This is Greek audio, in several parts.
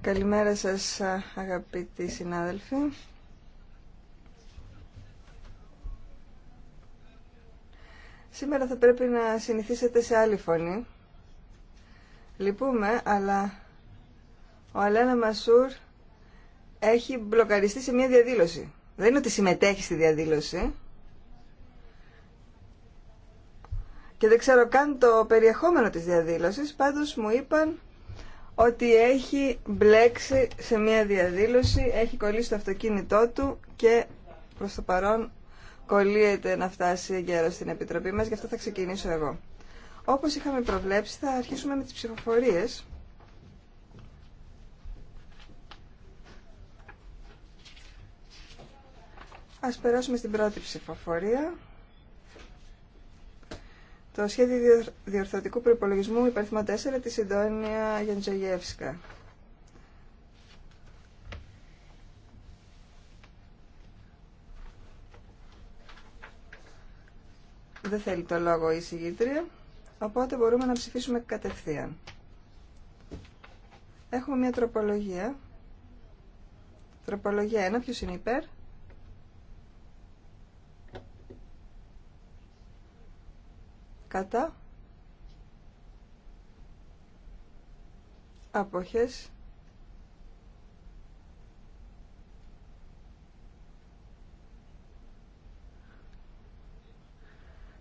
Καλημέρα σας αγαπητοί συνάδελφοι. Σήμερα θα πρέπει να συνηθίσετε σε άλλη φωνή. Λυπούμε, αλλά ο Αλένα Μασούρ έχει μπλοκαριστεί σε μια διαδήλωση. Δεν είναι ότι συμμετέχει στη διαδήλωση, και δεν ξέρω καν το περιεχόμενο της διαδήλωσης, πάντως μου είπαν ότι έχει μπλέξει σε μια διαδήλωση, έχει κολλήσει το αυτοκίνητό του και προς το παρόν κολλείεται να φτάσει γέρο στην Επιτροπή μας, γι' αυτό θα ξεκινήσω εγώ. Όπως είχαμε προβλέψει θα αρχίσουμε με τις ψηφοφορίες. Ας περάσουμε στην πρώτη ψηφοφορία το σχέδιο διορθωτικού προπολογισμού υπαριθμό 4 της Συντόνια Γεντζογεύσκα. Δεν θέλει το λόγο η συγγήτρια, οπότε μπορούμε να ψηφίσουμε κατευθείαν. Έχουμε μια τροπολογία. Τροπολογία 1, ποιος είναι υπέρ. κατά αποχές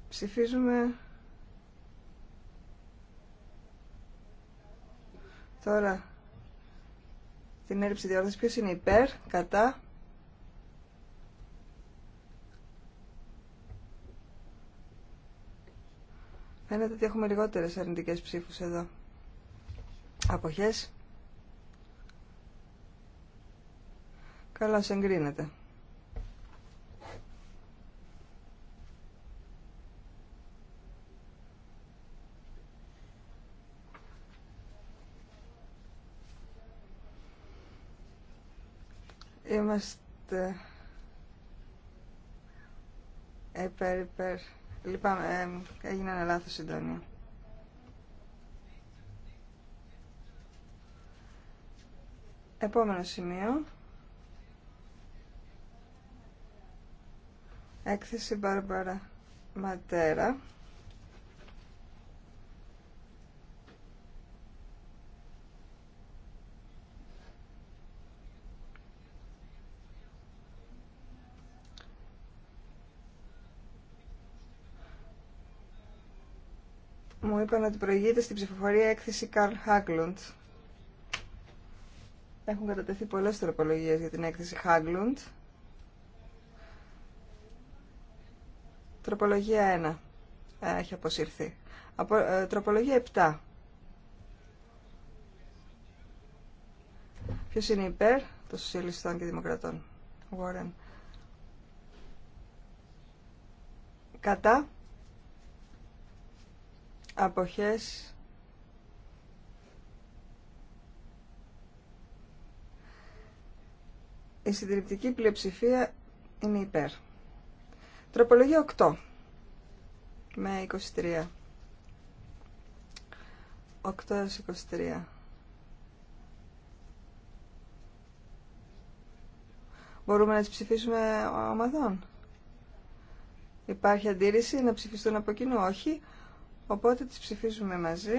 ψηφίζουμε τώρα την έλλειψη διόρθωσης ποιος είναι υπέρ, κατά Φαίνεται ότι έχουμε λιγότερες αρνητικές ψήφους εδώ. Αποχές. Καλά, εγκρίνεται. Είμαστε υπέρ, υπέρ. Λυπάμαι, ε, έγινε ένα λάθος συντόνια. Επόμενο σημείο. Έκθεση Μπάρμπαρα Ματέρα. είπαν ότι προηγείται στην ψηφοφορία έκθεση Καρλ Χάγκλουντ. Έχουν κατατεθεί πολλές τροπολογίες για την έκθεση Χάγκλουντ. Τροπολογία 1 ε, έχει αποσυρθεί. Απο, ε, τροπολογία 7. Ποιος είναι υπέρ των Σοσιαλιστών και Δημοκρατών. Warren. Κατά. Αποχές. Η συντριπτική πλειοψηφία είναι υπέρ. Τροπολογία 8 με 23. 8 23. Μπορούμε να τις ψηφίσουμε ομαδών. Υπάρχει αντίρρηση να ψηφιστούν από κοινού. Όχι. Οπότε τις ψηφίζουμε μαζί.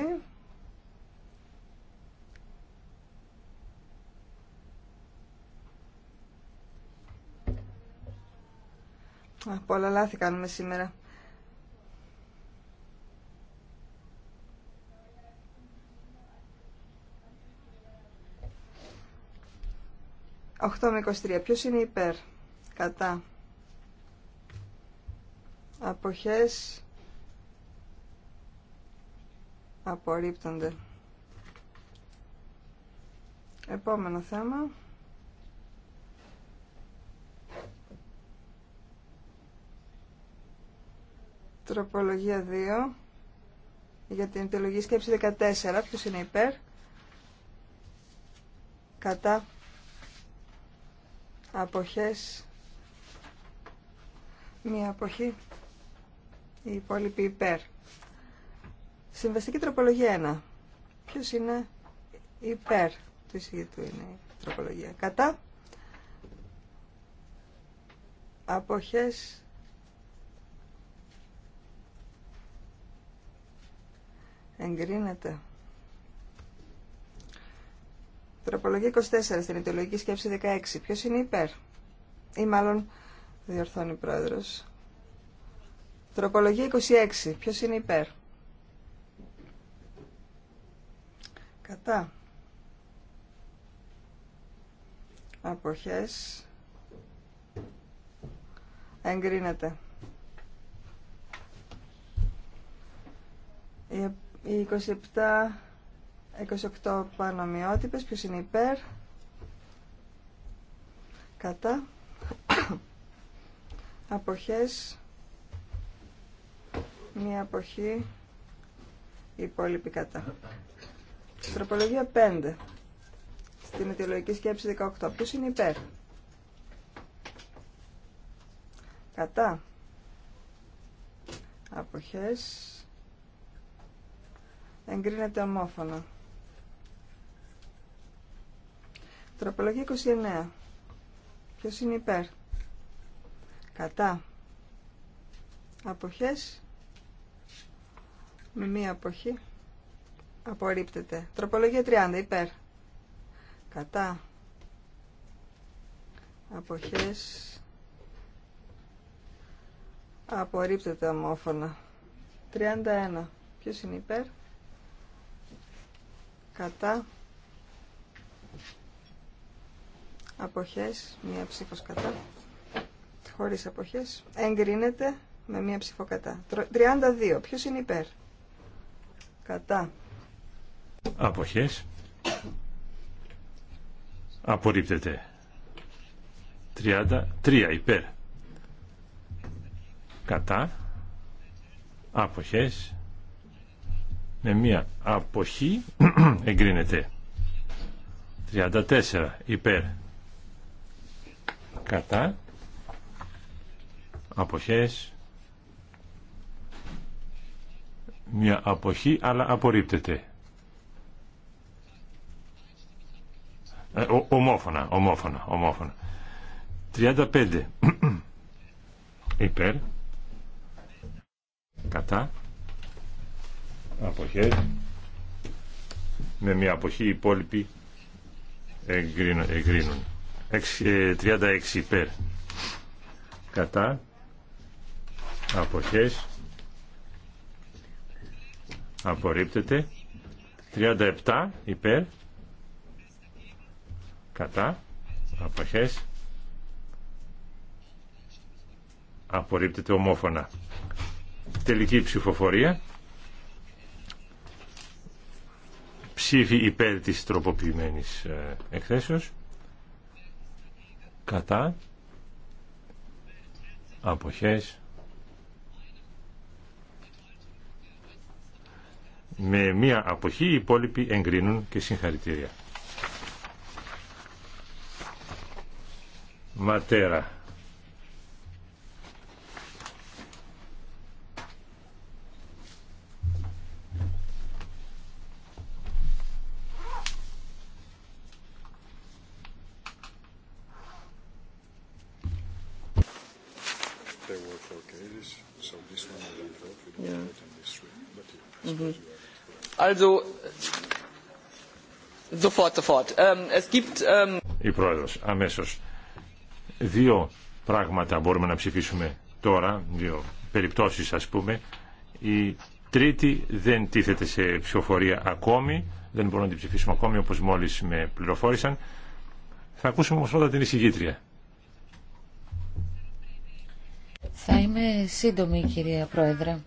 πολλά λάθη κάνουμε σήμερα. Οχτώ με 23. Ποιος είναι υπέρ. Κατά. Αποχές απορρίπτονται. Επόμενο θέμα. Τροπολογία 2 για την επιλογή σκέψη 14. Ποιος είναι υπέρ. Κατά. Αποχές. Μία αποχή. Η υπόλοιπη υπέρ. Συμβαστική τροπολογία 1. Ποιος είναι υπέρ του εισηγητού είναι η τροπολογία. Κατά αποχές εγκρίνεται. Τροπολογία 24 στην ιδεολογική σκέψη 16. Ποιος είναι υπέρ. Ή μάλλον διορθώνει πρόεδρος. Τροπολογία 26. Ποιος είναι υπέρ. Κατά. Αποχές. Εγκρίνεται. Οι 27-28 πανομοιότυπες, ποιος είναι υπέρ. Κατά. Αποχές. Μία αποχή. Η υπόλοιπη κατά. Τροπολογία 5. Στην αιτιολογική σκέψη 18. Ποιο είναι υπέρ. Κατά. Αποχές. Εγκρίνεται ομόφωνα. Τροπολογία 29. Ποιος είναι υπέρ. Κατά. Αποχές. Με μία αποχή Απορρίπτεται. Τροπολογία 30. Υπέρ. Κατά. Αποχές. Απορρίπτεται ομόφωνα. 31. Ποιος είναι υπέρ. Κατά. Αποχές. Μία ψήφος κατά. Χωρίς αποχές. Εγκρίνεται με μία ψήφο κατά. 32. Ποιος είναι υπέρ. Κατά. Αποχές. Απορρίπτεται. 33 υπέρ. Κατά. Αποχές. Με μία αποχή εγκρίνεται. 34 υπέρ. Κατά. Αποχές. Μια αποχή αλλά απορρίπτεται. Ε, ομόφωνα, ομόφωνα, ομόφωνα. 35 υπέρ κατά απόχέ. με μια αποχή οι υπόλοιποι εγκρίνουν, 36 ε, υπέρ κατά αποχές απορρίπτεται 37 υπέρ κατά αποχές απορρίπτεται ομόφωνα τελική ψηφοφορία ψήφι υπέρ της τροποποιημένης ε, εκθέσεως κατά αποχές με μία αποχή οι υπόλοιποι εγκρίνουν και συγχαρητήρια Ματέρα. Also sofort, sofort. Es gibt. Η πρόεδρος, αμέσως. Δύο πράγματα μπορούμε να ψηφίσουμε τώρα, δύο περιπτώσεις ας πούμε. Η τρίτη δεν τίθεται σε ψηφοφορία ακόμη, δεν μπορούμε να την ψηφίσουμε ακόμη όπως μόλις με πληροφόρησαν. Θα ακούσουμε όμως πρώτα την εισηγήτρια. Θα είμαι σύντομη κυρία Πρόεδρε.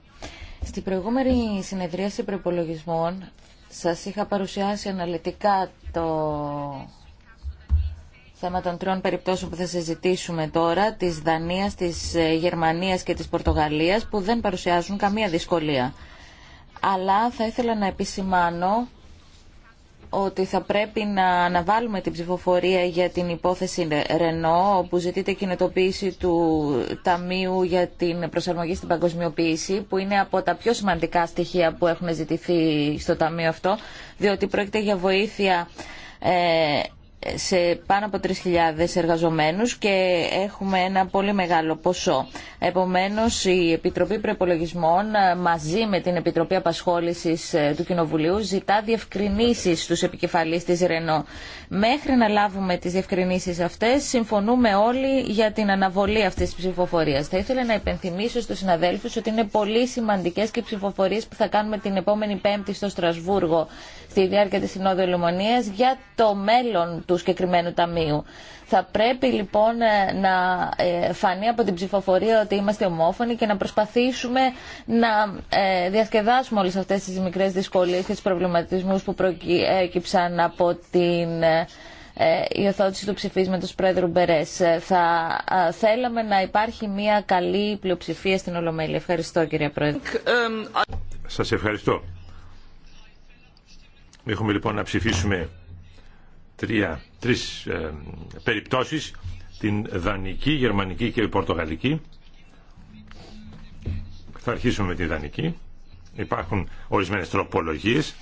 Στην προηγούμενη συνεδρίαση προπολογισμών σας είχα παρουσιάσει αναλυτικά το θέμα των τριών περιπτώσεων που θα συζητήσουμε τώρα, της Δανίας, τη ε, Γερμανίας και της Πορτογαλίας, που δεν παρουσιάζουν καμία δυσκολία. Αλλά θα ήθελα να επισημάνω ότι θα πρέπει να αναβάλουμε την ψηφοφορία για την υπόθεση Ρενό, όπου ζητείται κινητοποίηση του Ταμείου για την προσαρμογή στην παγκοσμιοποίηση, που είναι από τα πιο σημαντικά στοιχεία που έχουν ζητηθεί στο Ταμείο αυτό, διότι πρόκειται για βοήθεια ε, σε πάνω από 3.000 εργαζομένους και έχουμε ένα πολύ μεγάλο ποσό. Επομένως, η Επιτροπή Προεπολογισμών ε, μαζί με την Επιτροπή Απασχόλησης ε, του Κοινοβουλίου ζητά διευκρινήσεις στους επικεφαλείς της Ρενό. Μέχρι να λάβουμε τις διευκρινήσεις αυτές, συμφωνούμε όλοι για την αναβολή αυτής της ψηφοφορίας. Θα ήθελα να υπενθυμίσω στους συναδέλφους ότι είναι πολύ σημαντικές και οι ψηφοφορίες που θα κάνουμε την επόμενη Πέμπτη στο Στρασβούργο στη διάρκεια της Συνόδου για το μέλλον του του συγκεκριμένου ταμείου. Θα πρέπει λοιπόν ε, να ε, φανεί από την ψηφοφορία ότι είμαστε ομόφωνοι και να προσπαθήσουμε να ε, διασκεδάσουμε όλες αυτές τις μικρές δυσκολίες και τους προβληματισμούς που προκύψαν από την οθότηση του ψηφίσματος του Πρόεδρου Μπερές. Θα θέλαμε να υπάρχει μια καλή πλειοψηφία στην Ολομέλη. Ευχαριστώ κύριε Πρόεδρε. Σας ευχαριστώ. Έχουμε λοιπόν να ψηφίσουμε τρία, τρεις ε, περιπτώσεις την δανική, γερμανική και πορτογαλική θα αρχίσουμε με τη δανική υπάρχουν ορισμένες τροπολογίες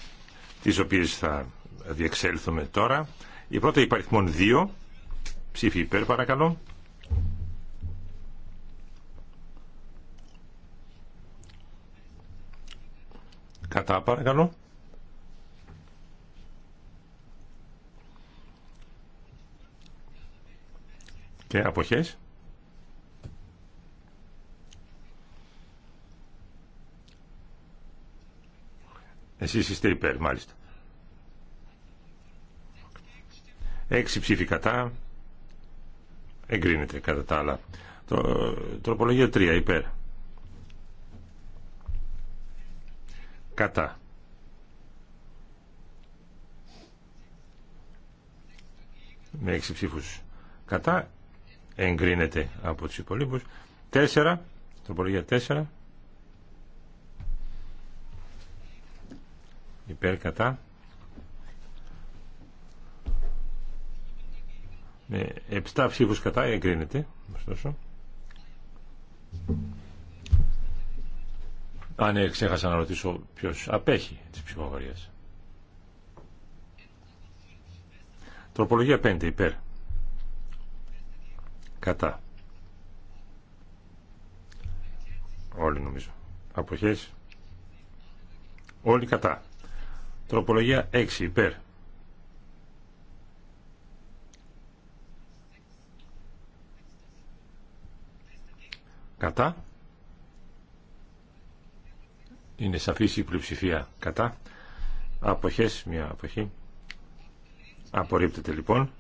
τις οποίες θα διεξέλθουμε τώρα η πρώτη υπαριθμών δύο ψήφι υπέρ παρακαλώ κατά παρακαλώ και αποχές εσείς είστε υπέρ μάλιστα έξι ψήφοι κατά εγκρίνεται κατά τα άλλα τροπολογία τρία υπέρ κατά με έξι ψήφους κατά εγκρίνεται από τους υπολείπους τέσσερα τροπολογία τέσσερα υπέρ κατά με επτά ψήφους κατά εγκρίνεται ωστόσο Α, ναι, ξέχασα να ρωτήσω ποιος απέχει της ψηφοφορίας. Τροπολογία 5, υπέρ. Κατά. Όλοι νομίζω. Αποχές. Όλοι κατά. Τροπολογία 6 υπέρ. Κατά. Είναι σαφής η πλειοψηφία κατά. Αποχές, μια αποχή. Απορρίπτεται λοιπόν.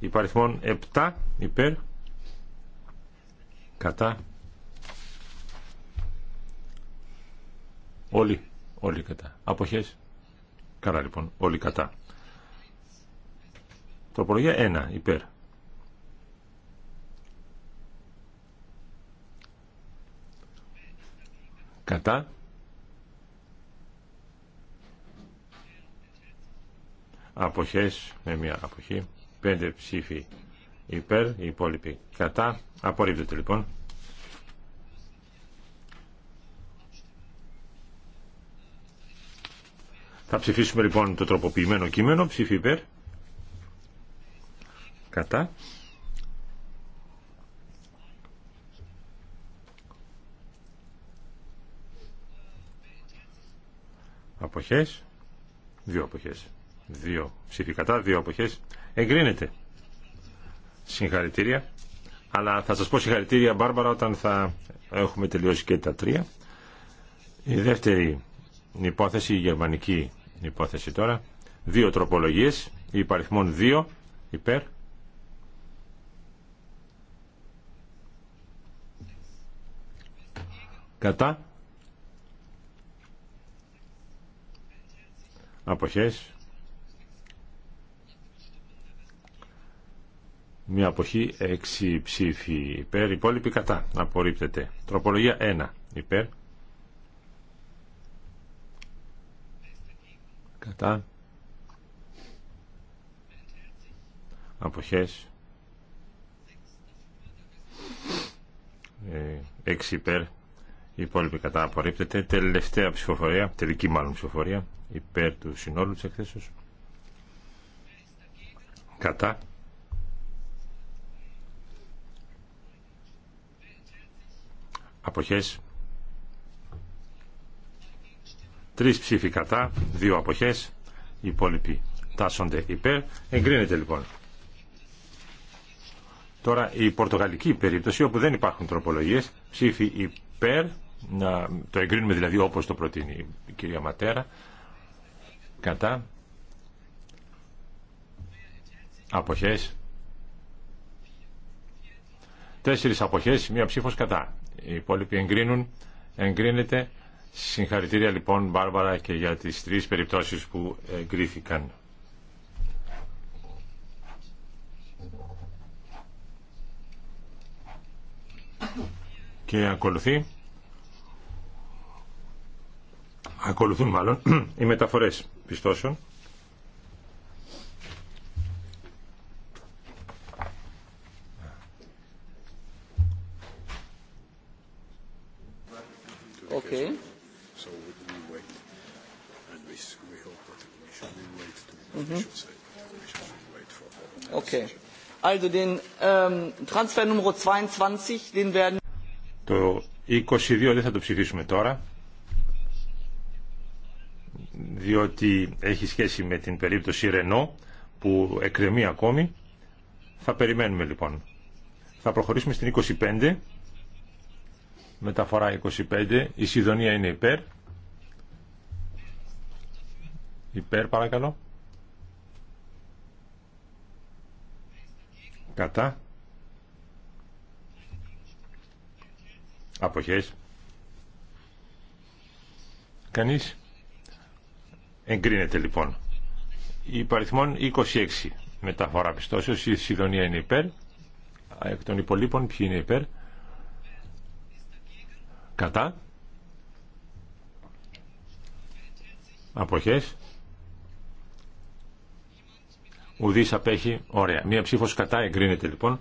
Υπαριθμόν 7 υπέρ. Κατά. Όλοι. Όλοι κατά. Αποχές. Καλά λοιπόν. Όλοι κατά. Τροπολογία 1. Υπέρ. Κατά. Αποχές με μια αποχή. πέντε ψήφοι υπέρ, οι υπόλοιποι κατά. Απορρίπτεται λοιπόν. Θα ψηφίσουμε λοιπόν το τροποποιημένο κείμενο, ψήφι υπέρ, κατά. Αποχές, δύο αποχές, δύο ψήφι κατά, δύο αποχές, εγκρίνεται. Συγχαρητήρια. Αλλά θα σας πω συγχαρητήρια, Μπάρμπαρα, όταν θα έχουμε τελειώσει και τα τρία. Η δεύτερη υπόθεση, η γερμανική υπόθεση τώρα. Δύο τροπολογίες, υπαριθμών δύο, υπέρ. Κατά. Αποχές. Μια αποχή, έξι ψήφοι υπέρ, υπόλοιποι κατά. Απορρίπτεται. Τροπολογία 1 υπέρ. Κατά. Αποχές. Ε, έξι υπέρ. Υπόλοιποι κατά απορρίπτεται. Τελευταία ψηφοφορία, τελική μάλλον ψηφοφορία, υπέρ του συνόλου της εκθέσεως. Κατά. αποχές τρεις ψήφοι κατά δύο αποχές οι υπόλοιποι τάσσονται υπέρ εγκρίνεται λοιπόν τώρα η πορτογαλική περίπτωση όπου δεν υπάρχουν τροπολογίες ψήφοι υπέρ να το εγκρίνουμε δηλαδή όπως το προτείνει η κυρία Ματέρα κατά αποχές Τέσσερι αποχές, μία ψήφος κατά. Οι υπόλοιποι εγκρίνουν, εγκρίνεται. Συγχαρητήρια λοιπόν Μπάρβαρα, και για τις τρεις περιπτώσεις που εγκρίθηκαν. Και ακολουθεί. Ακολουθούν μάλλον οι μεταφορές πιστώσεων. Okay. So we wait, and we, we hope that the Commission will wait to mm say. The Commission should wait for Okay. Also den ähm, Transfer Nummer 22, den werden... Το 22 δεν θα το ψηφίσουμε τώρα, διότι έχει σχέση με την περίπτωση Ρενό, που εκκρεμεί ακόμη. Θα περιμένουμε λοιπόν. Θα προχωρήσουμε στην 25 μεταφορά 25, η Σιδονία είναι υπέρ. Υπέρ παρακαλώ. Κατά. Αποχές. Κανείς. Εγκρίνεται λοιπόν. Υπαριθμόν 26 μεταφορά πιστώσεως. Η Σιδονία είναι υπέρ. Εκ των υπολείπων ποιοι είναι υπέρ. Κατά. Αποχές. Ουδής απέχει. Ωραία. Μία ψήφος κατά εγκρίνεται λοιπόν.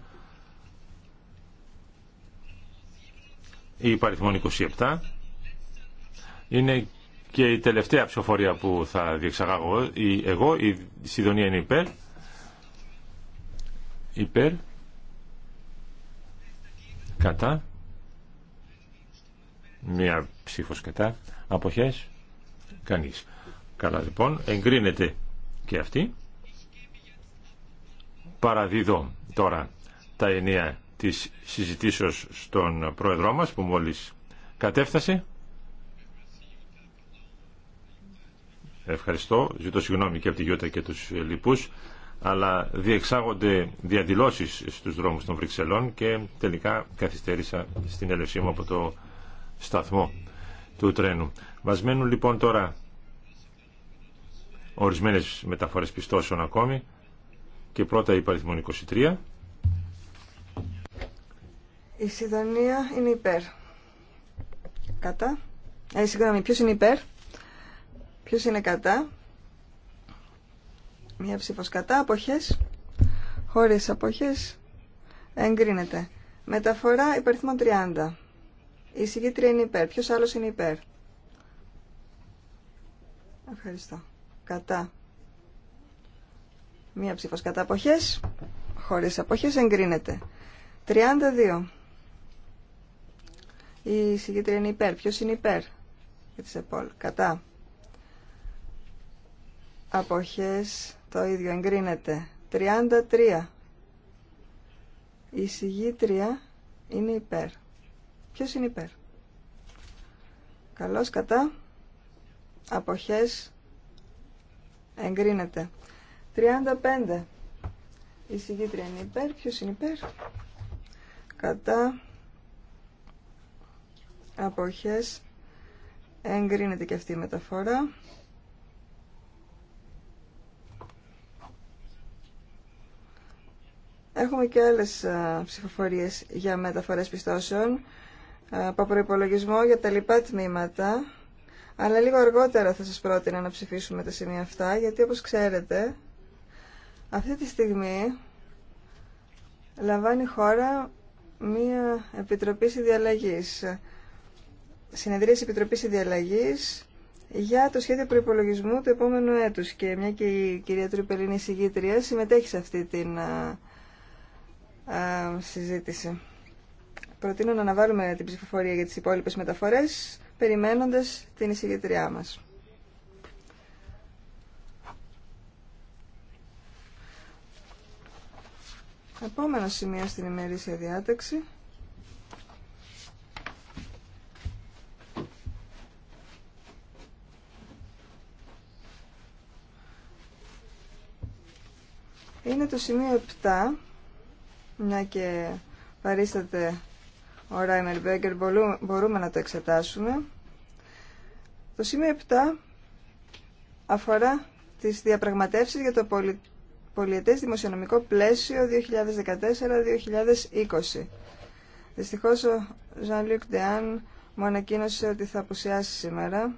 Η υπαριθμόν 27. Είναι και η τελευταία ψηφοφορία που θα διεξαγάγω εγώ. Η Σιδωνία είναι υπέρ. Υπέρ. Κατά μία ψήφο κατά, αποχές, κανείς. Καλά λοιπόν, εγκρίνεται και αυτή. Παραδίδω τώρα τα ενία της συζητήσεως στον πρόεδρό μας που μόλις κατέφτασε. Ευχαριστώ, ζητώ συγγνώμη και από τη Γιώτα και τους λοιπούς αλλά διεξάγονται διαδηλώσεις στους δρόμους των Βρυξελών και τελικά καθυστέρησα στην έλευσή μου από το σταθμό του τρένου. βασμένου λοιπόν τώρα ορισμένες μεταφορές πιστώσεων ακόμη και πρώτα η παριθμόν 23. Η Σιδανία είναι υπέρ. Κατά. Ε, συγγνώμη, ποιος είναι υπέρ. Ποιος είναι κατά. Μία ψήφος κατά. Αποχές. Χωρίς αποχές. Εγκρίνεται. Μεταφορά υπαριθμών 30. Η συγκήτρια είναι υπέρ. Ποιος άλλος είναι υπέρ. Ευχαριστώ. Κατά. Μία ψήφος κατά αποχές. Χωρίς αποχές εγκρίνεται. 32. Η συγκήτρια είναι υπέρ. Ποιος είναι υπέρ. Για τις Κατά. Αποχές. Το ίδιο εγκρίνεται. 33. Η συγγήτρια είναι υπέρ. Ποιο είναι υπέρ. Καλώς κατά. Αποχές. Εγκρίνεται. 35. Η συγκήτρια είναι υπέρ. Ποιος είναι υπέρ. Κατά. Αποχές. Εγκρίνεται και αυτή η μεταφορά. Έχουμε και άλλες ε, ψηφοφορίες για μεταφορές πιστώσεων από προπολογισμό για τα λοιπά τμήματα, αλλά λίγο αργότερα θα σας πρότεινα να ψηφίσουμε τα σημεία αυτά, γιατί όπως ξέρετε, αυτή τη στιγμή λαμβάνει η χώρα μία επιτροπή συνδιαλλαγής. Συνεδρίαση επιτροπή συνδιαλλαγής για το σχέδιο προπολογισμού του επόμενου έτους και μια και η κυρία Τρυπελίνη συγγήτρια συμμετέχει σε αυτή την συζήτηση προτείνω να αναβάλουμε την ψηφοφορία για τις υπόλοιπες μεταφορές, περιμένοντας την εισηγητριά μας. Επόμενο σημείο στην ημερήσια διάταξη. Είναι το σημείο 7, μια και παρίσταται ο Ράιμερ Μπέγκερ μπορούμε να το εξετάσουμε. Το σημείο 7 αφορά τις διαπραγματεύσεις για το πολι... δημοσιονομικο δημοσιονομικό πλαίσιο 2014-2020. Δυστυχώς ο Ζαν Λιουκ Ντεάν μου ανακοίνωσε ότι θα απουσιάσει σήμερα.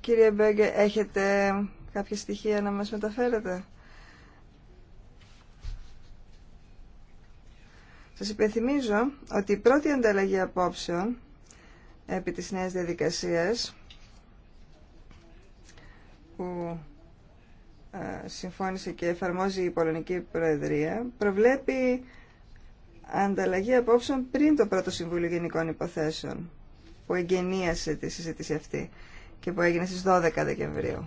Κύριε Μπέγκερ, έχετε κάποια στοιχεία να μας μεταφέρετε. Σας υπενθυμίζω ότι η πρώτη ανταλλαγή απόψεων επί της νέας διαδικασίας που ε, συμφώνησε και εφαρμόζει η Πολωνική Προεδρία προβλέπει ανταλλαγή απόψεων πριν το πρώτο Συμβούλιο Γενικών Υποθέσεων που εγγενίασε τη συζήτηση αυτή και που έγινε στις 12 Δεκεμβρίου.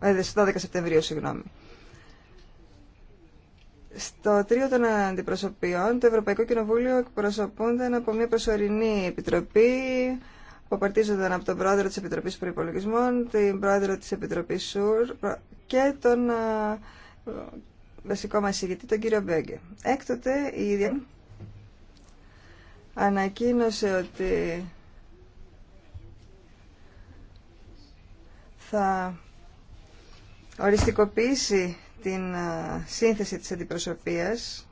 Ε, στις 12 Σεπτεμβρίου, συγγνώμη. Στο τρίο των αντιπροσωπιών, το Ευρωπαϊκό Κοινοβούλιο εκπροσωπούνταν από μια προσωρινή επιτροπή που απαρτίζονταν από τον πρόεδρο της Επιτροπής Προϋπολογισμών, την πρόεδρο της Επιτροπής ΣΟΥΡ και τον βασικό μας ηγητή, τον κύριο Μπέγκε. Έκτοτε η ίδια ανακοίνωσε ότι θα οριστικοποιήσει την ε, σύνθεση της αντιπροσωπείας,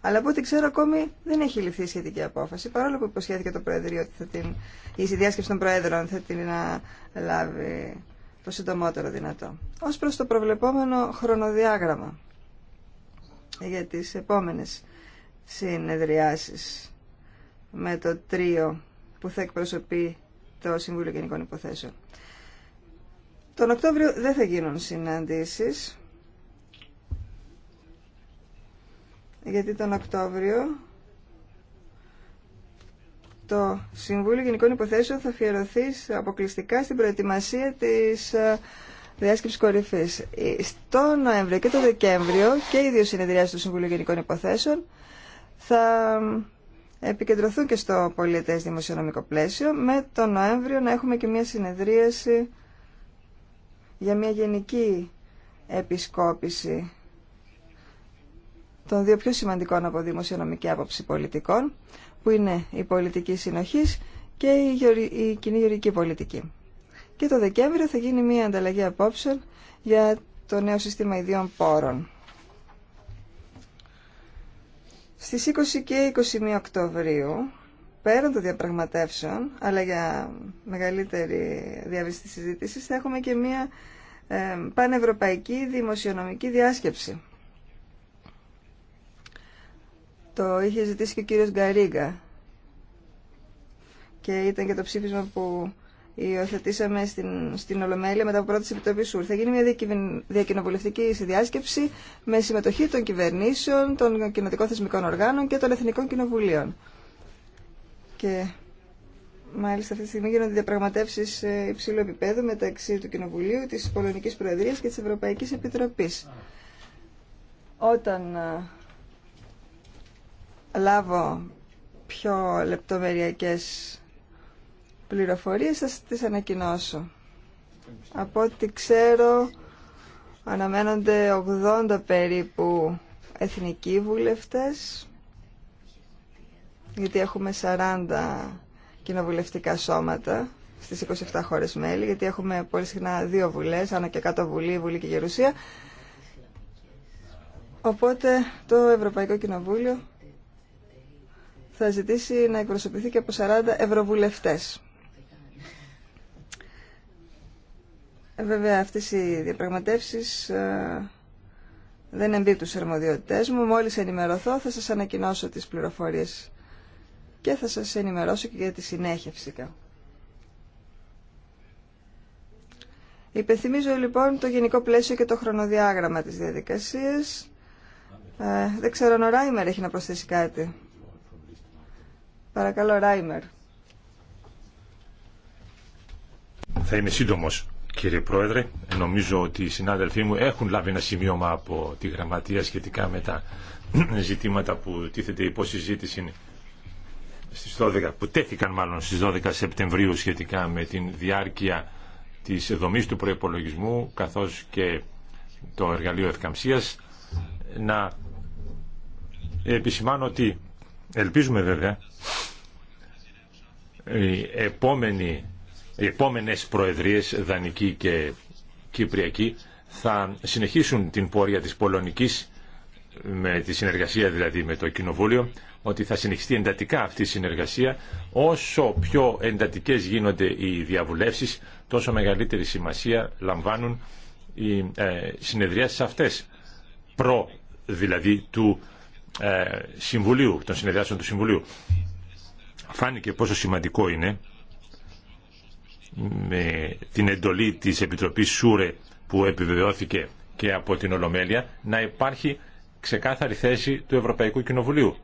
αλλά από ό,τι ξέρω ακόμη δεν έχει ληφθεί σχετική απόφαση, παρόλο που υποσχέθηκε το Προεδρείο ότι θα την, η συνδιάσκεψη των Προέδρων θα την ε, λάβει το συντομότερο δυνατό. Ως προς το προβλεπόμενο χρονοδιάγραμμα για τις επόμενες συνεδριάσεις με το τρίο που θα εκπροσωπεί το Συμβούλιο Γενικών Υποθέσεων. Τον Οκτώβριο δεν θα γίνουν συναντήσεις γιατί τον Οκτώβριο το Συμβούλιο Γενικών Υποθέσεων θα αφιερωθεί αποκλειστικά στην προετοιμασία της ε, διάσκεψης κορυφής. Ε, στο Νοέμβριο και το Δεκέμβριο και οι δύο συνεδριάσεις του Συμβουλίου Γενικών Υποθέσεων θα επικεντρωθούν και στο πολιετές δημοσιονομικό πλαίσιο με τον Νοέμβριο να έχουμε και μια συνεδρίαση για μια γενική επισκόπηση των δύο πιο σημαντικών από δημοσιονομική άποψη πολιτικών, που είναι η πολιτική συνοχή και η κοινή γεωρική πολιτική. Και το Δεκέμβριο θα γίνει μια ανταλλαγή απόψεων για το νέο σύστημα ιδίων πόρων. Στις 20 και 21 Οκτωβρίου, πέραν των διαπραγματεύσεων, αλλά για μεγαλύτερη διαβίστηση της συζήτησης, θα έχουμε και μια ε, πανευρωπαϊκή δημοσιονομική διάσκεψη. Το είχε ζητήσει και ο κύριος Γκαρίγκα και ήταν και το ψήφισμα που υιοθετήσαμε στην, στην Ολομέλεια μετά από πρώτη επιτροπή ΣΟΥΡ. Θα γίνει μια διακοινοβουλευτική συνδιάσκεψη με συμμετοχή των κυβερνήσεων, των κοινοτικών θεσμικών οργάνων και των εθνικών κοινοβουλίων. Και μάλιστα αυτή τη στιγμή γίνονται διαπραγματεύσει υψηλού επίπεδου μεταξύ του Κοινοβουλίου, τη Πολωνική Προεδρία και τη Ευρωπαϊκή Επιτροπή. Όταν λάβω πιο λεπτομεριακές πληροφορίες θα τις ανακοινώσω. Από ό,τι ξέρω αναμένονται 80 περίπου εθνικοί βουλευτές γιατί έχουμε 40 κοινοβουλευτικά σώματα στις 27 χώρες μέλη, γιατί έχουμε πολύ συχνά δύο βουλές, ανά και κάτω βουλή, βουλή και γερουσία. Οπότε το Ευρωπαϊκό Κοινοβούλιο θα ζητήσει να εκπροσωπηθεί και από 40 ευρωβουλευτές. Ε, βέβαια αυτές οι διαπραγματεύσεις ε, δεν εμπίπτουν σε αρμοδιότητές μου. Μόλις ενημερωθώ θα σας ανακοινώσω τις πληροφορίες και θα σας ενημερώσω και για τη συνέχεια φυσικά. Υπενθυμίζω λοιπόν το γενικό πλαίσιο και το χρονοδιάγραμμα της διαδικασίας. Ε, δεν ξέρω αν ο Ράιμερ έχει να προσθέσει κάτι. Παρακαλώ, Ράιμερ. Θα είμαι σύντομο, κύριε Πρόεδρε. Νομίζω ότι οι συνάδελφοί μου έχουν λάβει ένα σημείωμα από τη Γραμματεία σχετικά με τα ζητήματα που τίθεται υπό συζήτηση 12, που τέθηκαν μάλλον στις 12 Σεπτεμβρίου σχετικά με τη διάρκεια της δομή του προϋπολογισμού καθώς και το εργαλείο ευκαμψίας να επισημάνω ότι Ελπίζουμε βέβαια οι, επόμενοι, επόμενες προεδρίες, Δανική και Κυπριακή, θα συνεχίσουν την πορεία της Πολωνικής, με τη συνεργασία δηλαδή με το Κοινοβούλιο, ότι θα συνεχιστεί εντατικά αυτή η συνεργασία. Όσο πιο εντατικές γίνονται οι διαβουλεύσεις, τόσο μεγαλύτερη σημασία λαμβάνουν οι ε, συνεδριάσεις αυτές, προ δηλαδή του ε, Συμβουλίου, των συνεδριάσεων του Συμβουλίου. Φάνηκε πόσο σημαντικό είναι με την εντολή της Επιτροπής Σούρε που επιβεβαιώθηκε και από την Ολομέλεια να υπάρχει ξεκάθαρη θέση του Ευρωπαϊκού Κοινοβουλίου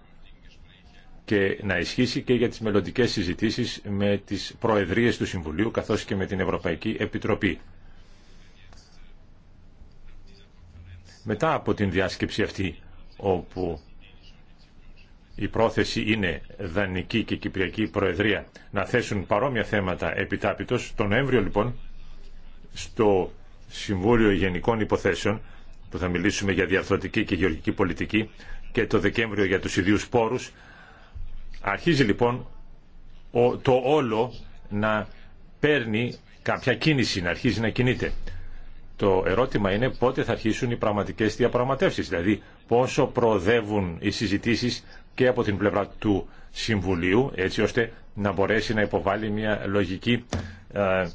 και να ισχύσει και για τις μελλοντικέ συζητήσεις με τις προεδρίες του Συμβουλίου καθώς και με την Ευρωπαϊκή Επιτροπή. Μετά από την διάσκεψη αυτή όπου η πρόθεση είναι Δανική και Κυπριακή Προεδρία να θέσουν παρόμοια θέματα επιτάπητος. Τον Νοέμβριο λοιπόν στο Συμβούλιο Γενικών Υποθέσεων που θα μιλήσουμε για διαρθρωτική και γεωργική πολιτική και το Δεκέμβριο για τους ιδίους πόρους αρχίζει λοιπόν το όλο να παίρνει κάποια κίνηση, να αρχίζει να κινείται. Το ερώτημα είναι πότε θα αρχίσουν οι πραγματικές διαπραγματεύσεις, δηλαδή πόσο προοδεύουν οι συζητήσεις και από την πλευρά του Συμβουλίου έτσι ώστε να μπορέσει να υποβάλει μια λογική ε,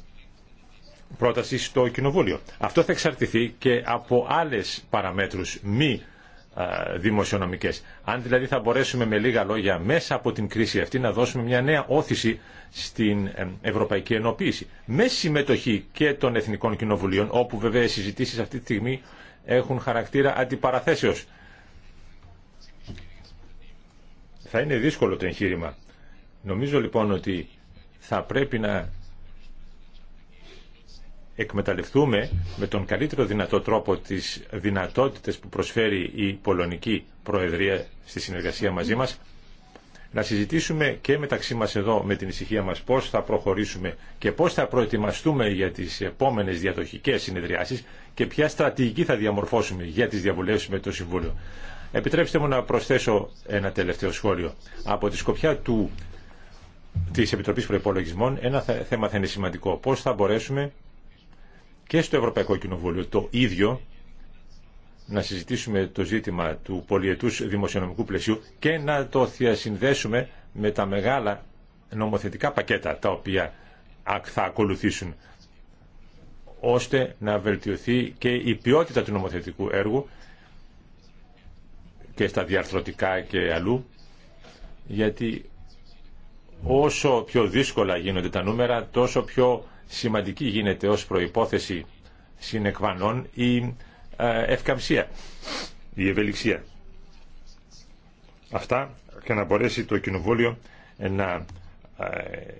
πρόταση στο Κοινοβούλιο. Αυτό θα εξαρτηθεί και από άλλες παραμέτρους μη ε, δημοσιονομικές. Αν δηλαδή θα μπορέσουμε με λίγα λόγια μέσα από την κρίση αυτή να δώσουμε μια νέα όθηση στην ε, ευρωπαϊκή ενοποίηση με συμμετοχή και των Εθνικών Κοινοβουλίων όπου βέβαια οι συζητήσεις αυτή τη στιγμή έχουν χαρακτήρα αντιπαραθέσεως Θα είναι δύσκολο το εγχείρημα. Νομίζω λοιπόν ότι θα πρέπει να εκμεταλλευτούμε με τον καλύτερο δυνατό τρόπο τις δυνατότητες που προσφέρει η Πολωνική Προεδρία στη συνεργασία μαζί μας να συζητήσουμε και μεταξύ μας εδώ με την ησυχία μας πώς θα προχωρήσουμε και πώς θα προετοιμαστούμε για τις επόμενες διατοχικές συνεδριάσεις και ποια στρατηγική θα διαμορφώσουμε για τις διαβουλεύσεις με το Συμβούλιο. Επιτρέψτε μου να προσθέσω ένα τελευταίο σχόλιο. Από τη σκοπιά του, της Επιτροπής Προϋπολογισμών ένα θέμα θα είναι σημαντικό. Πώς θα μπορέσουμε και στο Ευρωπαϊκό Κοινοβούλιο το ίδιο να συζητήσουμε το ζήτημα του πολιετούς δημοσιονομικού πλαισίου και να το συνδέσουμε με τα μεγάλα νομοθετικά πακέτα τα οποία θα ακολουθήσουν ώστε να βελτιωθεί και η ποιότητα του νομοθετικού έργου και στα διαρθρωτικά και αλλού γιατί όσο πιο δύσκολα γίνονται τα νούμερα τόσο πιο σημαντική γίνεται ως προϋπόθεση συνεκβανών η ε, ευκαμψία, η ευελιξία. Αυτά και να μπορέσει το Κοινοβούλιο να ε,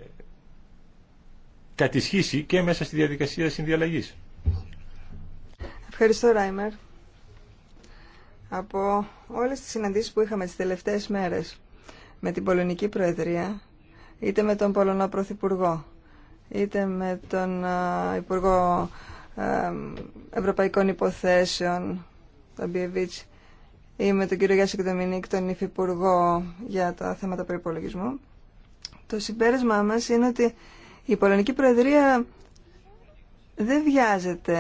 κατησχίσει και μέσα στη διαδικασία συνδιαλλαγής. Ευχαριστώ Ράιμερ. Από όλες τις συναντήσεις που είχαμε τις τελευταίες μέρες με την Πολωνική Προεδρία, είτε με τον Πολωνό Πρωθυπουργό, είτε με τον Υπουργό Ευρωπαϊκών Υποθέσεων, τον Μπιεβίτς, ή με τον κύριο Γιάννη Δομινίκ, τον Υφυπουργό για τα θέματα προϋπολογισμού, το συμπέρασμά μας είναι ότι η Πολωνική Προεδρία δεν βιάζεται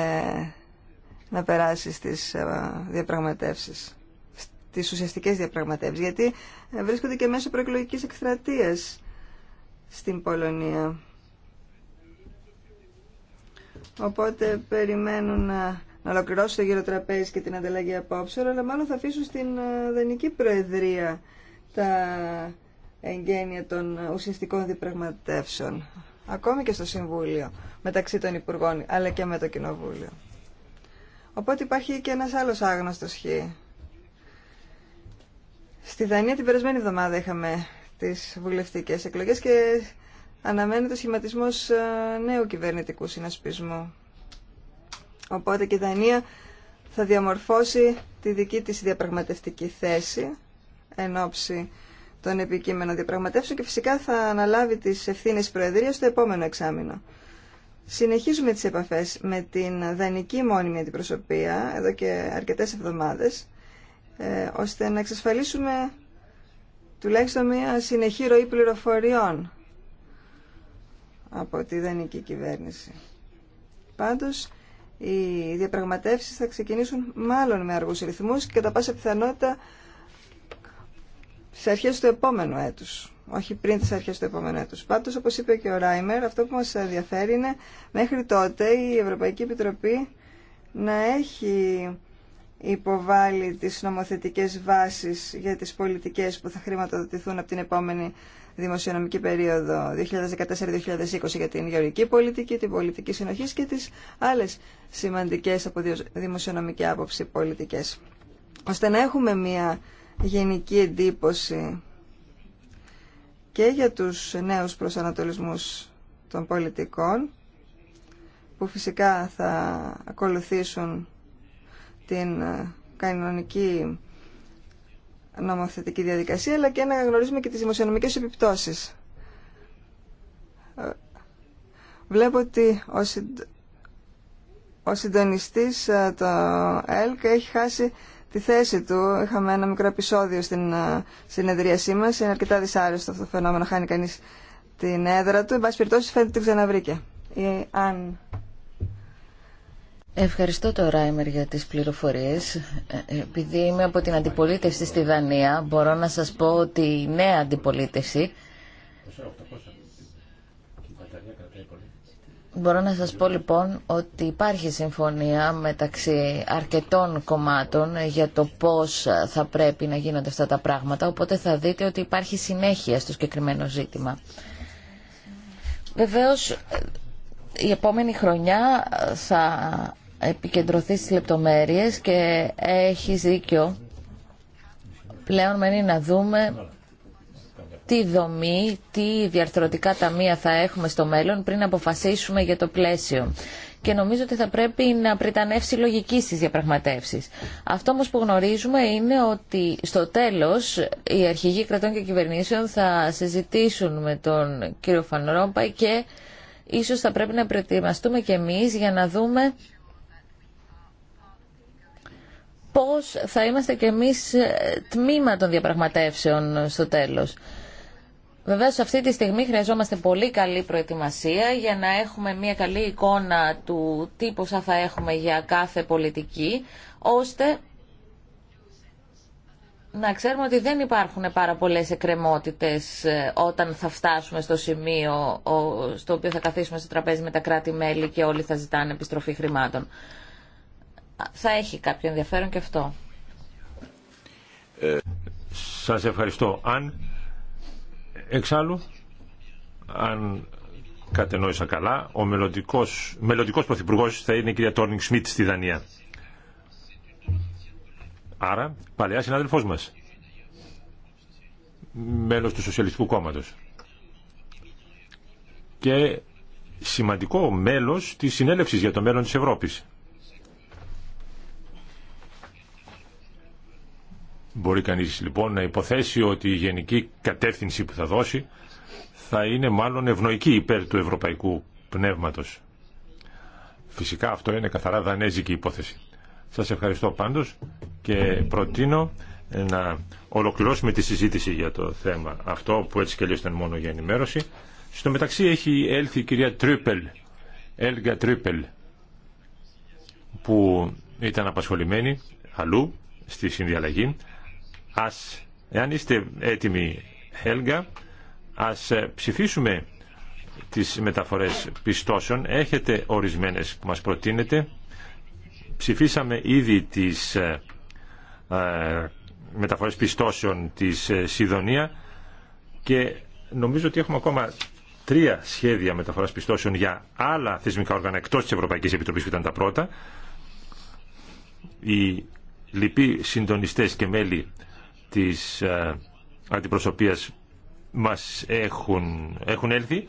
να περάσει στις ε, διαπραγματεύσεις, στις ουσιαστικές διαπραγματεύσεις, γιατί ε, βρίσκονται και μέσω προεκλογικής εκστρατείας στην Πολωνία. Οπότε περιμένουν να, να ολοκληρώσουν το γύρο τραπέζι και την ανταλλαγή απόψεων, αλλά μάλλον θα αφήσουν στην ε, Δανική Προεδρία τα εγγένεια των ουσιαστικών διαπραγματεύσεων. Ακόμη και στο Συμβούλιο, μεταξύ των Υπουργών, αλλά και με το Κοινοβούλιο. Οπότε υπάρχει και ένας άλλος άγνωστος χ. Στη Δανία την περασμένη εβδομάδα είχαμε τις βουλευτικές εκλογές και αναμένεται ο σχηματισμός ε, νέου κυβερνητικού συνασπισμού. Οπότε και η Δανία θα διαμορφώσει τη δική της διαπραγματευτική θέση εν ώψη των επικείμενων διαπραγματεύσεων και φυσικά θα αναλάβει τις ευθύνες προεδρίας στο επόμενο εξάμεινο. Συνεχίζουμε τις επαφές με την δανεική μόνιμη αντιπροσωπεία εδώ και αρκετές εβδομάδες ε, ώστε να εξασφαλίσουμε τουλάχιστον μια συνεχή ροή πληροφοριών από τη δανεική κυβέρνηση. Πάντως, οι διαπραγματεύσεις θα ξεκινήσουν μάλλον με αργούς ρυθμούς και κατά πάσα πιθανότητα σε αρχές του επόμενου έτους όχι πριν τι αρχέ του επόμενου έτου. Πάντως, όπως είπε και ο Ράιμερ, αυτό που μας ενδιαφέρει είναι μέχρι τότε η Ευρωπαϊκή Επιτροπή να έχει υποβάλει τις νομοθετικέ βάσεις για τις πολιτικές που θα χρηματοδοτηθούν από την επόμενη δημοσιονομική περίοδο 2014-2020 για την γεωργική πολιτική, την πολιτική συνοχή και τι άλλε σημαντικέ από δημοσιονομική άποψη πολιτικέ. Ώστε να έχουμε μια γενική εντύπωση και για τους νέους προσανατολισμούς των πολιτικών που φυσικά θα ακολουθήσουν την ε, κανονική νομοθετική διαδικασία αλλά και να γνωρίζουμε και τις δημοσιονομικές επιπτώσεις. Ε, βλέπω ότι ο, συντονιστής ε, το ΕΛΚ έχει χάσει τη θέση του. Είχαμε ένα μικρό επεισόδιο στην ε, συνεδρίασή μα. Είναι αρκετά δυσάρεστο αυτό το φαινόμενο. Χάνει κανεί την έδρα του. Εν πάση περιπτώσει, φαίνεται ότι ξαναβρήκε. Ή, αν... Ευχαριστώ το Ράιμερ για τις πληροφορίες. Ε, ε, επειδή είμαι από την αντιπολίτευση στη Δανία, μπορώ να σας πω ότι η νέα αντιπολίτευση Μπορώ να σας πω λοιπόν ότι υπάρχει συμφωνία μεταξύ αρκετών κομμάτων για το πώς θα πρέπει να γίνονται αυτά τα πράγματα, οπότε θα δείτε ότι υπάρχει συνέχεια στο συγκεκριμένο ζήτημα. Βεβαίως, η επόμενη χρονιά θα επικεντρωθεί στις λεπτομέρειες και έχει δίκιο. Πλέον μένει να δούμε τι δομή, τι διαρθρωτικά ταμεία θα έχουμε στο μέλλον πριν αποφασίσουμε για το πλαίσιο. Και νομίζω ότι θα πρέπει να πριτανεύσει λογική στις διαπραγματεύσεις. Αυτό όμως που γνωρίζουμε είναι ότι στο τέλος οι αρχηγοί κρατών και κυβερνήσεων θα συζητήσουν με τον κύριο Φανρόμπα και ίσως θα πρέπει να προετοιμαστούμε κι εμείς για να δούμε πώς θα είμαστε κι εμείς τμήμα των διαπραγματεύσεων στο τέλος. Βεβαίω αυτή τη στιγμή χρειαζόμαστε πολύ καλή προετοιμασία για να έχουμε μια καλή εικόνα του τι ποσά θα έχουμε για κάθε πολιτική, ώστε να ξέρουμε ότι δεν υπάρχουν πάρα πολλέ εκκρεμότητε ε, όταν θα φτάσουμε στο σημείο στο οποίο θα καθίσουμε στο τραπέζι με τα κράτη-μέλη και όλοι θα ζητάνε επιστροφή χρημάτων. Θα έχει κάποιο ενδιαφέρον και αυτό. Ε, ευχαριστώ. Αν Εξάλλου, αν κατενόησα καλά, ο μελλοντικός, μελλοντικός πρωθυπουργός θα είναι η κυρία Τόρνινγκ Σμιτ στη Δανία. Άρα, παλαιά συνάδελφός μας, μέλος του Σοσιαλιστικού Κόμματος και σημαντικό μέλος της συνέλευσης για το μέλλον της Ευρώπης. Μπορεί κανείς λοιπόν να υποθέσει ότι η γενική κατεύθυνση που θα δώσει θα είναι μάλλον ευνοϊκή υπέρ του ευρωπαϊκού πνεύματος. Φυσικά αυτό είναι καθαρά δανέζικη υπόθεση. Σας ευχαριστώ πάντως και προτείνω να ολοκληρώσουμε τη συζήτηση για το θέμα αυτό που έτσι και ήταν μόνο για ενημέρωση. Στο μεταξύ έχει έλθει η κυρία Τρίπελ, Έλγα Τρίπελ, που ήταν απασχολημένη αλλού στη συνδιαλλαγή. Ας, εάν είστε έτοιμοι, Χέλγα, ας ε, ψηφίσουμε τις μεταφορές πιστώσεων. Έχετε ορισμένες που μας προτείνετε. Ψηφίσαμε ήδη τις ε, ε μεταφορές πιστώσεων της ε, Σιδονία και νομίζω ότι έχουμε ακόμα τρία σχέδια μεταφοράς πιστώσεων για άλλα θεσμικά όργανα εκτός της Ευρωπαϊκής Επιτροπής που ήταν τα πρώτα. Οι λοιποί συντονιστές και μέλη της ε, αντιπροσωπείας μας έχουν, έχουν έλθει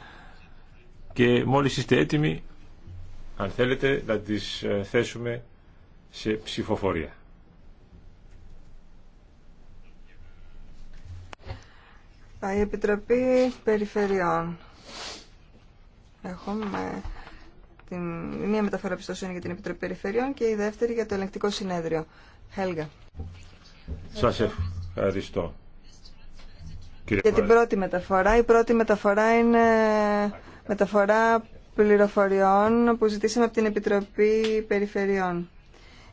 και μόλις είστε έτοιμοι, αν θέλετε, να τις ε, θέσουμε σε ψηφοφορία. Η Επιτροπή Περιφερειών. Έχουμε την μία μεταφορά πιστοσύνη για την Επιτροπή Περιφερειών και η δεύτερη για το ελεγκτικό συνέδριο. Χέλγα. Σας ευχαριστώ. Ευχαριστώ. Για την πρώτη μεταφορά. Η πρώτη μεταφορά είναι μεταφορά πληροφοριών που ζητήσαμε από την Επιτροπή Περιφερειών.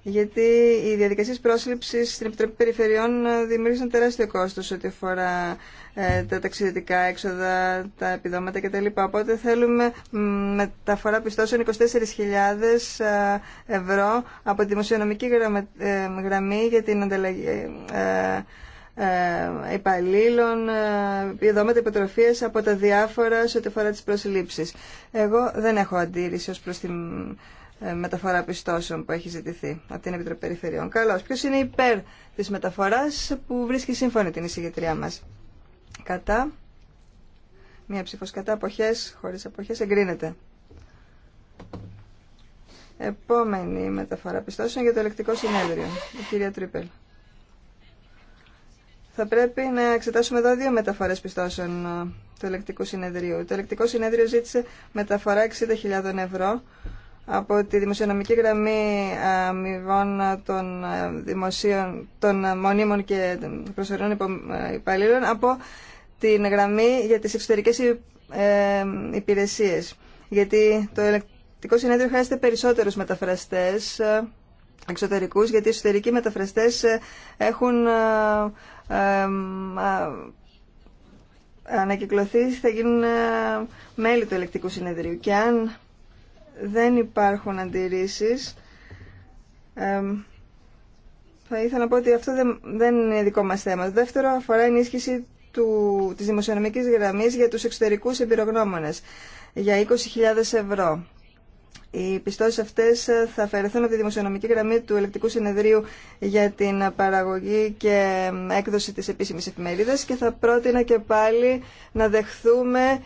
Γιατί οι διαδικασίες πρόσληψης στην Επιτροπή Περιφερειών δημιούργησαν τεράστιο κόστος ό,τι αφορά ε, τα ταξιδιωτικά έξοδα, τα επιδόματα κτλ. Οπότε θέλουμε μεταφορά πιστώσεων 24.000 ε, ευρώ από τη δημοσιονομική ε, γραμμή για την ανταλλαγή ε, υπαλλήλων, ε, δόματα υποτροφίες από τα διάφορα σε ό,τι αφορά τις προσλήψεις. Εγώ δεν έχω αντίρρηση ως προς τη ε, μεταφορά πιστώσεων που έχει ζητηθεί από την Επιτροπή Περιφερειών. Καλώς. Ποιος είναι υπέρ της μεταφοράς που βρίσκει σύμφωνη την εισηγητριά μας. Κατά. Μία ψήφος κατά αποχές, χωρίς αποχές, εγκρίνεται. Επόμενη μεταφορά πιστώσεων για το ελεκτικό συνέδριο. Η κυρία Τρίπελ. Θα πρέπει να εξετάσουμε εδώ δύο μεταφορές πιστώσεων ε, του ελεκτικού συνεδρίου. Το ελεκτικό συνεδρίο ζήτησε μεταφορά 60.000 ευρώ από τη δημοσιονομική γραμμή αμοιβών των, ε, δημοσίων, των ε, μονίμων και προσωρινών υπαλλήλων από την γραμμή για τις εξωτερικές υπηρεσίες. Γιατί το ελεκτικό συνέδριο χρειάζεται περισσότερους μεταφραστές εξωτερικούς, γιατί οι εσωτερικοί μεταφραστές έχουν ανακυκλωθεί θα γίνουν ε, μέλη του ελεκτικού συνεδρίου και αν δεν υπάρχουν αντιρρήσεις θα ήθελα να πω ότι αυτό δεν, είναι δικό μας θέμα. Το δεύτερο αφορά ενίσχυση του, της δημοσιονομικής γραμμής για τους εξωτερικούς εμπειρογνώμονες για 20.000 ευρώ. Οι πιστώσει αυτές θα αφαιρεθούν από τη δημοσιονομική γραμμή του Ελεκτικού Συνεδρίου για την παραγωγή και έκδοση της επίσημης εφημερίδας και θα πρότεινα και πάλι να δεχθούμε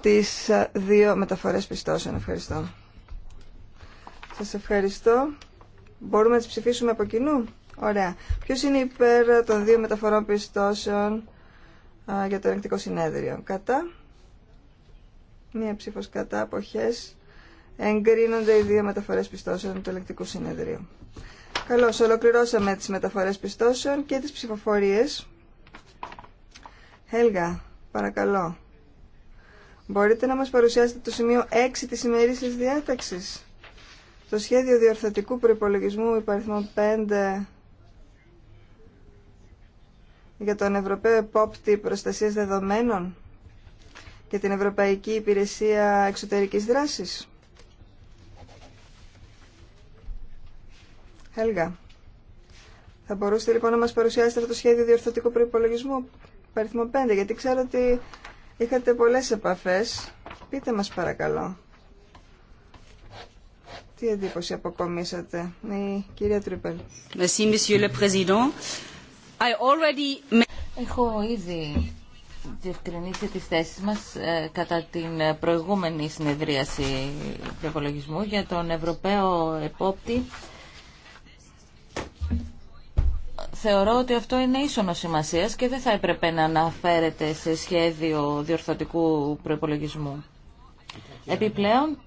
τις δύο μεταφορές πιστώσεων. Ευχαριστώ. Σα ευχαριστώ. Μπορούμε να τι ψηφίσουμε από κοινού. Ωραία. Ποιος είναι υπέρ των δύο μεταφορών πιστώσεων για το ελεκτικό συνέδριο. Κατά. Μία ψήφο κατά. Αποχές εγκρίνονται οι δύο μεταφορές πιστώσεων του ελεκτικού συνεδρίου. Καλώς, ολοκληρώσαμε τις μεταφορές πιστώσεων και τις ψηφοφορίες. Έλγα, παρακαλώ. Μπορείτε να μας παρουσιάσετε το σημείο 6 της της διάταξης. Το σχέδιο διορθωτικού προϋπολογισμού υπαριθμό 5 για τον Ευρωπαίο Επόπτη Προστασίας Δεδομένων και την Ευρωπαϊκή Υπηρεσία Εξωτερικής Δράσης. Έλγα, θα μπορούσατε λοιπόν να μα παρουσιάσετε το σχέδιο διορθωτικού προπολογισμού παριθμό 5, γιατί ξέρω ότι είχατε πολλέ επαφέ. Πείτε μα παρακαλώ. Τι εντύπωση αποκομίσατε, η κυρία Τρίπελ. Έχω ήδη διευκρινίσει τις θέσεις μας ε, κατά την προηγούμενη συνεδρίαση προπολογισμού για τον Ευρωπαίο Επόπτη θεωρώ ότι αυτό είναι ίσονο σημασία και δεν θα έπρεπε να αναφέρεται σε σχέδιο διορθωτικού προπολογισμού. Επιπλέον,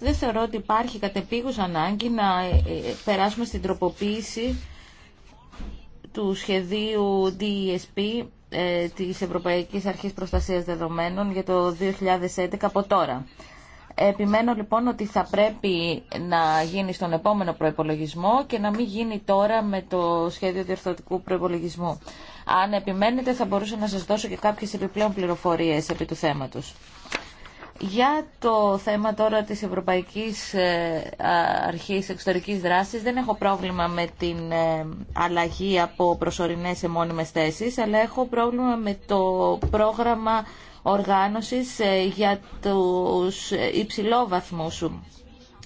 δεν θεωρώ ότι υπάρχει κατεπίγους ανάγκη να ε, ε, περάσουμε στην τροποποίηση του σχεδίου DESP ε, της Ευρωπαϊκής Αρχής Προστασίας Δεδομένων για το 2011 από τώρα. Επιμένω λοιπόν ότι θα πρέπει να γίνει στον επόμενο προϋπολογισμό και να μην γίνει τώρα με το σχέδιο διορθωτικού προϋπολογισμού. Αν επιμένετε θα μπορούσα να σας δώσω και κάποιες επιπλέον πληροφορίες επί του θέματος. Για το θέμα τώρα της Ευρωπαϊκής ε, Αρχής Εξωτερικής Δράσης δεν έχω πρόβλημα με την ε, αλλαγή από προσωρινές σε μόνιμες θέσεις αλλά έχω πρόβλημα με το πρόγραμμα οργάνωσης ε, για τους υψηλόβαθμούς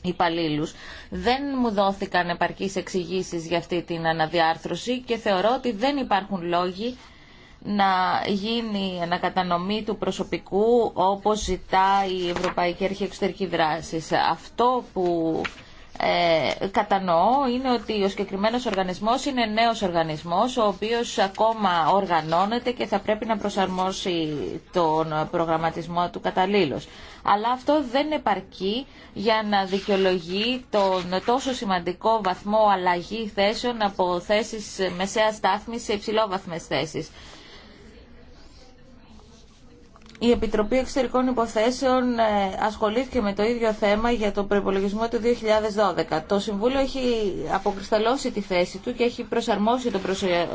υπαλλήλους. Δεν μου δόθηκαν επαρκείς εξηγήσεις για αυτή την αναδιάρθρωση και θεωρώ ότι δεν υπάρχουν λόγοι να γίνει ανακατανομή του προσωπικού όπως ζητά η Ευρωπαϊκή Αρχή Εξωτερική Δράση. Αυτό που ε, κατανοώ είναι ότι ο συγκεκριμένος οργανισμός είναι νέος οργανισμός ο οποίος ακόμα οργανώνεται και θα πρέπει να προσαρμόσει τον προγραμματισμό του καταλήλως. Αλλά αυτό δεν επαρκεί για να δικαιολογεί τον τόσο σημαντικό βαθμό αλλαγή θέσεων από θέσεις μεσαίας στάθμη σε υψηλόβαθμες θέσεις η Επιτροπή Εξωτερικών Υποθέσεων ε, ασχολήθηκε με το ίδιο θέμα για το προπολογισμό του 2012. Το Συμβούλιο έχει αποκρισταλώσει τη θέση του και έχει προσαρμόσει το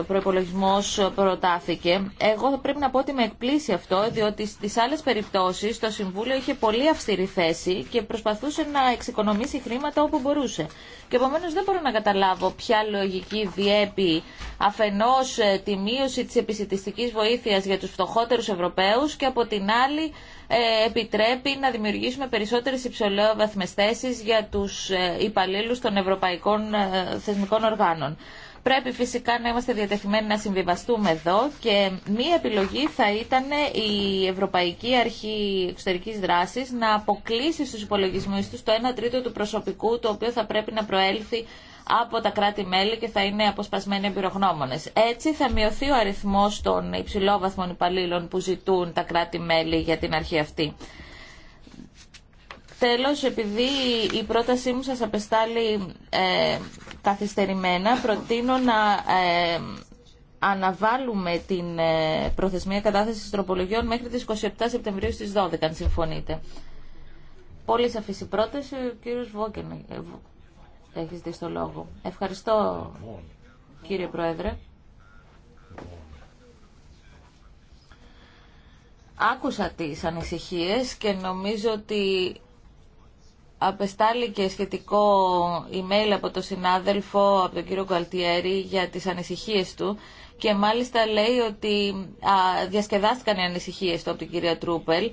προπολογισμό όσο προτάθηκε. Εγώ πρέπει να πω ότι με εκπλήσει αυτό, διότι στι άλλε περιπτώσει, το Συμβούλιο είχε πολύ αυστηρή θέση και προσπαθούσε να εξοικονομήσει χρήματα όπου μπορούσε. Και επομένω δεν μπορώ να καταλάβω ποια λογική διέπει αφενό ε, τη μείωση τη επισητιστική βοήθεια για του φτωχότερου Ευρωπαίου και από την άλλη ε, επιτρέπει να δημιουργήσουμε περισσότερες υψηλόβαθμες θέσεις για τους ε, υπαλλήλους των ευρωπαϊκών ε, θεσμικών οργάνων. Πρέπει φυσικά να είμαστε διατεθειμένοι να συμβιβαστούμε εδώ και μία επιλογή θα ήταν η Ευρωπαϊκή Αρχή Εξωτερικής Δράσης να αποκλείσει στους υπολογισμούς του το 1 τρίτο του προσωπικού το οποίο θα πρέπει να προέλθει από τα κράτη-μέλη και θα είναι αποσπασμένοι εμπειρογνώμονε. Έτσι θα μειωθεί ο αριθμό των υψηλόβαθμων υπαλλήλων που ζητούν τα κράτη-μέλη για την αρχή αυτή. Τέλος, επειδή η πρότασή μου σας απεστάλλει ε, καθυστερημένα, προτείνω να ε, αναβάλουμε την ε, προθεσμία κατάθεσης τροπολογιών μέχρι τις 27 Σεπτεμβρίου στις 12, αν συμφωνείτε. Πολύ σαφής η πρόταση, ο κύριος Βόκεν ε, έχει δει στο λόγο. Ευχαριστώ, κύριε Πρόεδρε. Άκουσα τις ανησυχίες και νομίζω ότι απεστάληκε σχετικό email από τον συνάδελφο, από τον κύριο Καλτιέρη, για τις ανησυχίες του και μάλιστα λέει ότι διασκεδάστηκαν οι ανησυχίες του από την κυρία Τρούπελ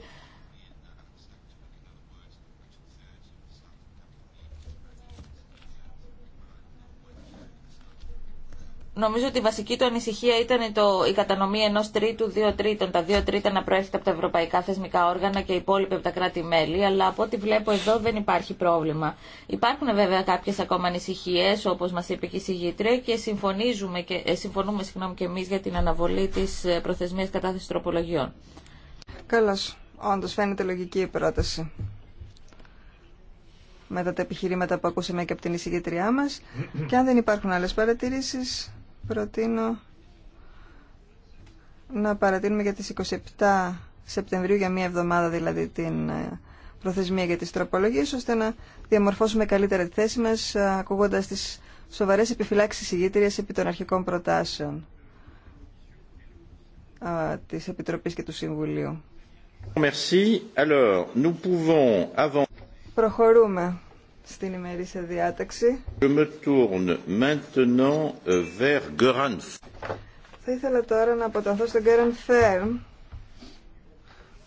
Νομίζω ότι η βασική του ανησυχία ήταν το, η κατανομή ενό τρίτου, δύο τρίτων. Τα δύο τρίτα να προέρχεται από τα ευρωπαϊκά θεσμικά όργανα και οι υπόλοιποι από τα κράτη-μέλη. Αλλά από ό,τι βλέπω εδώ δεν υπάρχει πρόβλημα. Υπάρχουν βέβαια κάποιε ακόμα ανησυχίε, όπω μα είπε και η συγγήτρια, και, συμφωνίζουμε και ε, συμφωνούμε συγγνώμη, και εμεί για την αναβολή τη ε, προθεσμία κατάθεση τροπολογιών. Καλώ. Όντω φαίνεται λογική η πρόταση. Μετά τα επιχειρήματα που ακούσαμε και από την εισηγητριά μα Και αν δεν υπάρχουν άλλε παρατηρήσει προτείνω να παρατείνουμε για τις 27 Σεπτεμβρίου για μία εβδομάδα δηλαδή την ε, προθεσμία για τις τροπολογίες ώστε να διαμορφώσουμε καλύτερα τη θέση μας ε, ακούγοντας τις σοβαρές επιφυλάξεις ηγήτριας επί των αρχικών προτάσεων της Επιτροπής και του Συμβουλίου. Alors, nous Προχωρούμε στην ημερήσια διάταξη. Ε, θα ήθελα τώρα να αποταθώ στον Γκέραν Φέρμ,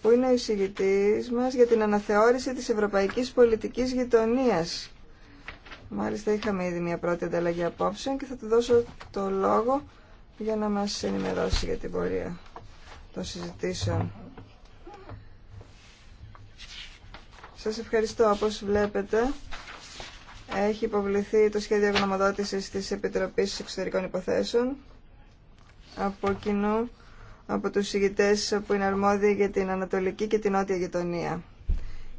που είναι ο εισηγητής μας για την αναθεώρηση της ευρωπαϊκής πολιτικής γειτονίας. Μάλιστα είχαμε ήδη μια πρώτη ανταλλαγή απόψεων και θα του δώσω το λόγο για να μας ενημερώσει για την πορεία των συζητήσεων. Σας ευχαριστώ όπως βλέπετε έχει υποβληθεί το σχέδιο γνωμοδότησης της Επιτροπής Εξωτερικών Υποθέσεων από κοινού από τους ηγητές που είναι αρμόδιοι για την Ανατολική και την Νότια Γειτονία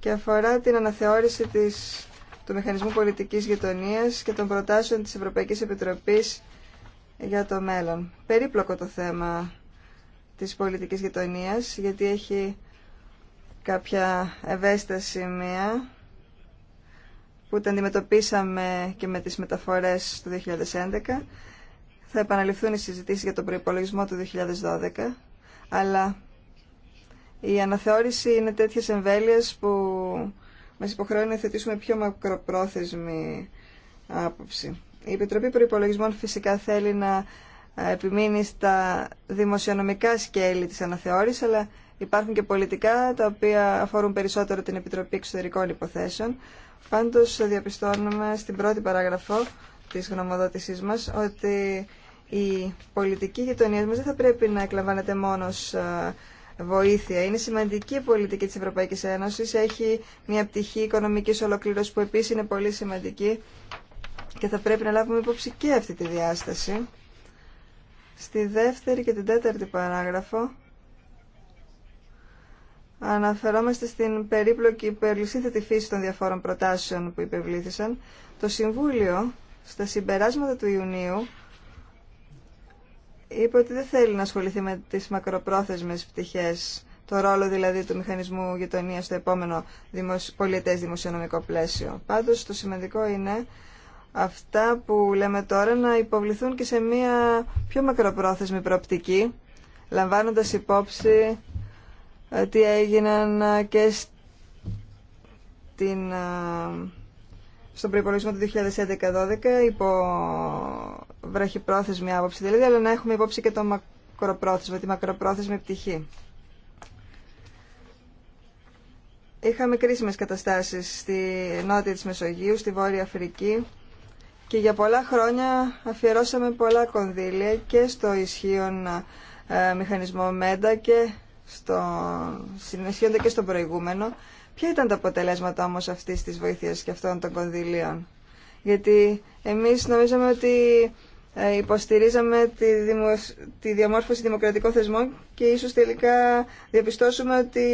και αφορά την αναθεώρηση της, του Μηχανισμού Πολιτικής Γειτονίας και των προτάσεων της Ευρωπαϊκής Επιτροπής για το μέλλον. Περίπλοκο το θέμα της πολιτικής γειτονίας γιατί έχει κάποια ευαίσθητα σημεία που τα αντιμετωπίσαμε και με τις μεταφορές του 2011. Θα επαναληφθούν οι συζητήσεις για τον προϋπολογισμό του 2012, αλλά η αναθεώρηση είναι τέτοιες εμβέλειες που μας υποχρεώνει να θετήσουμε πιο μακροπρόθεσμη άποψη. Η Επιτροπή Προϋπολογισμών φυσικά θέλει να ε, επιμείνει στα δημοσιονομικά σκέλη της αναθεώρησης, αλλά υπάρχουν και πολιτικά τα οποία αφορούν περισσότερο την Επιτροπή Εξωτερικών Υποθέσεων, Πάντως διαπιστώνουμε στην πρώτη παράγραφο της γνωμοδότησής μας ότι η πολιτική γειτονία μας δεν θα πρέπει να εκλαμβάνεται μόνος ε, βοήθεια. Είναι σημαντική η πολιτική της Ευρωπαϊκής Ένωσης. Έχει μια πτυχή οικονομικής ολοκλήρωσης που επίσης είναι πολύ σημαντική και θα πρέπει να λάβουμε υπόψη και αυτή τη διάσταση. Στη δεύτερη και την τέταρτη παράγραφο αναφερόμαστε στην περίπλοκη περιλυσύνθετη φύση των διαφόρων προτάσεων που υπευλήθησαν, το Συμβούλιο στα συμπεράσματα του Ιουνίου είπε ότι δεν θέλει να ασχοληθεί με τις μακροπρόθεσμες πτυχές, το ρόλο δηλαδή του μηχανισμού γειτονία στο επόμενο πολιτές δημοσιονομικό πλαίσιο. Πάντως το σημαντικό είναι αυτά που λέμε τώρα να υποβληθούν και σε μια πιο μακροπρόθεσμη προοπτική, λαμβάνοντας υπόψη τι έγιναν ε, και στην, ε, στον προπολογισμό του 2011-2012 υπό βραχυπρόθεσμη άποψη δηλαδή, αλλά να έχουμε υπόψη και το μακροπρόθεσμο, τη μακροπρόθεσμη πτυχή. Είχαμε κρίσιμες καταστάσεις στη νότια της Μεσογείου, στη Βόρεια Αφρική και για πολλά χρόνια αφιερώσαμε πολλά κονδύλια και στο ισχύον ε, μηχανισμό ΜΕΝΤΑ και στο συνεχίζονται και στο προηγούμενο. Ποια ήταν τα αποτελέσματα όμως αυτής της βοήθειας και αυτών των κονδυλίων. Γιατί εμείς νομίζαμε ότι ε, υποστηρίζαμε τη, τη διαμόρφωση δημοκρατικών θεσμών και ίσως τελικά διαπιστώσουμε ότι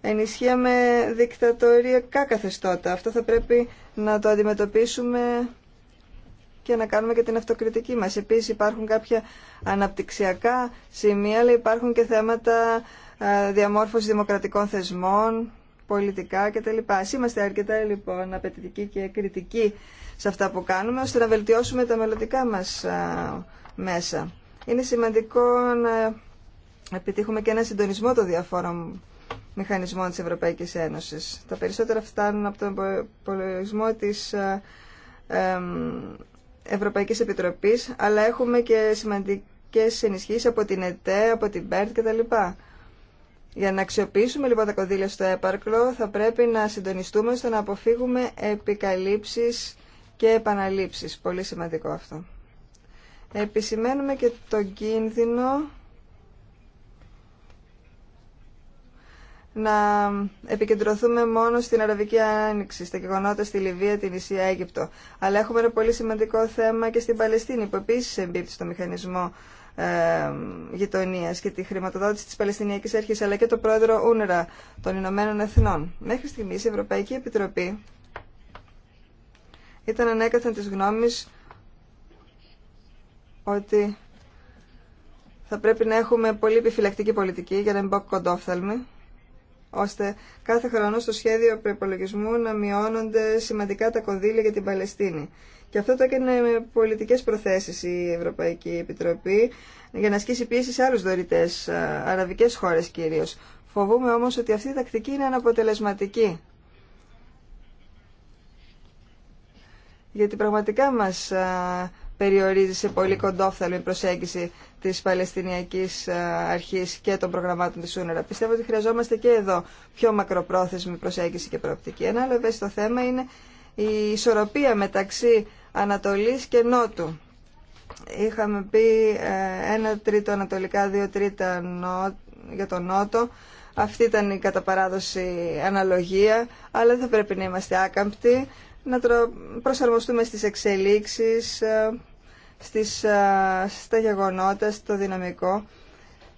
ενισχύαμε δικτατοριακά καθεστώτα. Αυτό θα πρέπει να το αντιμετωπίσουμε και να κάνουμε και την αυτοκριτική μας. Επίσης υπάρχουν κάποια αναπτυξιακά σημεία, αλλά υπάρχουν και θέματα διαμόρφωση δημοκρατικών θεσμών, πολιτικά κτλ. Είμαστε αρκετά λοιπόν απαιτητικοί και κριτικοί σε αυτά που κάνουμε, ώστε να βελτιώσουμε τα μελλοντικά μας μέσα. Είναι σημαντικό να επιτύχουμε και ένα συντονισμό των διαφόρων μηχανισμών της Ευρωπαϊκής Ένωσης. Τα περισσότερα φτάνουν από τον υπολογισμό της Ευρωπαϊκής Επιτροπής, αλλά έχουμε και σημαντικές ενισχύσεις από την ΕΤΕ, από την ΠΕΡΤ κτλ. Για να αξιοποιήσουμε λοιπόν τα κονδύλια στο έπαρκλο θα πρέπει να συντονιστούμε ώστε να αποφύγουμε επικαλύψεις και επαναλήψεις. Πολύ σημαντικό αυτό. Επισημαίνουμε και το κίνδυνο να επικεντρωθούμε μόνο στην Αραβική Άνοιξη, στα γεγονότα στη Λιβύη, την Ισία, Αίγυπτο. Αλλά έχουμε ένα πολύ σημαντικό θέμα και στην Παλαιστίνη, που επίση εμπίπτει στο μηχανισμό ε, γειτονία και τη χρηματοδότηση τη Παλαιστινιακή Αρχή, αλλά και το πρόεδρο Ούνερα των Ηνωμένων Εθνών. Μέχρι στιγμή η Ευρωπαϊκή Επιτροπή ήταν ανέκαθεν τη γνώμη ότι θα πρέπει να έχουμε πολύ επιφυλακτική πολιτική για να μην πω κοντόφθαλμη ώστε κάθε χρόνο στο σχέδιο προπολογισμού να μειώνονται σημαντικά τα κονδύλια για την Παλαιστίνη. Και αυτό το έκανε με πολιτικές προθέσεις η Ευρωπαϊκή Επιτροπή για να ασκήσει πίεση σε άλλους δωρητές, αραβικές χώρες κυρίως. Φοβούμε όμως ότι αυτή η τακτική είναι αναποτελεσματική. Γιατί πραγματικά μας περιορίζει σε πολύ κοντόφθαλμη προσέγγιση της Παλαιστινιακή ε, Αρχής και των προγραμμάτων τη Σούνερα. Πιστεύω ότι χρειαζόμαστε και εδώ πιο μακροπρόθεσμη προσέγγιση και προοπτική. Ένα άλλο ευαίσθητο θέμα είναι η ισορροπία μεταξύ Ανατολή και Νότου. Είχαμε πει ε, ένα τρίτο ανατολικά, δύο τρίτα για τον Νότο. Αυτή ήταν η κατά παράδοση αναλογία, αλλά δεν θα πρέπει να είμαστε άκαμπτοι να προσαρμοστούμε στις εξελίξεις, ε, στις, ε, στα γεγονότα, στο δυναμικό.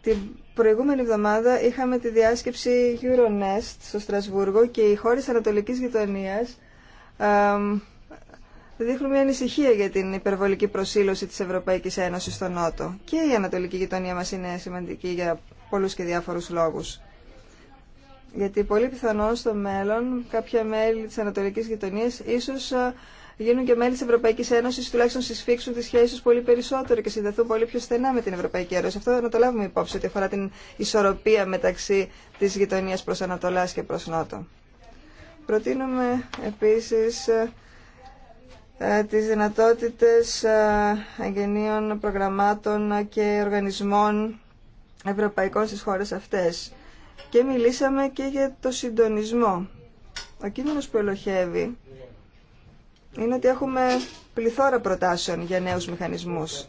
Την προηγούμενη εβδομάδα είχαμε τη διάσκεψη Euronest στο Στρασβούργο και οι χώρες Ανατολικής Γειτονίας ε, δείχνουν μια ανησυχία για την υπερβολική προσήλωση της Ευρωπαϊκής Ένωσης στο Νότο. Και η Ανατολική Γειτονία μας είναι σημαντική για πολλούς και διάφορους λόγους. Γιατί πολύ πιθανό στο μέλλον κάποια μέλη της Ανατολικής Γειτονίας ίσως ε, γίνουν και μέλη της Ευρωπαϊκής Ένωσης, τουλάχιστον συσφίξουν τις σχέσεις πολύ περισσότερο και συνδεθούν πολύ πιο στενά με την Ευρωπαϊκή Ένωση. Αυτό να το λάβουμε υπόψη ότι αφορά την ισορροπία μεταξύ της γειτονίας προς Ανατολάς και προς Νότο. Προτείνουμε επίσης ε, ε, τις δυνατότητες εγγενείων προγραμμάτων και οργανισμών ευρωπαϊκών στις χώρες αυτές και μιλήσαμε και για το συντονισμό. Ο κίνδυνος που ελοχεύει είναι ότι έχουμε πληθώρα προτάσεων για νέους μηχανισμούς.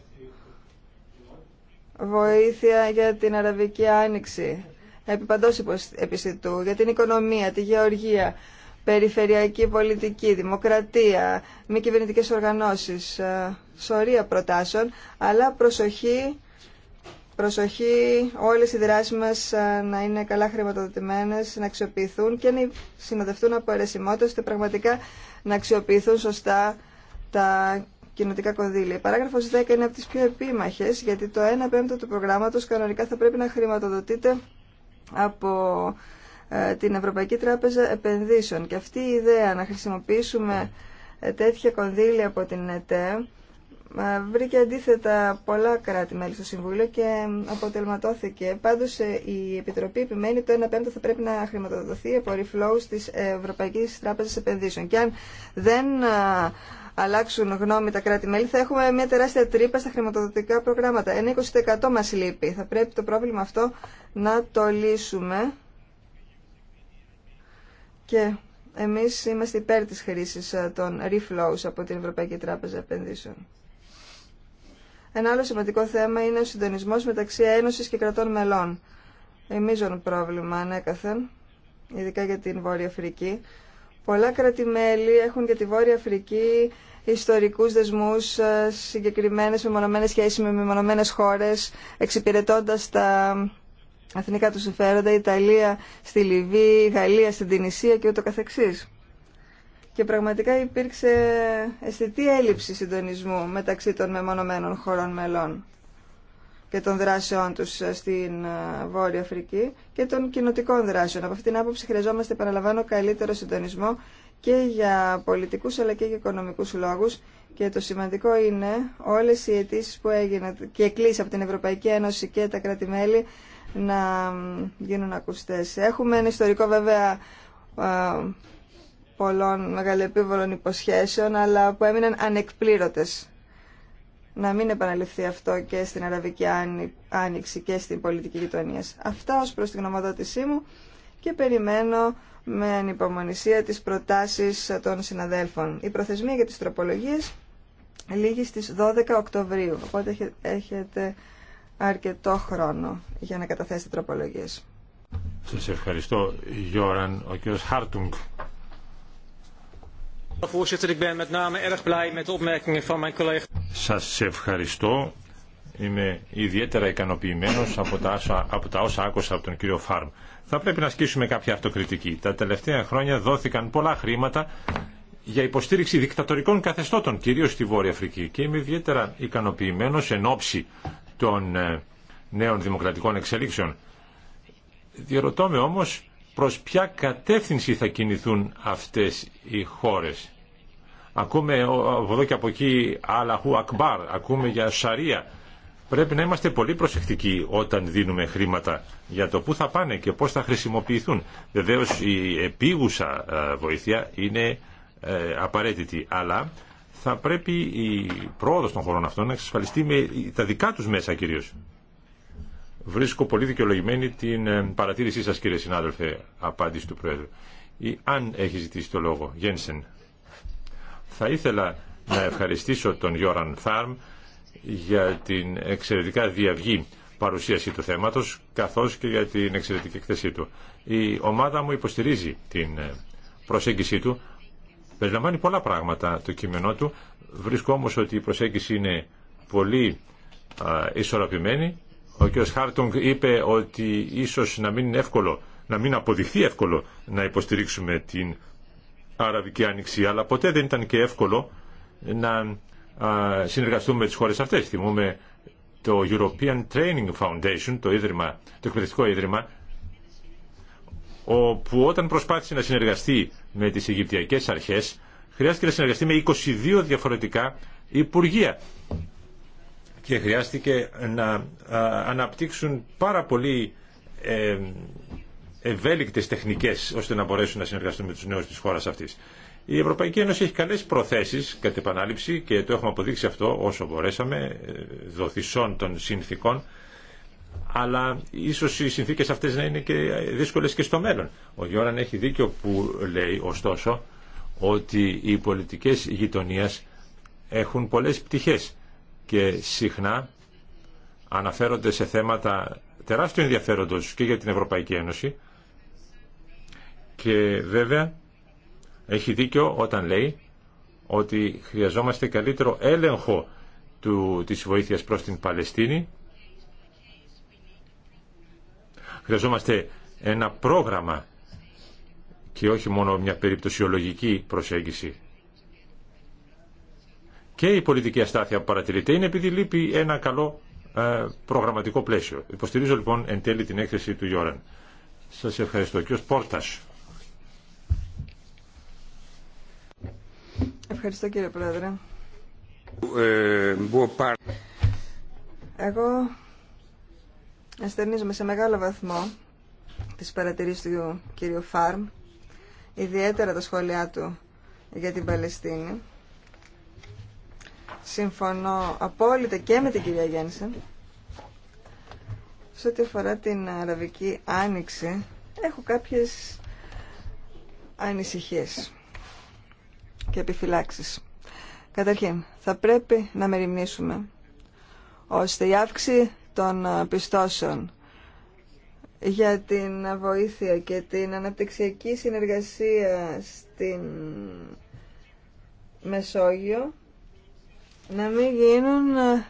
Βοήθεια για την Αραβική Άνοιξη, επιπαντός επιστητού, για την οικονομία, τη γεωργία, περιφερειακή πολιτική, δημοκρατία, μη κυβερνητικέ οργανώσεις, ε, σωρία προτάσεων, αλλά προσοχή προσοχή όλες οι δράσεις μας ε, να είναι καλά χρηματοδοτημένες, να αξιοποιηθούν και να συνοδευτούν από αιρεσιμότητα ώστε πραγματικά να αξιοποιηθούν σωστά τα κοινοτικά κονδύλια. Η παράγραφος 10 είναι από τις πιο επίμαχες γιατί το 1 πέμπτο του προγράμματος κανονικά θα πρέπει να χρηματοδοτείται από ε, την Ευρωπαϊκή Τράπεζα Επενδύσεων. Και αυτή η ιδέα να χρησιμοποιήσουμε ε, τέτοια κονδύλια από την ΕΤΕ ε, βρήκε αντίθετα πολλά κράτη-μέλη στο Συμβούλιο και αποτελματώθηκε. Πάντω ε, η Επιτροπή επιμένει ότι το 1 πέμπτο θα πρέπει να χρηματοδοθεί από reflows τη Ευρωπαϊκή Τράπεζα Επενδύσεων. Και αν δεν ε, αλλάξουν γνώμη τα κράτη-μέλη θα έχουμε μια τεράστια τρύπα στα χρηματοδοτικά προγράμματα. Ένα 20% μα λείπει. Θα πρέπει το πρόβλημα αυτό να το λύσουμε. Και εμείς είμαστε υπέρ της χρήσης των reflows από την Ευρωπαϊκή Τράπεζα Επενδύσεων. Ένα άλλο σημαντικό θέμα είναι ο συντονισμό μεταξύ Ένωση και κρατών μελών. Εμίζον πρόβλημα ανέκαθεν, ειδικά για την Βόρεια Αφρική. Πολλά κράτη-μέλη έχουν για τη Βόρεια Αφρική ιστορικούς δεσμούς, ε, συγκεκριμένες μεμονωμένες σχέσεις με μεμονωμένες χώρες, εξυπηρετώντας τα εθνικά του συμφέροντα, Ιταλία στη Λιβύη, Γαλλία στην Τινησία και ούτω καθεξής και πραγματικά υπήρξε αισθητή έλλειψη συντονισμού μεταξύ των μεμονωμένων χωρών μελών και των δράσεών τους στην ε, Βόρεια Αφρική και των κοινοτικών δράσεων. Από αυτήν την άποψη χρειαζόμαστε, παραλαμβάνω, καλύτερο συντονισμό και για πολιτικούς αλλά και για οικονομικούς λόγους και το σημαντικό είναι όλες οι αιτήσει που έγιναν και εκλείσει από την Ευρωπαϊκή Ένωση και τα κράτη-μέλη να γίνουν ακουστές. Έχουμε ένα ιστορικό βέβαια πολλών μεγαλεπίβολων υποσχέσεων, αλλά που έμειναν ανεκπλήρωτες. Να μην επαναληφθεί αυτό και στην Αραβική Άνοιξη και στην πολιτική γειτονία. Αυτά ως προς την γνωμοδότησή μου και περιμένω με ανυπομονησία τις προτάσεις των συναδέλφων. Η προθεσμία για τις τροπολογίες λήγει στις 12 Οκτωβρίου, οπότε έχετε αρκετό χρόνο για να καταθέσετε τροπολογίες. Σας ευχαριστώ, Γιώραν. Ο κ. Χάρτουγκ. Σας ευχαριστώ. Είμαι ιδιαίτερα ικανοποιημένος από τα, όσα, από τα όσα άκουσα από τον κύριο Φάρμ. Θα πρέπει να ασκήσουμε κάποια αυτοκριτική. Τα τελευταία χρόνια δόθηκαν πολλά χρήματα για υποστήριξη δικτατορικών καθεστώτων, κυρίως στη Βόρεια Αφρική. Και είμαι ιδιαίτερα ικανοποιημένος εν ώψη των ε, νέων δημοκρατικών εξελίξεων. Διερωτώ με όμως προς ποια κατεύθυνση θα κινηθούν αυτές οι χώρες. Ακούμε από εδώ και από εκεί Αλαχού Ακμπάρ, ακούμε για Σαρία. Πρέπει να είμαστε πολύ προσεκτικοί όταν δίνουμε χρήματα για το πού θα πάνε και πώς θα χρησιμοποιηθούν. Βεβαίω η επίγουσα ε, βοήθεια είναι ε, απαραίτητη, αλλά θα πρέπει η πρόοδος των χωρών αυτών να εξασφαλιστεί με τα δικά τους μέσα κυρίως. Βρίσκω πολύ δικαιολογημένη την ε, παρατήρησή σας κύριε συνάδελφε, απάντηση του Πρόεδρου. Ή αν έχει ζητήσει το λόγο, Γένσεν. Θα ήθελα να ευχαριστήσω τον Γιώραν Θάρμ για την εξαιρετικά διαυγή παρουσίαση του θέματος, καθώς και για την εξαιρετική εκθεσή του. Η ομάδα μου υποστηρίζει την ε, προσέγγιση του. Περιλαμβάνει πολλά πράγματα το κείμενό του. Βρίσκω όμως ότι η προσέγγιση είναι πολύ ισορροπημένη ο κ. Χάρτονγκ είπε ότι ίσως να μην εύκολο, να μην αποδειχθεί εύκολο να υποστηρίξουμε την Αραβική Άνοιξη, αλλά ποτέ δεν ήταν και εύκολο να συνεργαστούμε με τις χώρες αυτές. Θυμούμε το European Training Foundation, το, ίδρυμα, το εκπαιδευτικό ίδρυμα, όπου όταν προσπάθησε να συνεργαστεί με τις Αιγυπτιακές αρχές, χρειάστηκε να συνεργαστεί με 22 διαφορετικά υπουργεία και χρειάστηκε να αναπτύξουν πάρα πολύ ε, ευέλικτες τεχνικές ώστε να μπορέσουν να συνεργαστούν με τους νέους της χώρας αυτής. Η Ευρωπαϊκή Ένωση έχει καλές προθέσεις κατ' επανάληψη και το έχουμε αποδείξει αυτό όσο μπορέσαμε, ε, δοθισών των συνθήκων, αλλά ίσως οι συνθήκες αυτές να είναι και δύσκολες και στο μέλλον. Ο Γιώργαν έχει δίκιο που λέει ωστόσο ότι οι πολιτικές γειτονίας έχουν πολλές πτυχές και συχνά αναφέρονται σε θέματα τεράστιου ενδιαφέροντος και για την Ευρωπαϊκή Ένωση και βέβαια έχει δίκιο όταν λέει ότι χρειαζόμαστε καλύτερο έλεγχο του, της βοήθειας προς την Παλαιστίνη. Χρειαζόμαστε ένα πρόγραμμα και όχι μόνο μια περιπτωσιολογική προσέγγιση και η πολιτική αστάθεια που παρατηρείται είναι επειδή λείπει ένα καλό ε, προγραμματικό πλαίσιο. Υποστηρίζω λοιπόν εν τέλει την έκθεση του Γιώραν. Σας ευχαριστώ. Κύριος Πόρτας. Ευχαριστώ κύριε Πρόεδρε. Εγώ αστερνίζομαι σε μεγάλο βαθμό τις παρατηρήσεις του κύριου Φάρμ, ιδιαίτερα τα σχόλιά του για την Παλαιστίνη συμφωνώ απόλυτα και με την κυρία Γέννησεν σε ό,τι αφορά την Αραβική Άνοιξη έχω κάποιες ανησυχίες και επιφυλάξεις. Καταρχήν, θα πρέπει να μεριμνήσουμε ώστε η αύξηση των πιστώσεων για την βοήθεια και την αναπτυξιακή συνεργασία στην Μεσόγειο να μην γίνουν ε,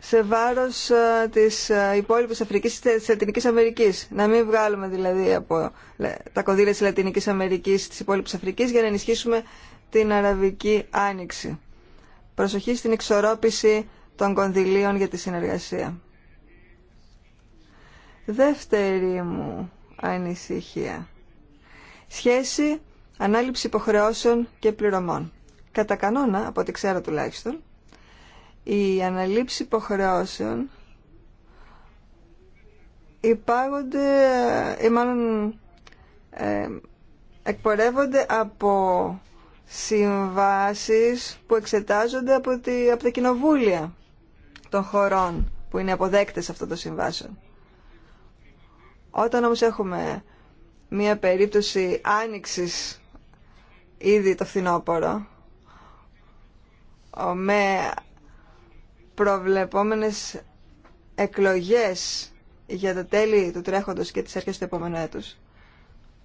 σε βάρος ε, της ε, υπόλοιπης Αφρικής και της Λατινικής Αμερικής. Να μην βγάλουμε δηλαδή από τα κονδύλια της Λατινικής Αμερικής της υπόλοιπης Αφρικής για να ενισχύσουμε την Αραβική Άνοιξη. Προσοχή στην εξορρόπηση των κονδυλίων για τη συνεργασία. Δεύτερη μου ανησυχία. Σχέση ανάληψη υποχρεώσεων και πληρωμών. Κατά κανόνα, από ό,τι ξέρω τουλάχιστον, η αναλήψη υποχρεώσεων υπάγονται ε, ή ε, εκπορεύονται από συμβάσεις που εξετάζονται από, τη, από τα κοινοβούλια των χωρών που είναι αποδέκτες αυτών των συμβάσεων. Όταν όμως έχουμε μία περίπτωση άνοιξης ήδη το φθινόπωρο, με προβλεπόμενες εκλογές για τα τέλη του τρέχοντος και τις αρχές του επόμενου έτους,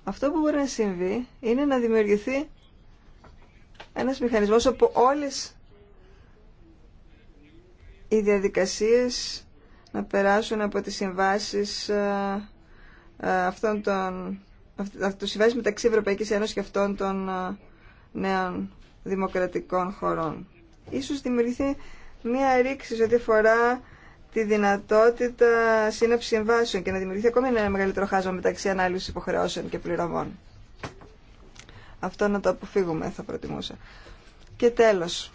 αυτό που μπορεί να συμβεί είναι να δημιουργηθεί ένας μηχανισμός όπου όλες οι διαδικασίες να περάσουν από τις συμβάσεις ε, ε, αυτών των το μεταξύ Ευρωπαϊκής Ένωσης και αυτών των ε, νέων δημοκρατικών χωρών ίσως δημιουργηθεί μία ρήξη σε ό,τι αφορά τη δυνατότητα σύναψη συμβάσεων και να δημιουργηθεί ακόμη ένα μεγαλύτερο χάσμα μεταξύ ανάλυσης υποχρεώσεων και πληρωμών. Αυτό να το αποφύγουμε θα προτιμούσα. Και τέλος,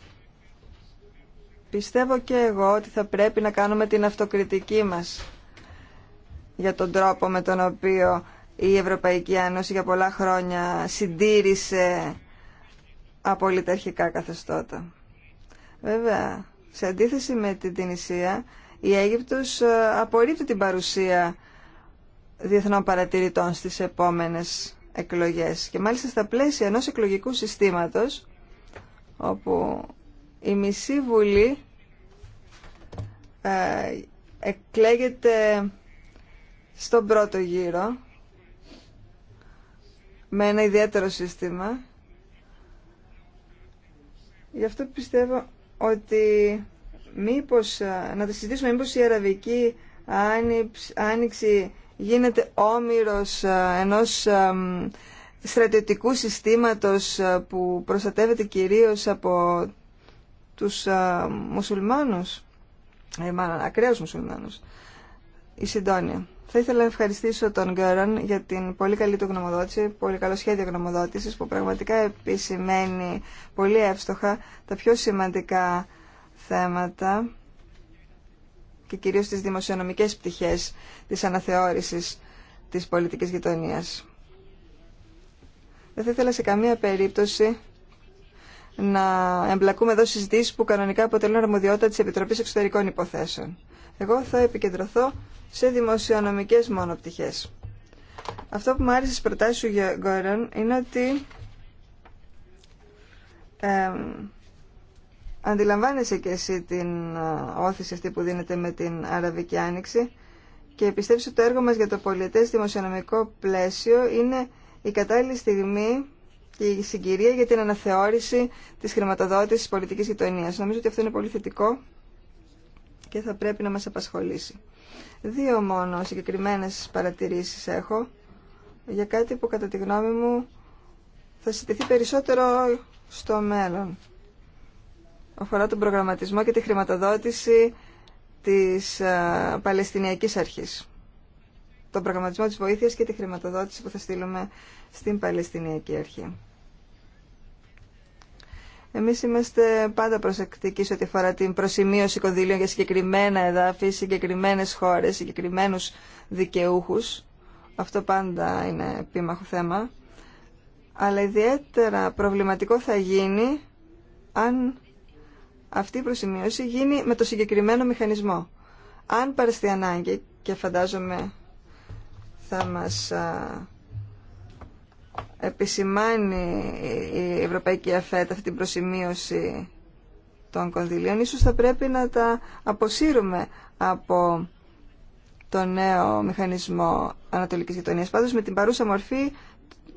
πιστεύω και εγώ ότι θα πρέπει να κάνουμε την αυτοκριτική μας για τον τρόπο με τον οποίο η Ευρωπαϊκή Ένωση για πολλά χρόνια συντήρησε απολυταρχικά καθεστώτα. Βέβαια, σε αντίθεση με την Τινησία, η Αίγυπτος ε, απορρίπτει την παρουσία διεθνών παρατηρητών στις επόμενες εκλογές. Και μάλιστα στα πλαίσια ενός εκλογικού συστήματος, όπου η μισή βουλή ε, εκλέγεται στον πρώτο γύρο με ένα ιδιαίτερο σύστημα. Γι' αυτό πιστεύω ότι μήπως, ε, να συζητήσουμε μήπως η Αραβική Άνοιξη γίνεται όμοιρος ε, ενός στρατιωτικού συστήματος ε, που προστατεύεται κυρίως από τους μουσουλμάνους, μάλλον ακραίους μουσουλμάνους, η Συντόνια. Θα ήθελα να ευχαριστήσω τον Γκέραν για την πολύ καλή του γνωμοδότηση, πολύ καλό σχέδιο γνωμοδότησης που πραγματικά επισημαίνει πολύ εύστοχα τα πιο σημαντικά θέματα και κυρίως τις δημοσιονομικές πτυχές της αναθεώρησης της πολιτικής γειτονίας. Δεν θα ήθελα σε καμία περίπτωση να εμπλακούμε εδώ συζητήσεις που κανονικά αποτελούν αρμοδιότητα της Επιτροπής Εξωτερικών Υποθέσεων. Εγώ θα επικεντρωθώ σε δημοσιονομικές μόνο Αυτό που μου άρεσε στις προτάσεις σου, είναι ότι ε, αντιλαμβάνεσαι και εσύ την ε, όθηση αυτή που δίνεται με την Αραβική Άνοιξη και πιστεύει ότι το έργο μας για το πολιτές δημοσιονομικό πλαίσιο είναι η κατάλληλη στιγμή και η συγκυρία για την αναθεώρηση της χρηματοδότησης της πολιτικής γειτονίας. Νομίζω ότι αυτό είναι πολύ θετικό και θα πρέπει να μας απασχολήσει. Δύο μόνο συγκεκριμένες παρατηρήσεις έχω για κάτι που κατά τη γνώμη μου θα συζητηθεί περισσότερο στο μέλλον. Αφορά τον προγραμματισμό και τη χρηματοδότηση της ε, Παλαιστινιακής Αρχής. Τον προγραμματισμό της βοήθειας και τη χρηματοδότηση που θα στείλουμε στην Παλαιστινιακή Αρχή. Εμείς είμαστε πάντα προσεκτικοί σε ό,τι αφορά την προσημείωση κονδυλίων για συγκεκριμένα εδάφη, συγκεκριμένες χώρες, συγκεκριμένους δικαιούχους. Αυτό πάντα είναι επίμαχο θέμα. Αλλά ιδιαίτερα προβληματικό θα γίνει αν αυτή η προσημείωση γίνει με το συγκεκριμένο μηχανισμό. Αν παρεστεί ανάγκη, και φαντάζομαι θα μας επισημάνει η Ευρωπαϊκή ΑΦΕΤ αυτή την προσημείωση των κονδυλίων, ίσως θα πρέπει να τα αποσύρουμε από το νέο μηχανισμό Ανατολικής Γειτονίας. Πάντως με την παρούσα μορφή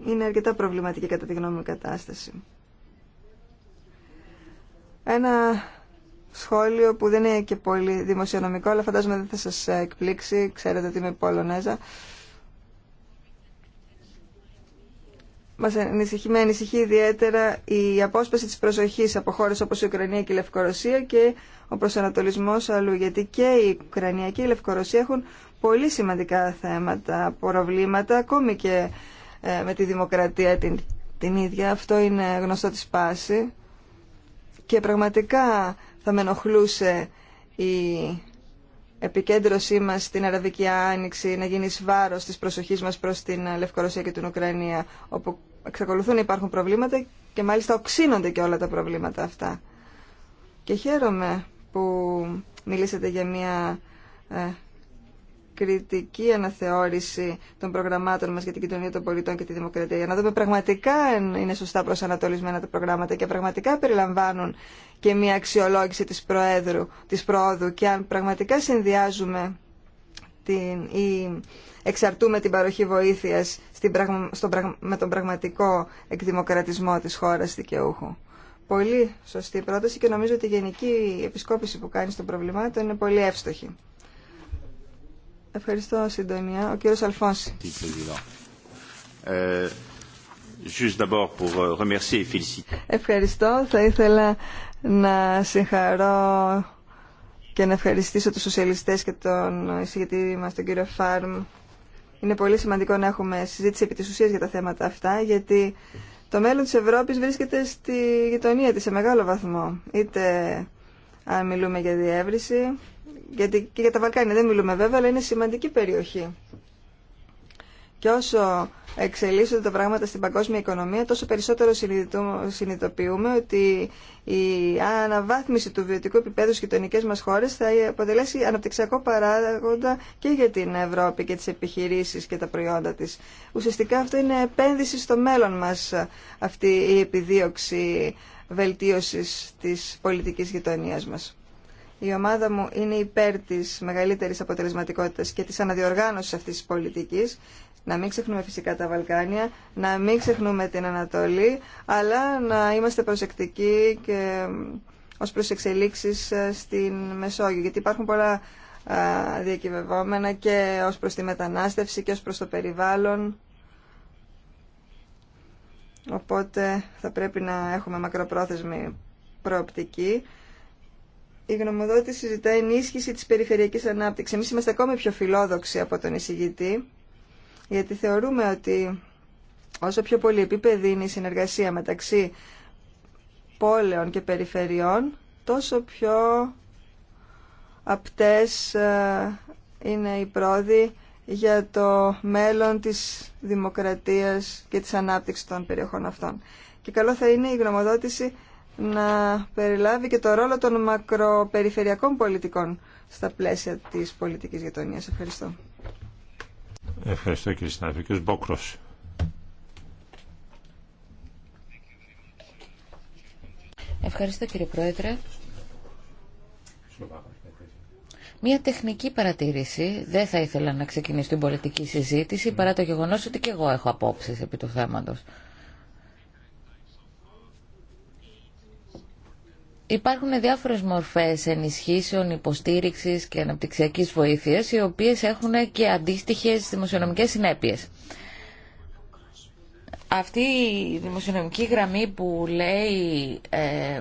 είναι αρκετά προβληματική κατά τη γνώμη κατάσταση. Ένα σχόλιο που δεν είναι και πολύ δημοσιονομικό, αλλά φαντάζομαι δεν θα σας εκπλήξει, ξέρετε ότι είμαι Πολωνέζα. μα ανησυχεί, με ανησυχεί ιδιαίτερα η απόσπαση τη προσοχή από χώρε όπω η Ουκρανία και η Λευκορωσία και ο προσανατολισμό αλλού, γιατί και η Ουκρανία και η Λευκορωσία έχουν πολύ σημαντικά θέματα, προβλήματα, ακόμη και ε, με τη δημοκρατία την, την ίδια. Αυτό είναι γνωστό της πάση. Και πραγματικά θα με ενοχλούσε η επικέντρωσή μα στην Αραβική Άνοιξη να γίνει βάρος τη προσοχή μας προς την Λευκορωσία και την Ουκρανία, όπου εξακολουθούν να υπάρχουν προβλήματα και μάλιστα οξύνονται και όλα τα προβλήματα αυτά. Και χαίρομαι που μιλήσατε για μια ε, κριτική αναθεώρηση των προγραμμάτων μας για την κοινωνία των πολιτών και τη δημοκρατία για να δούμε πραγματικά αν είναι σωστά προσανατολισμένα τα προγράμματα και πραγματικά περιλαμβάνουν και μια αξιολόγηση της, προέδρου, της πρόοδου και αν πραγματικά συνδυάζουμε την, ή εξαρτούμε την παροχή βοήθειας με τον πραγματικό εκδημοκρατισμό της χώρας δικαιούχου. Πολύ σωστή πρόταση και νομίζω ότι η γενική επισκόπηση που κάνει στον προβλημάτων είναι πολύ εύστοχη. Ευχαριστώ, Συντονία. Ο κύριος Αλφόνση. Euh, euh, Ευχαριστώ. Θα ήθελα να συγχαρώ και να ευχαριστήσω τους σοσιαλιστές και τον εισηγητή μας, τον κύριο Φάρμ. Είναι πολύ σημαντικό να έχουμε συζήτηση επί της ουσίας για τα θέματα αυτά, γιατί το μέλλον της Ευρώπης βρίσκεται στη γειτονία της σε μεγάλο βαθμό. Είτε αν μιλούμε για διεύρυνση, γιατί και για τα Βαλκάνια δεν μιλούμε βέβαια, αλλά είναι σημαντική περιοχή. Και όσο εξελίσσονται τα πράγματα στην παγκόσμια οικονομία, τόσο περισσότερο συνειδητοποιούμε ότι η αναβάθμιση του βιωτικού επίπεδου στι γειτονικέ μα χώρε θα αποτελέσει αναπτυξιακό παράγοντα και για την Ευρώπη και τι επιχειρήσει και τα προϊόντα τη. Ουσιαστικά αυτό είναι επένδυση στο μέλλον μα αυτή η επιδίωξη βελτίωση τη πολιτική γειτονία μα. Η ομάδα μου είναι υπέρ τη μεγαλύτερης αποτελεσματικότητας και τη αναδιοργάνωσης αυτής της πολιτικής. Να μην ξεχνούμε φυσικά τα Βαλκάνια, να μην ξεχνούμε την Ανατολή, αλλά να είμαστε προσεκτικοί και ως προς εξελίξεις ε, στην Μεσόγειο, γιατί υπάρχουν πολλά διακυβευόμενα και ως προς τη μετανάστευση και ως προς το περιβάλλον. Οπότε θα πρέπει να έχουμε μακροπρόθεσμη προοπτική η γνωμοδότηση ζητά ενίσχυση της περιφερειακής ανάπτυξης. Εμείς είμαστε ακόμη πιο φιλόδοξοι από τον εισηγητή, γιατί θεωρούμε ότι όσο πιο πολύ επίπεδη είναι η συνεργασία μεταξύ πόλεων και περιφερειών, τόσο πιο απτές ε, είναι οι πρόοδοι για το μέλλον της δημοκρατίας και της ανάπτυξης των περιοχών αυτών. Και καλό θα είναι η γνωμοδότηση να περιλάβει και το ρόλο των μακροπεριφερειακών πολιτικών στα πλαίσια της πολιτικής γειτονίας. Ευχαριστώ. Ευχαριστώ κύριε συνάδελφε. Μπόκρος. Ευχαριστώ κύριε Πρόεδρε. Μία τεχνική παρατήρηση. Δεν θα ήθελα να ξεκινήσω την πολιτική συζήτηση παρά το γεγονός ότι και εγώ έχω απόψεις επί του θέματος. Υπάρχουν διάφορες μορφές ενισχύσεων, υποστήριξης και αναπτυξιακής βοήθειας, οι οποίες έχουν και αντίστοιχες δημοσιονομικές συνέπειες. Αυτή η δημοσιονομική γραμμή που λέει ε,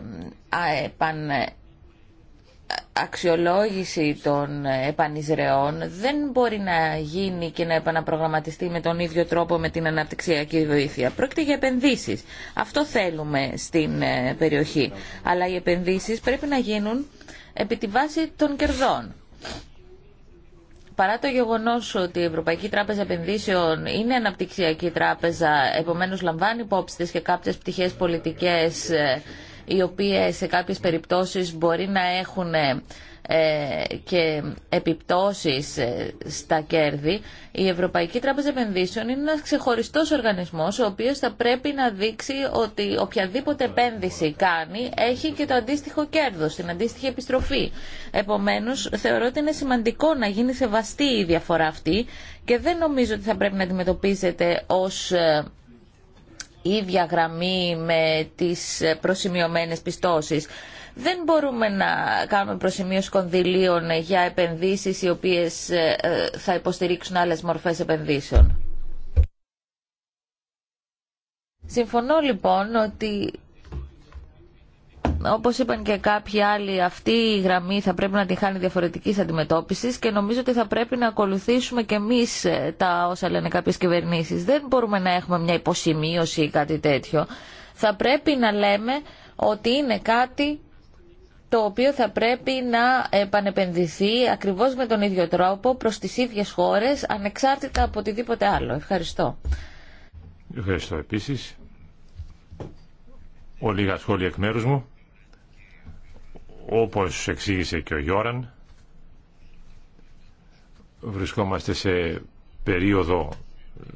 αξιολόγηση των επανεισρεών δεν μπορεί να γίνει και να επαναπρογραμματιστεί με τον ίδιο τρόπο με την αναπτυξιακή βοήθεια. Πρόκειται για επενδύσει. Αυτό θέλουμε στην ε, περιοχή. Αλλά οι επενδύσεις πρέπει να γίνουν επί τη βάση των κερδών. Παρά το γεγονό ότι η Ευρωπαϊκή Τράπεζα Επενδύσεων είναι αναπτυξιακή τράπεζα, επομένω λαμβάνει υπόψη και κάποιε πτυχέ πολιτικέ ε, οι οποίες σε κάποιες περιπτώσεις μπορεί να έχουν ε, ε, και επιπτώσεις ε, στα κέρδη, η Ευρωπαϊκή Τράπεζα Επενδύσεων είναι ένας ξεχωριστός οργανισμός ο οποίος θα πρέπει να δείξει ότι οποιαδήποτε επένδυση κάνει έχει και το αντίστοιχο κέρδος, την αντίστοιχη επιστροφή. Επομένως, θεωρώ ότι είναι σημαντικό να γίνει σεβαστή η διαφορά αυτή και δεν νομίζω ότι θα πρέπει να αντιμετωπίζεται ως ίδια γραμμή με τις προσημειωμένες πιστώσεις. Δεν μπορούμε να κάνουμε προσημείωση κονδυλίων για επενδύσεις οι οποίες ε, θα υποστηρίξουν άλλες μορφές επενδύσεων. Συμφωνώ λοιπόν ότι όπως είπαν και κάποιοι άλλοι, αυτή η γραμμή θα πρέπει να τη χάνει διαφορετικής αντιμετώπισης και νομίζω ότι θα πρέπει να ακολουθήσουμε και εμείς ε, τα όσα λένε κάποιες κυβερνήσεις. Δεν μπορούμε να έχουμε μια υποσημείωση ή κάτι τέτοιο. Θα πρέπει να λέμε ότι είναι κάτι το οποίο θα πρέπει να επανεπενδυθεί ακριβώς με τον ίδιο τρόπο προς τις ίδιες χώρες, ανεξάρτητα από οτιδήποτε άλλο. Ευχαριστώ. Ευχαριστώ επίσης. λίγα σχόλια εκ μέρους μου. Όπως εξήγησε και ο Γιώραν, βρισκόμαστε σε περίοδο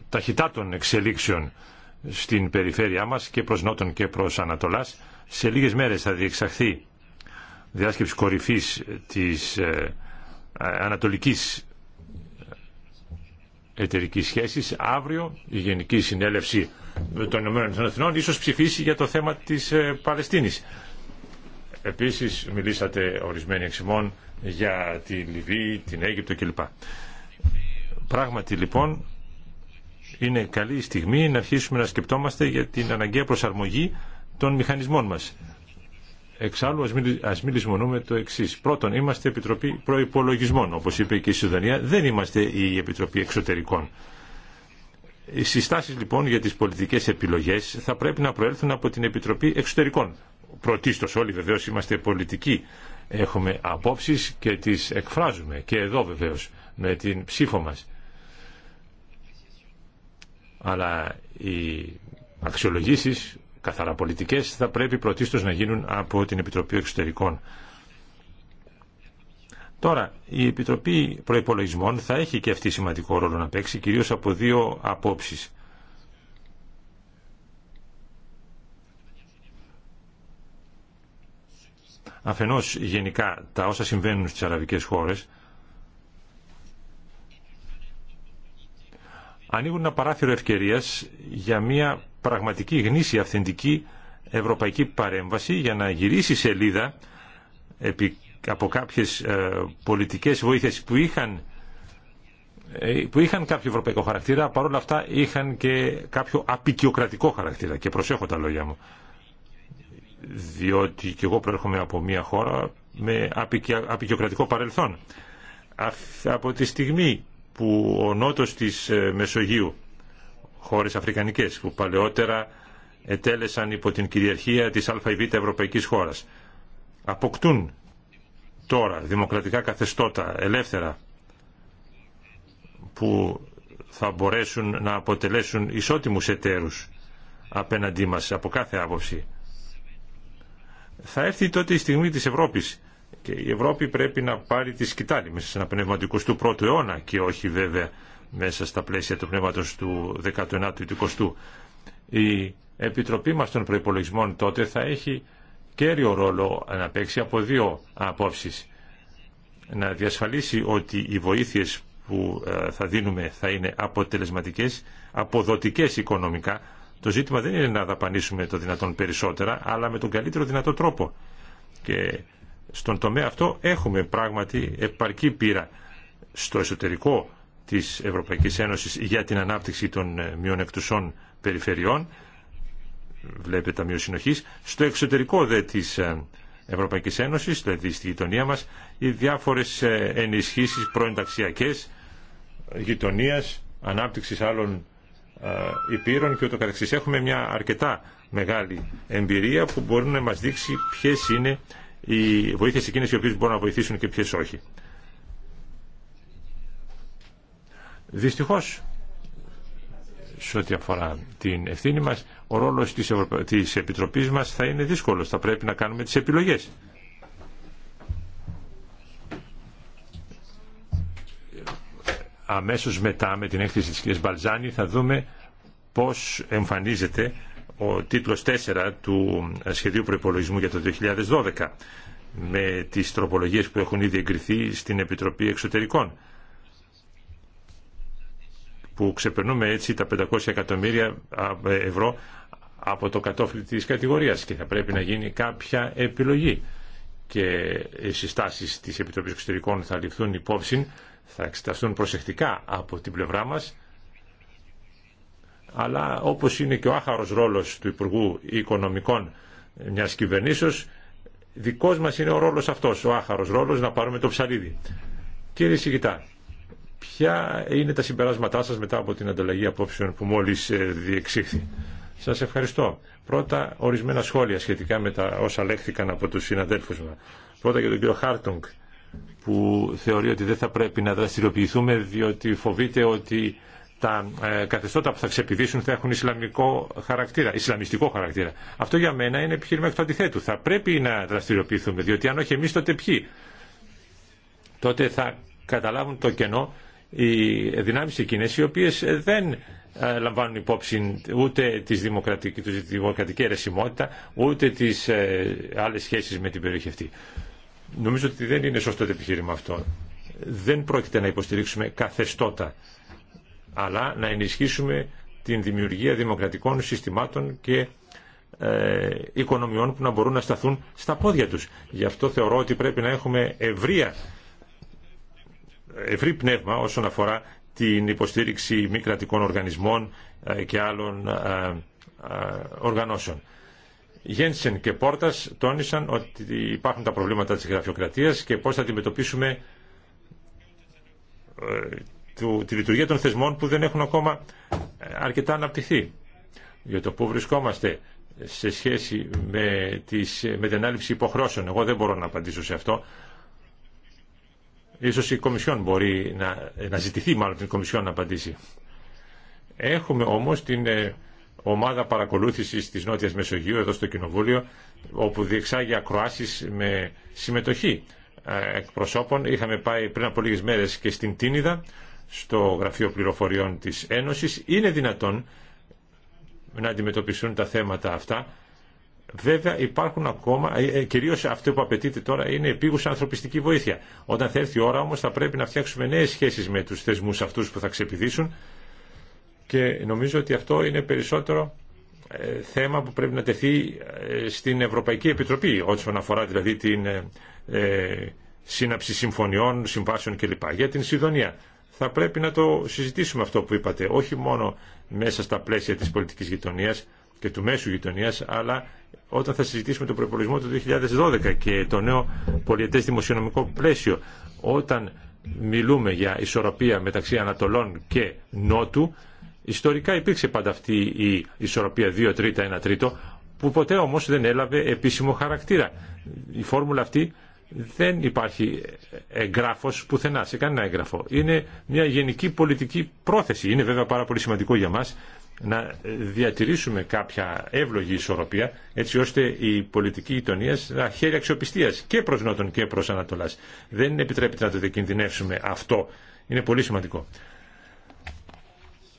ταχυτάτων εξελίξεων στην περιφέρειά μας και προς Νότον και προς Ανατολάς. Σε λίγες μέρες θα διεξαχθεί διάσκεψη κορυφής της ε, Ανατολικής εταιρική σχέση. Αύριο η Γενική Συνέλευση των Ηνωμένων Εθνών ίσω ψηφίσει για το θέμα τη ε, Παλαιστίνη. Επίσης μιλήσατε ορισμένοι εξημών για τη Λιβύη, την Αίγυπτο κλπ. Πράγματι λοιπόν είναι καλή στιγμή να αρχίσουμε να σκεπτόμαστε για την αναγκαία προσαρμογή των μηχανισμών μας. Εξάλλου ας μην το εξή. Πρώτον, είμαστε Επιτροπή Προϋπολογισμών, όπως είπε και η Σουδανία, δεν είμαστε η Επιτροπή Εξωτερικών. Οι συστάσεις λοιπόν για τις πολιτικές επιλογές θα πρέπει να προέλθουν από την Επιτροπή Εξωτερικών πρωτίστως όλοι βεβαίως είμαστε πολιτικοί έχουμε απόψεις και τις εκφράζουμε και εδώ βεβαίως με την ψήφο μας αλλά οι αξιολογήσεις καθαρά πολιτικές θα πρέπει πρωτίστως να γίνουν από την Επιτροπή Εξωτερικών Τώρα, η Επιτροπή Προϋπολογισμών θα έχει και αυτή σημαντικό ρόλο να παίξει, κυρίως από δύο απόψεις. αφενός γενικά τα όσα συμβαίνουν στις αραβικές χώρες ανοίγουν ένα παράθυρο ευκαιρίας για μια πραγματική γνήσια αυθεντική ευρωπαϊκή παρέμβαση για να γυρίσει σελίδα από κάποιες ε, πολιτικές βοήθειες που είχαν ε, που είχαν κάποιο ευρωπαϊκό χαρακτήρα, παρόλα αυτά είχαν και κάποιο απεικιοκρατικό χαρακτήρα. Και προσέχω τα λόγια μου διότι και εγώ προέρχομαι από μια χώρα με απεικιοκρατικό παρελθόν. Από τη στιγμή που ο νότος της ε, Μεσογείου, χώρες αφρικανικές που παλαιότερα ετέλεσαν υπό την κυριαρχία της ΑΒ Ευρωπαϊκής χώρας, αποκτούν τώρα δημοκρατικά καθεστώτα ελεύθερα που θα μπορέσουν να αποτελέσουν ισότιμους εταίρους απέναντί μας από κάθε άποψη θα έρθει τότε η στιγμή της Ευρώπης και η Ευρώπη πρέπει να πάρει τη σκητάλη μέσα σε ένα πνεύμα του 21ου αιώνα και όχι βέβαια μέσα στα πλαίσια του πνεύματος του 19ου ή του 20ου. Η Επιτροπή μας των Προϋπολογισμών τότε θα έχει κέριο ρόλο να παίξει από δύο απόψεις. Να διασφαλίσει ότι οι βοήθειες που ε, θα δίνουμε θα είναι αποτελεσματικές, αποδοτικές οικονομικά, το ζήτημα δεν είναι να δαπανίσουμε το δυνατόν περισσότερα, αλλά με τον καλύτερο δυνατό τρόπο. Και στον τομέα αυτό έχουμε πράγματι επαρκή πείρα στο εσωτερικό της Ευρωπαϊκής Ένωσης για την ανάπτυξη των ε, μειονεκτουσών περιφερειών, βλέπετε τα μειοσυνοχής, στο εξωτερικό δε της ε, Ευρωπαϊκής Ένωσης, δηλαδή στη γειτονία μας, οι διάφορες ε, ενισχύσεις προενταξιακές γειτονίας, ανάπτυξης άλλων ε, υπήρων και ούτω καθεξής. Έχουμε μια αρκετά μεγάλη εμπειρία που μπορεί να μας δείξει ποιες είναι οι βοήθειες εκείνες οι οποίες μπορούν να βοηθήσουν και ποιες όχι. Δυστυχώς, σε ό,τι αφορά την ευθύνη μας, ο ρόλος της, της Επιτροπής μας θα είναι δύσκολος. Θα πρέπει να κάνουμε τις επιλογές. αμέσως μετά με την έκθεση της κ. Μπαλζάνη θα δούμε πώς εμφανίζεται ο τίτλος 4 του σχεδίου προϋπολογισμού για το 2012 με τις τροπολογίες που έχουν ήδη εγκριθεί στην Επιτροπή Εξωτερικών που ξεπερνούμε έτσι τα 500 εκατομμύρια ευρώ από το κατόφλι της κατηγορίας και θα πρέπει να γίνει κάποια επιλογή και οι συστάσεις της Επιτροπής Εξωτερικών θα ληφθούν υπόψη θα εξεταστούν προσεκτικά από την πλευρά μας αλλά όπως είναι και ο άχαρος ρόλος του Υπουργού Οικονομικών μιας κυβερνήσεως δικός μας είναι ο ρόλος αυτός, ο άχαρος ρόλος να πάρουμε το ψαλίδι. Κύριε Σιγητά, ποια είναι τα συμπεράσματά σας μετά από την ανταλλαγή απόψεων που μόλις ε, διεξήχθη. Σας ευχαριστώ. Πρώτα ορισμένα σχόλια σχετικά με τα όσα λέχθηκαν από τους συναδέλφους μας. Πρώτα για τον κύριο Χάρτονγκ που θεωρεί ότι δεν θα πρέπει να δραστηριοποιηθούμε διότι φοβείται ότι τα ε, καθεστώτα που θα ξεπηδήσουν θα έχουν ισλαμικό χαρακτήρα, ισλαμιστικό χαρακτήρα. Αυτό για μένα είναι επιχείρημα εκ του αντιθέτου. Θα πρέπει να δραστηριοποιηθούμε, διότι αν όχι εμεί, τότε ποιοι. Τότε θα καταλάβουν το κενό οι δυνάμει εκείνε οι οποίε δεν ε, λαμβάνουν υπόψη ούτε τη δημοκρατική, δημοκρατική αιρεσιμότητα, ούτε τι ε, άλλε σχέσει με την περιοχή αυτή. Νομίζω ότι δεν είναι σωστό το επιχείρημα αυτό. Δεν πρόκειται να υποστηρίξουμε καθεστώτα, αλλά να ενισχύσουμε την δημιουργία δημοκρατικών συστημάτων και ε, οικονομιών που να μπορούν να σταθούν στα πόδια τους. Γι' αυτό θεωρώ ότι πρέπει να έχουμε ευρύ πνεύμα όσον αφορά την υποστήριξη μη κρατικών οργανισμών ε, και άλλων ε, ε, οργανώσεων. Γένσεν και Πόρτα τόνισαν ότι υπάρχουν τα προβλήματα της γραφειοκρατίας και πώς θα αντιμετωπίσουμε ε, τη λειτουργία των θεσμών που δεν έχουν ακόμα ε, αρκετά αναπτυχθεί. Για το πού βρισκόμαστε σε σχέση με, τις, την ανάληψη υποχρώσεων. Εγώ δεν μπορώ να απαντήσω σε αυτό. Ίσως η Κομισιόν μπορεί να, να ζητηθεί μάλλον την Κομισιόν να απαντήσει. Έχουμε όμως την ε, ομάδα παρακολούθησης τη νότια Μεσογείου εδώ στο Κοινοβούλιο όπου διεξάγει ακροάσεις με συμμετοχή ε, εκπροσώπων. Είχαμε πάει πριν από λίγες μέρες και στην Τίνιδα στο Γραφείο Πληροφοριών της Ένωσης. Είναι δυνατόν να αντιμετωπιστούν τα θέματα αυτά. Βέβαια υπάρχουν ακόμα, ε, ε, κυρίως αυτό που απαιτείται τώρα είναι επίγουσα ανθρωπιστική βοήθεια. Όταν θα έρθει η ώρα όμω θα πρέπει να φτιάξουμε νέε σχέσει με του θεσμού αυτού που θα ξεπηδήσουν και νομίζω ότι αυτό είναι περισσότερο ε, θέμα που πρέπει να τεθεί ε, στην Ευρωπαϊκή Επιτροπή όσον αφορά δηλαδή την ε, ε, σύναψη συμφωνιών, συμβάσεων κλπ. Για την Σιδονία θα πρέπει να το συζητήσουμε αυτό που είπατε όχι μόνο μέσα στα πλαίσια της πολιτικής γειτονίας και του μέσου γειτονίας, αλλά όταν θα συζητήσουμε τον προπολογισμό του 2012 και το νέο πολιετές δημοσιονομικό πλαίσιο, όταν μιλούμε για ισορροπία μεταξύ Ανατολών και Νότου, Ιστορικά υπήρξε πάντα αυτή η ισορροπία 2 τρίτα 1 τρίτο που ποτέ όμως δεν έλαβε επίσημο χαρακτήρα. Η φόρμουλα αυτή δεν υπάρχει εγγράφος πουθενά σε κανένα εγγραφό. Είναι μια γενική πολιτική πρόθεση. Είναι βέβαια πάρα πολύ σημαντικό για μας να διατηρήσουμε κάποια εύλογη ισορροπία έτσι ώστε η πολιτική γειτονία να χέρει αξιοπιστία και προ Νότον και προ Ανατολά. Δεν επιτρέπεται να το διακινδυνεύσουμε αυτό. Είναι πολύ σημαντικό.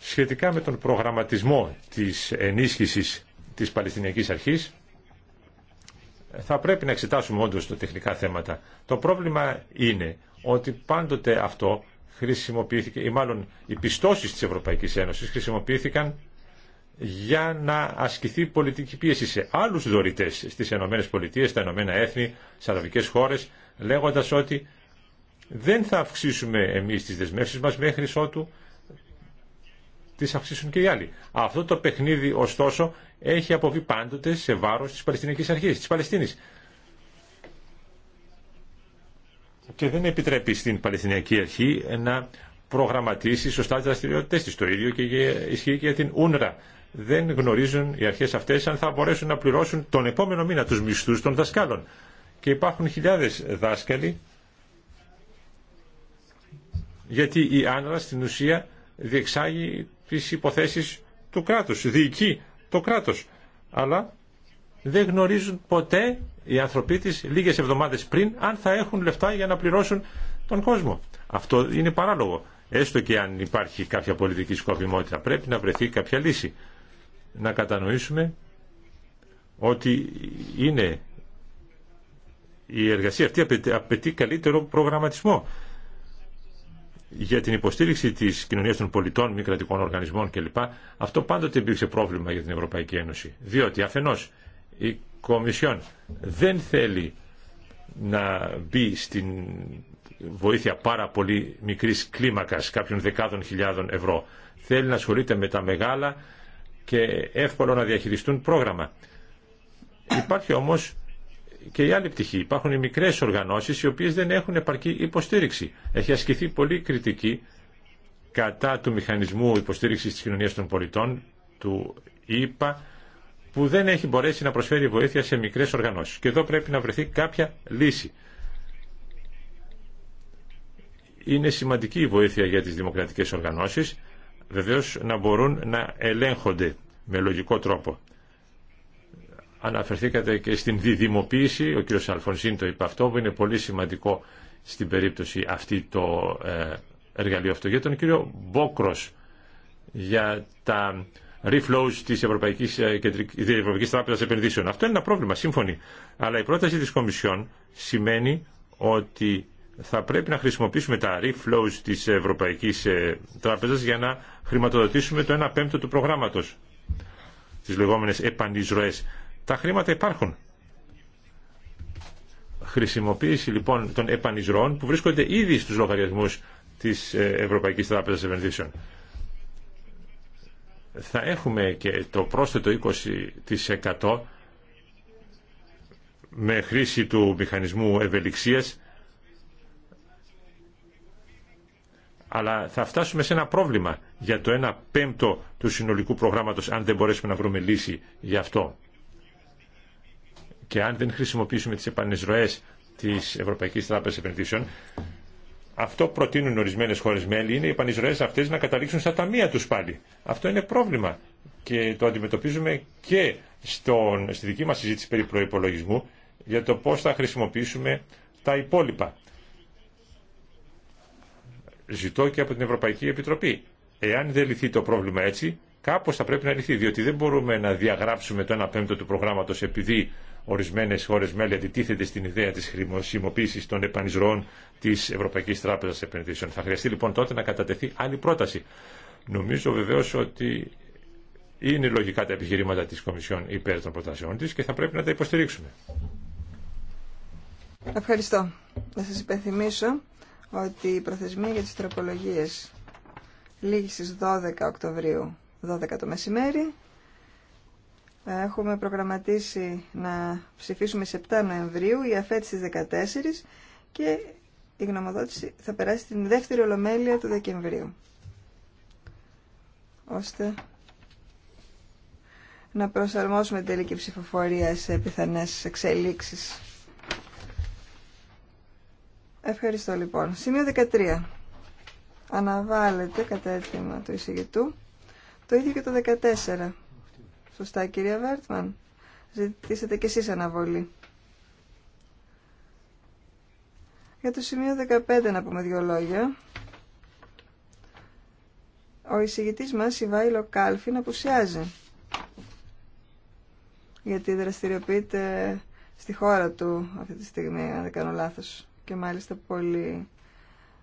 Σχετικά με τον προγραμματισμό της ενίσχυσης της Παλαιστινιακής Αρχής, θα πρέπει να εξετάσουμε όντως τα τεχνικά θέματα. Το πρόβλημα είναι ότι πάντοτε αυτό χρησιμοποιήθηκε, ή μάλλον οι πιστώσεις της Ευρωπαϊκής Ένωσης χρησιμοποιήθηκαν για να ασκηθεί πολιτική πίεση σε άλλους δωρητές στις ΗΠΑ, στα Ηνωμένα Έθνη, σε αραβικές χώρες, λέγοντας ότι δεν θα αυξήσουμε εμείς τις δεσμεύσεις μας μέχρι ότου τι αυξήσουν και οι άλλοι. Αυτό το παιχνίδι ωστόσο έχει αποβεί πάντοτε σε βάρο τη Παλαιστινικής Αρχή, τη Παλαιστίνης. Και δεν επιτρέπει στην Παλαιστινιακή Αρχή να προγραμματίσει σωστά τι δραστηριότητε τη. Το ίδιο και ισχύει και για την Ούνρα. Δεν γνωρίζουν οι αρχέ αυτέ αν θα μπορέσουν να πληρώσουν τον επόμενο μήνα του μισθού των δασκάλων. Και υπάρχουν χιλιάδε δάσκαλοι γιατί η Άνρα στην ουσία διεξάγει τι υποθέσει του κράτους, διοικεί το κράτο. Αλλά δεν γνωρίζουν ποτέ οι άνθρωποι τη λίγες εβδομάδες πριν αν θα έχουν λεφτά για να πληρώσουν τον κόσμο. Αυτό είναι παράλογο. Έστω και αν υπάρχει κάποια πολιτική σκοπιμότητα πρέπει να βρεθεί κάποια λύση. Να κατανοήσουμε ότι είναι η εργασία αυτή απαιτεί καλύτερο προγραμματισμό για την υποστήριξη της κοινωνία των πολιτών, μη κρατικών οργανισμών κλπ. Αυτό πάντοτε υπήρξε πρόβλημα για την Ευρωπαϊκή Ένωση. Διότι αφενός η Κομισιόν δεν θέλει να μπει στην βοήθεια πάρα πολύ μικρής κλίμακας κάποιων δεκάδων χιλιάδων ευρώ. Θέλει να ασχολείται με τα μεγάλα και εύκολο να διαχειριστούν πρόγραμμα. Υπάρχει όμως και η άλλη πτυχή. Υπάρχουν οι μικρές οργανώσεις οι οποίες δεν έχουν επαρκή υποστήριξη. Έχει ασκηθεί πολλή κριτική κατά του μηχανισμού υποστήριξης της Κοινωνία των πολιτών, του ΙΠΑ, που δεν έχει μπορέσει να προσφέρει βοήθεια σε μικρές οργανώσεις. Και εδώ πρέπει να βρεθεί κάποια λύση. Είναι σημαντική η βοήθεια για τις δημοκρατικές οργανώσεις, βεβαίως να μπορούν να ελέγχονται με λογικό τρόπο. Αναφερθήκατε και στην διδημοποίηση, ο κύριος Αλφονσίν το είπε αυτό, που είναι πολύ σημαντικό στην περίπτωση αυτή το ε, εργαλείο αυτό. Για τον κύριο Μπόκρος, για τα reflows της Ευρωπαϊκής, ε, της Ευρωπαϊκής Τράπεζας Επενδύσεων. Αυτό είναι ένα πρόβλημα, σύμφωνοι. Αλλά η πρόταση της Κομισιόν σημαίνει ότι θα πρέπει να χρησιμοποιήσουμε τα reflows της Ευρωπαϊκής ε, Τράπεζας για να χρηματοδοτήσουμε το 1 πέμπτο του προγράμματος τις λεγόμενες επανεισροέ. Τα χρήματα υπάρχουν. Χρησιμοποίηση λοιπόν των επανεισρώων που βρίσκονται ήδη στους λογαριασμούς της ε, Ευρωπαϊκής Τράπεζας Επενδύσεων. Θα έχουμε και το πρόσθετο 20% με χρήση του μηχανισμού ευελιξίας αλλά θα φτάσουμε σε ένα πρόβλημα για το 1 πέμπτο του συνολικού προγράμματος αν δεν μπορέσουμε να βρούμε λύση γι' αυτό και αν δεν χρησιμοποιήσουμε τις επανεισροές της Ευρωπαϊκής Τράπεζας Επενδύσεων, αυτό προτείνουν ορισμένε χώρε μέλη είναι οι επανεισροέ αυτέ να καταλήξουν στα ταμεία του πάλι. Αυτό είναι πρόβλημα και το αντιμετωπίζουμε και στον, στη δική μα συζήτηση περί προπολογισμού για το πώ θα χρησιμοποιήσουμε τα υπόλοιπα. Ζητώ και από την Ευρωπαϊκή Επιτροπή. Εάν δεν λυθεί το πρόβλημα έτσι, κάπω θα πρέπει να λυθεί, διότι δεν μπορούμε να διαγράψουμε το 1 πέμπτο του προγράμματο επειδή Ορισμένες χώρες μέλη αντιτίθεται στην ιδέα της χρησιμοποίησης των επανεισρωών της Ευρωπαϊκής Τράπεζας Επενδύσεων. Θα χρειαστεί λοιπόν τότε να κατατεθεί άλλη πρόταση. Νομίζω βεβαίως ότι είναι λογικά τα επιχειρήματα της Κομισιόν υπέρ των προτάσεών της και θα πρέπει να τα υποστηρίξουμε. Ευχαριστώ. Να σας υπενθυμίσω ότι η προθεσμία για τις τροπολογίες λήγει 12 Οκτωβρίου 12 το μεσημέρι Έχουμε προγραμματίσει να ψηφίσουμε στις 7 Νοεμβρίου, η αφέτηση στις 14 και η γνωμοδότηση θα περάσει την δεύτερη ολομέλεια του Δεκεμβρίου. Ώστε να προσαρμόσουμε την τελική ψηφοφορία σε πιθανές εξελίξεις. Ευχαριστώ λοιπόν. Σημείο 13. Αναβάλλεται κατά αίτημα του εισηγητού. Το ίδιο και το 14. Σωστά, κυρία Βέρτμαν. Ζητήσατε κι εσείς αναβολή. Για το σημείο 15 να πούμε δύο λόγια. Ο εισηγητής μας, η Βάιλο Κάλφιν, απουσιάζει. Γιατί δραστηριοποιείται στη χώρα του αυτή τη στιγμή, αν δεν κάνω λάθος. Και μάλιστα πολύ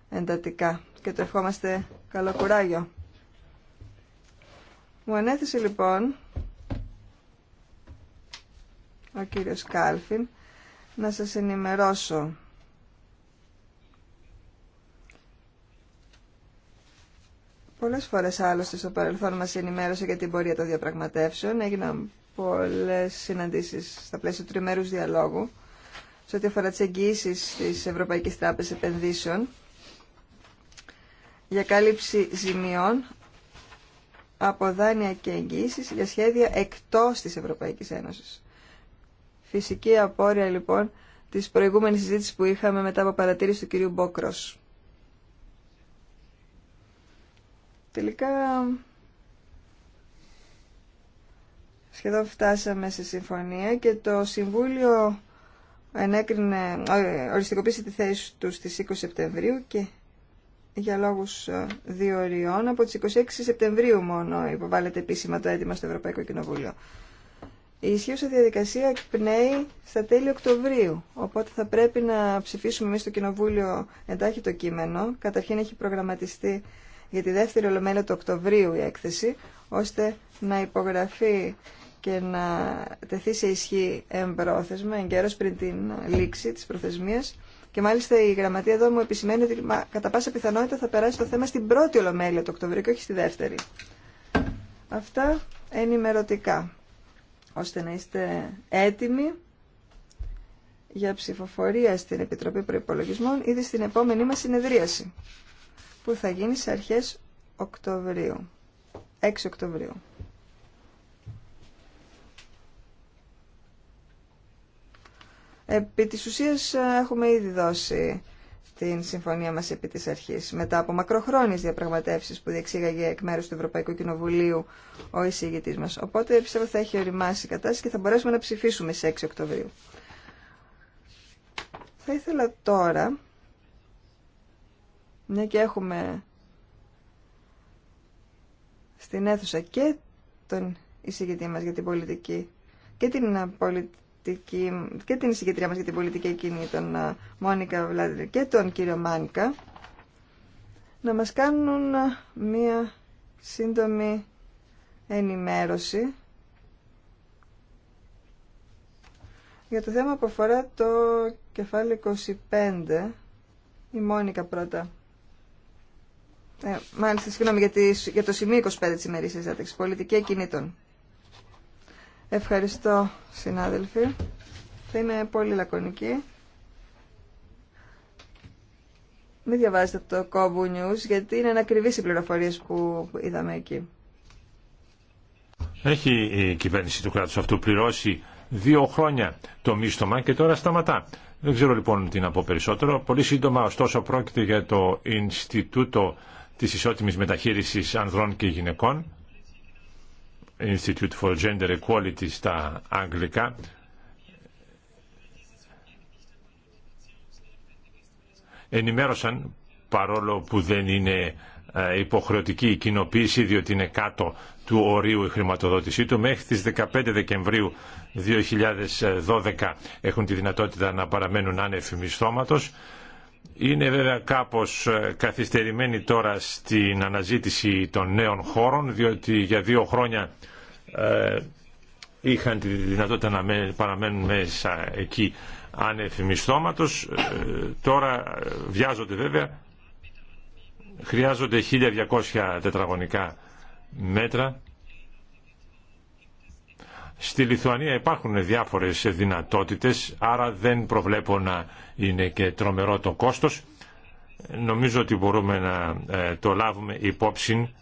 εντατικά. Και το ευχόμαστε καλό κουράγιο. Μου ανέθεσε λοιπόν ο κύριος Κάλφιν να σας ενημερώσω Πολλές φορές άλλωστε στο παρελθόν μας ενημέρωσε για την πορεία των διαπραγματεύσεων. Έγιναν πολλές συναντήσεις στα πλαίσια τριμέρους διαλόγου σε ό,τι αφορά τις εγγυήσεις της Ευρωπαϊκής Τράπεζας Επενδύσεων για κάλυψη ζημιών από δάνεια και εγγύησεις για σχέδια εκτός της Ευρωπαϊκής Ένωσης φυσική απόρρια λοιπόν της προηγούμενης συζήτηση που είχαμε μετά από παρατήρηση του κυρίου Μπόκρος. Τελικά σχεδόν φτάσαμε σε συμφωνία και το Συμβούλιο ενέκρινε, ε, οριστικοποίησε τη θέση του στις 20 Σεπτεμβρίου και για λόγους ε, διοριών από τις 26 Σεπτεμβρίου μόνο υποβάλλεται επίσημα το αίτημα στο Ευρωπαϊκό Κοινοβούλιο. Η ισχύουσα διαδικασία εκπνέει στα τέλη Οκτωβρίου, οπότε θα πρέπει να ψηφίσουμε εμείς στο Κοινοβούλιο εντάχει το κείμενο. Καταρχήν έχει προγραμματιστεί για τη δεύτερη ολομέλεια του Οκτωβρίου η έκθεση, ώστε να υπογραφεί και να τεθεί σε ισχύ εμπρόθεσμα, καιρός πριν την λήξη της προθεσμίας. Και μάλιστα η γραμματεία εδώ μου επισημαίνει ότι κατά πάσα πιθανότητα θα περάσει το θέμα στην πρώτη ολομέλεια του Οκτωβρίου και όχι στη δεύτερη. Αυτά ενημερωτικά ώστε να είστε έτοιμοι για ψηφοφορία στην Επιτροπή Προϋπολογισμών ήδη στην επόμενή μας συνεδρίαση που θα γίνει σε αρχές Οκτωβρίου, 6 Οκτωβρίου. Επί της ουσίας έχουμε ήδη δώσει την συμφωνία μας επί της αρχής. Μετά από μακροχρόνιες διαπραγματεύσεις που διεξήγαγε εκ μέρους του Ευρωπαϊκού Κοινοβουλίου ο εισηγητής μας. Οπότε πιστεύω θα έχει οριμάσει η κατάσταση και θα μπορέσουμε να ψηφίσουμε σε 6 Οκτωβρίου. Θα ήθελα τώρα, μια και έχουμε στην αίθουσα και τον εισηγητή μας για την πολιτική και την, ε, πολιτική, και την εισηγητρία μας για την πολιτική εκείνη τον ε, Μόνικα Βλάδη και τον κύριο Μάνικα να μας κάνουν ε, μία σύντομη ενημέρωση για το θέμα που αφορά το κεφάλαιο 25 η Μόνικα πρώτα ε, μάλιστα συγγνώμη για, το σημείο 25 της ημερήσιας ένταξης, πολιτική κινήτων. Ευχαριστώ, συνάδελφοι. Θα είμαι πολύ λακωνική. Μην διαβάζετε το Κόμπου News, γιατί είναι ανακριβείς οι πληροφορίες που είδαμε εκεί. Έχει η κυβέρνηση του κράτους αυτού πληρώσει δύο χρόνια το μίστομα και τώρα σταματά. Δεν ξέρω λοιπόν τι να πω περισσότερο. Πολύ σύντομα ωστόσο πρόκειται για το Ινστιτούτο της Ισότιμης Μεταχείρισης Ανδρών και Γυναικών Institute for Gender Equality στα Αγγλικά ενημέρωσαν παρόλο που δεν είναι ε, υποχρεωτική η κοινοποίηση διότι είναι κάτω του ορίου η χρηματοδότησή του. Μέχρι τις 15 Δεκεμβρίου 2012 έχουν τη δυνατότητα να παραμένουν άνευ είναι βέβαια κάπως ε, καθυστερημένη τώρα στην αναζήτηση των νέων χώρων, διότι για δύο χρόνια ε, είχαν τη δυνατότητα να παραμένουν μέσα εκεί άνευ Τώρα ε, βιάζονται βέβαια, χρειάζονται 1200 τετραγωνικά μέτρα Στη Λιθουανία υπάρχουν διάφορες δυνατότητες, άρα δεν προβλέπω να είναι και τρομερό το κόστος. Νομίζω ότι μπορούμε να ε, το λάβουμε υπόψη.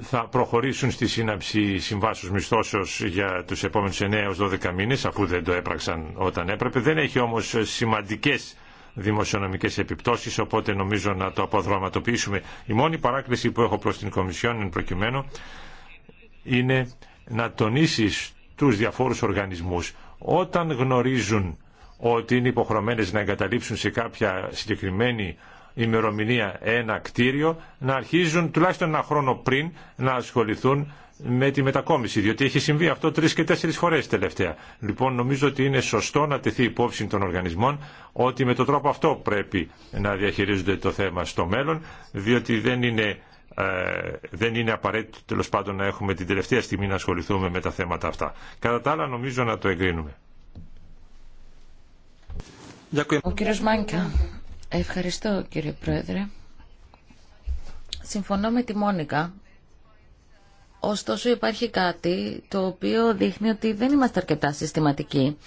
Θα προχωρήσουν στη σύναψη συμβάσεως μισθώσεως για τους επόμενους 9 12 μήνες, αφού δεν το έπραξαν όταν έπρεπε. Δεν έχει όμως σημαντικές δημοσιονομικές επιπτώσεις, οπότε νομίζω να το αποδραματοποιήσουμε. Η μόνη παράκληση που έχω προς την Κομισιόν εν προκειμένου είναι να τονίσει τους διαφόρους οργανισμούς όταν γνωρίζουν ότι είναι υποχρεωμένες να εγκαταλείψουν σε κάποια συγκεκριμένη ημερομηνία ένα κτίριο, να αρχίζουν τουλάχιστον ένα χρόνο πριν να ασχοληθούν με τη μετακόμιση, διότι έχει συμβεί αυτό τρεις και τέσσερις φορές τελευταία. Λοιπόν, νομίζω ότι είναι σωστό να τεθεί υπόψη των οργανισμών ότι με τον τρόπο αυτό πρέπει να διαχειρίζονται το θέμα στο μέλλον, διότι δεν είναι, ε, δεν είναι απαραίτητο τέλο πάντων να έχουμε την τελευταία στιγμή να ασχοληθούμε με τα θέματα αυτά. Κατά τα άλλα, νομίζω να το εγκρίνουμε. Ο Μάνκα. Ευχαριστώ κύριε Πρόεδρε. Συμφωνώ με τη Μόνικα Ωστόσο υπάρχει κάτι το οποίο δείχνει ότι δεν είμαστε αρκετά συστηματικοί.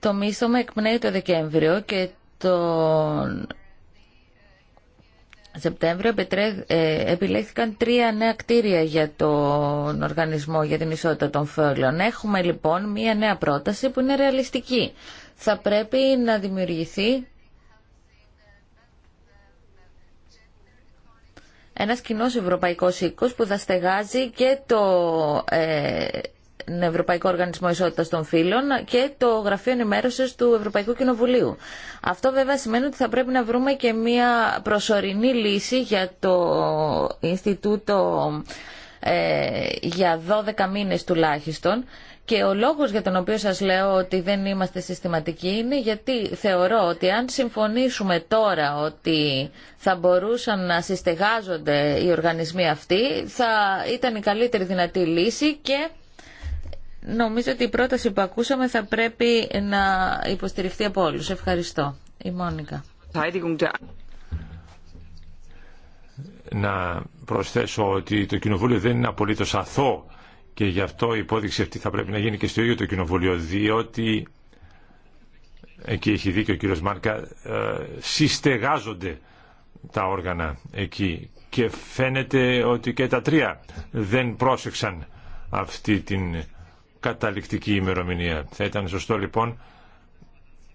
Το μίσθωμα εκπνέει το Δεκέμβριο και τον Σεπτέμβριο ε, επιλέχθηκαν τρία νέα κτίρια για τον Οργανισμό για την Ισότητα των Φόλων. Έχουμε λοιπόν μία νέα πρόταση που είναι ρεαλιστική. Θα πρέπει να δημιουργηθεί ένας κοινός ευρωπαϊκός οίκος που θα στεγάζει και το ε, Ευρωπαϊκό Οργανισμό Ισότητα των Φύλων και το Γραφείο Ενημέρωσης του Ευρωπαϊκού Κοινοβουλίου. Αυτό βέβαια σημαίνει ότι θα πρέπει να βρούμε και μία προσωρινή λύση για το Ινστιτούτο ε, για 12 μήνες τουλάχιστον και ο λόγο για τον οποίο σας λέω ότι δεν είμαστε συστηματικοί είναι γιατί θεωρώ ότι αν συμφωνήσουμε τώρα ότι θα μπορούσαν να συστεγάζονται οι οργανισμοί αυτοί, θα ήταν η καλύτερη δυνατή λύση και νομίζω ότι η πρόταση που ακούσαμε θα πρέπει να υποστηριχθεί από όλου. Ευχαριστώ. Η Μόνικα. Να προσθέσω ότι το Κοινοβούλιο δεν είναι απολύτω αθώο και γι' αυτό η υπόδειξη αυτή θα πρέπει να γίνει και στο ίδιο το κοινοβούλιο, διότι εκεί έχει δίκιο ο κύριος Μάρκα, ε, συστεγάζονται τα όργανα εκεί και φαίνεται ότι και τα τρία δεν πρόσεξαν αυτή την καταληκτική ημερομηνία. Θα ήταν σωστό λοιπόν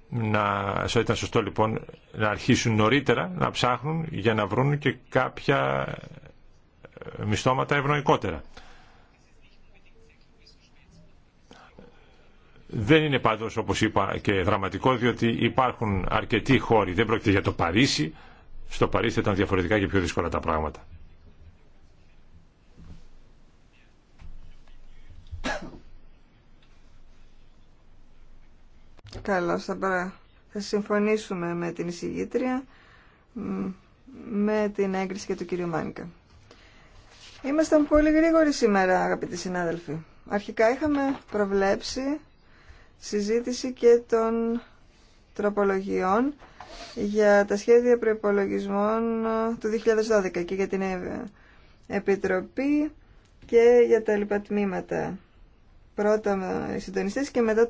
να, θα ήταν σωστό, λοιπόν, να αρχίσουν νωρίτερα να ψάχνουν για να βρουν και κάποια μισθώματα ευνοϊκότερα. Δεν είναι πάντω, όπως είπα και δραματικό διότι υπάρχουν αρκετοί χώροι. Δεν πρόκειται για το Παρίσι. Στο Παρίσι ήταν διαφορετικά και πιο δύσκολα τα πράγματα. Καλώ. θα, συμφωνήσουμε με την εισηγήτρια, με την έγκριση και του κύριου Μάνικα. Ήμασταν πολύ γρήγοροι σήμερα, αγαπητοί συνάδελφοι. Αρχικά είχαμε προβλέψει συζήτηση και των τροπολογιών για τα σχέδια προϋπολογισμών του 2012 και για την Επιτροπή και για τα λοιπά τμήματα. Πρώτα οι συντονιστές και μετά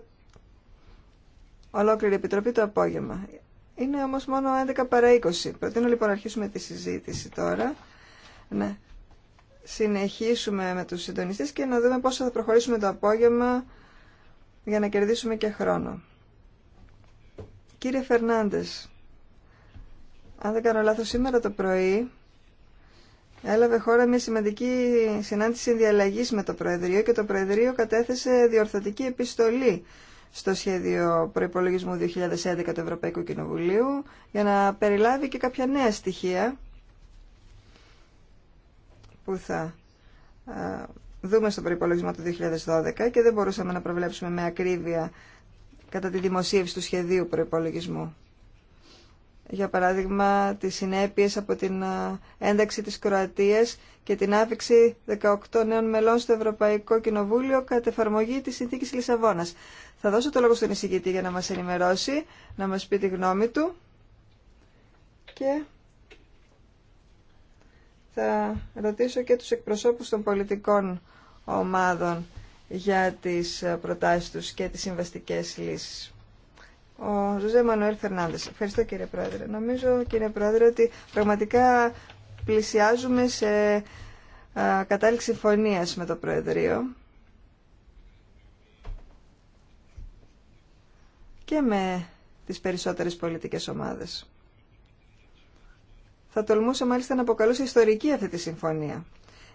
ολόκληρη Επιτροπή το απόγευμα. Είναι όμως μόνο 11 παρά 20. Προτείνω λοιπόν να αρχίσουμε τη συζήτηση τώρα. Να συνεχίσουμε με τους συντονιστές και να δούμε πώς θα προχωρήσουμε το απόγευμα για να κερδίσουμε και χρόνο. Κύριε Φερνάντες, αν δεν κάνω λάθος, σήμερα το πρωί έλαβε χώρα μια σημαντική συνάντηση διαλλαγής με το Προεδρείο και το Προεδρείο κατέθεσε διορθωτική επιστολή στο σχέδιο προϋπολογισμού 2011 του Ευρωπαϊκού Κοινοβουλίου για να περιλάβει και κάποια νέα στοιχεία που θα δούμε στο προπολογισμό του 2012 και δεν μπορούσαμε να προβλέψουμε με ακρίβεια κατά τη δημοσίευση του σχεδίου προπολογισμού. Για παράδειγμα, τις συνέπειες από την ε, ένταξη της Κροατίας και την άφηξη 18 νέων μελών στο Ευρωπαϊκό Κοινοβούλιο κατά εφαρμογή της Συνθήκης Λισαβόνας. Θα δώσω το λόγο στον εισηγητή για να μας ενημερώσει, να μας πει τη γνώμη του και θα ρωτήσω και τους εκπροσώπους των πολιτικών ομάδων για τις προτάσεις τους και τις συμβαστικές λύσεις. Ο Ζωζέ Μανουέλ Φερνάνδες. Ευχαριστώ κύριε Πρόεδρε. Νομίζω κύριε Πρόεδρε ότι πραγματικά πλησιάζουμε σε κατάληξη συμφωνία με το Προεδρείο και με τις περισσότερες πολιτικές ομάδες. Θα τολμούσα μάλιστα να αποκαλούσε ιστορική αυτή τη συμφωνία.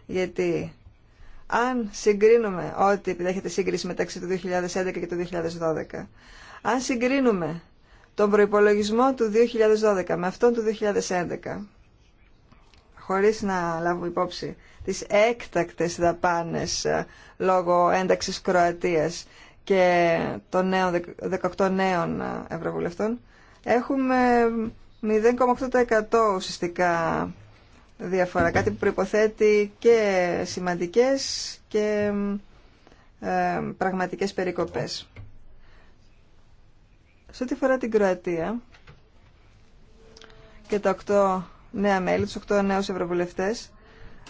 Γιατί αν συγκρίνουμε ότι επιδέχεται σύγκριση μεταξύ του 2011 και του 2012, αν συγκρίνουμε τον προϋπολογισμό του 2012 με αυτόν του 2011, χωρίς να λάβουμε υπόψη τις έκτακτες δαπάνες ε, λόγω ένταξης Κροατίας και των 18 νέων ε, ευρωβουλευτών, έχουμε 0,8% ουσιαστικά διαφορά. Κάτι που προϋποθέτει και σημαντικές και ε, πραγματικές περικοπές. Σε ό,τι φορά την Κροατία και τα 8 νέα μέλη, τους 8 νέους ευρωβουλευτές,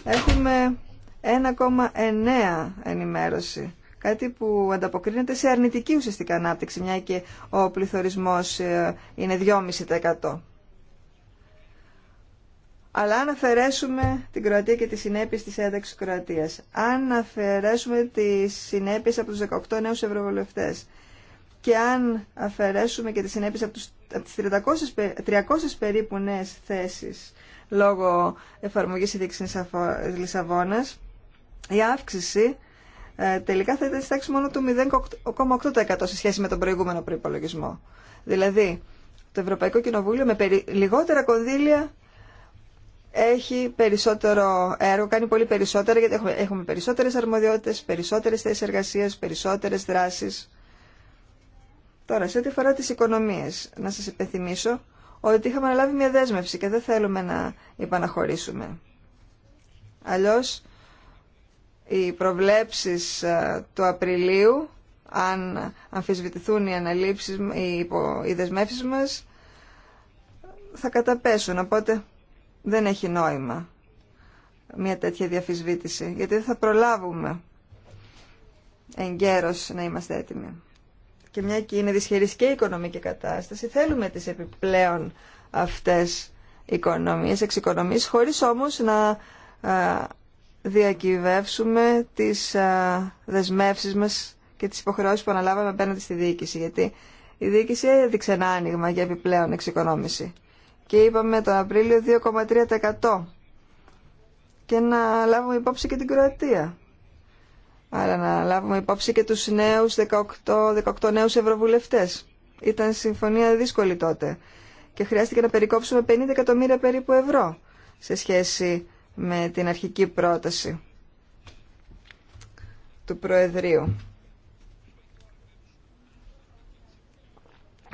έχουμε 1,9 ενημέρωση. Κάτι που ανταποκρίνεται σε αρνητική ουσιαστικά ανάπτυξη, μια και ο πληθωρισμός ε, είναι 2,5%. Αλλά αν αφαιρέσουμε την Κροατία και τις συνέπειες της ένταξης Κροατίας, αν αφαιρέσουμε τις συνέπειες από τους 18 νέους ευρωβουλευτές και αν αφαιρέσουμε και τις συνέπειες από, τους, τις 300, 300 περίπου νέες θέσεις λόγω εφαρμογής ειδικής Λισαβόνας, η αύξηση ε, τελικά θα ήταν στάξη μόνο του 0,8% σε σχέση με τον προηγούμενο προϋπολογισμό. Δηλαδή, το Ευρωπαϊκό Κοινοβούλιο με λιγότερα κονδύλια έχει περισσότερο έργο, κάνει πολύ περισσότερα γιατί έχουμε, περισσότερες αρμοδιότητες, περισσότερες θέσεις εργασίας, περισσότερες δράσεις. Τώρα, σε ό,τι αφορά τις οικονομίες, να σας υπενθυμίσω ότι είχαμε αναλάβει μια δέσμευση και δεν θέλουμε να υπαναχωρήσουμε. Αλλιώς, οι προβλέψεις ε, του Απριλίου, αν αμφισβητηθούν οι, αναλήψεις, οι, οι δεσμεύσεις μας, θα καταπέσουν. Οπότε, δεν έχει νόημα μια τέτοια διαφυσβήτηση, γιατί δεν θα προλάβουμε εγκαίρως να είμαστε έτοιμοι. Και μια και είναι δυσχερής και η οικονομική κατάσταση, θέλουμε τις επιπλέον αυτές οικονομίες, εξοικονομίες, χωρίς όμως να διακυβεύσουμε τις δεσμεύσεις μας και τις υποχρεώσεις που αναλάβαμε απέναντι στη διοίκηση, γιατί η διοίκηση έδειξε ένα άνοιγμα για επιπλέον εξοικονόμηση και είπαμε τον Απρίλιο 2,3% και να λάβουμε υπόψη και την Κροατία. Άρα να λάβουμε υπόψη και τους νέους 18, 18 νέους ευρωβουλευτές. Ήταν συμφωνία δύσκολη τότε και χρειάστηκε να περικόψουμε 50 εκατομμύρια περίπου ευρώ σε σχέση με την αρχική πρόταση του Προεδρείου.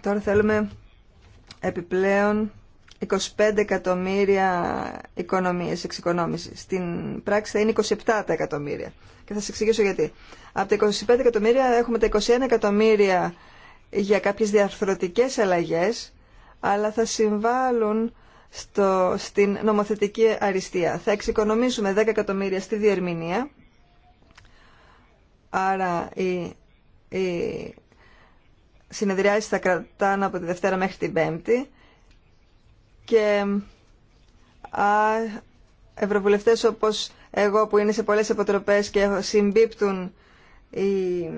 Τώρα θέλουμε επιπλέον 25 εκατομμύρια οικονομίες, εξοικονόμηση. Στην πράξη θα είναι 27 τα εκατομμύρια. Και θα σας εξηγήσω γιατί. Από τα 25 εκατομμύρια έχουμε τα 21 εκατομμύρια για κάποιες διαρθρωτικές αλλαγές, αλλά θα συμβάλλουν στο, στην νομοθετική αριστεία. Θα εξοικονομήσουμε 10 εκατομμύρια στη διερμηνία, άρα η, η συνεδριάσεις θα κρατάνε από τη Δευτέρα μέχρι την Πέμπτη, και α, ευρωβουλευτές όπως εγώ που είναι σε πολλές αποτροπές και συμπίπτουν οι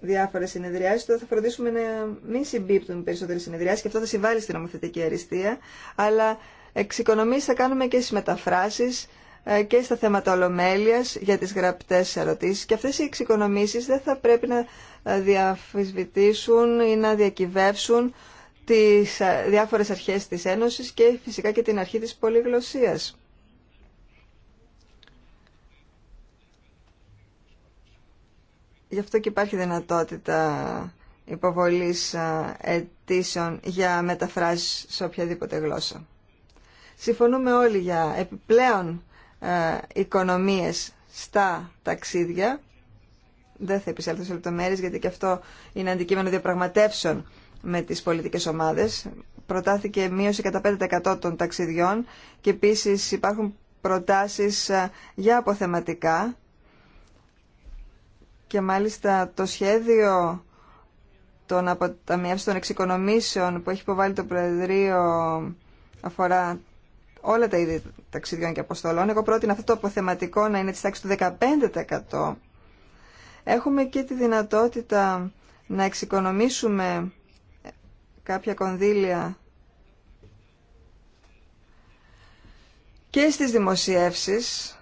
διάφορες συνεδριάσεις, τότε θα φροντίσουμε να μην συμπίπτουν περισσότερες συνεδριάσεις και αυτό θα συμβάλλει στην νομοθετική αριστεία, αλλά εξοικονομήσεις θα κάνουμε και στις μεταφράσεις ε, και στα θέματα ολομέλειας για τις γραπτές ερωτήσεις και αυτές οι εξοικονομήσεις δεν θα πρέπει να ε, διαφυσβητήσουν ή να διακυβεύσουν τις ε, διάφορες αρχές της Ένωσης και φυσικά και την αρχή της πολυγλωσσίας. Γι' αυτό και υπάρχει δυνατότητα υποβολής ε, αιτήσεων για μεταφράσεις σε οποιαδήποτε γλώσσα. Συμφωνούμε όλοι για επιπλέον ε, οικονομίες στα ταξίδια. Δεν θα επισέλθω σε λεπτομέρειες γιατί και αυτό είναι αντικείμενο διαπραγματεύσεων με τις πολιτικές ομάδες. Προτάθηκε μείωση κατά 5% των ταξιδιών και επίσης υπάρχουν προτάσεις ε, για αποθεματικά και μάλιστα το σχέδιο των αποταμιεύσεων των εξοικονομήσεων που έχει υποβάλει το Προεδρείο αφορά όλα τα είδη ταξιδιών και αποστολών. Εγώ πρότεινα αυτό το αποθεματικό να είναι της τάξης του 15%. Έχουμε και τη δυνατότητα να εξοικονομήσουμε κάποια κονδύλια και στις δημοσιεύσεις,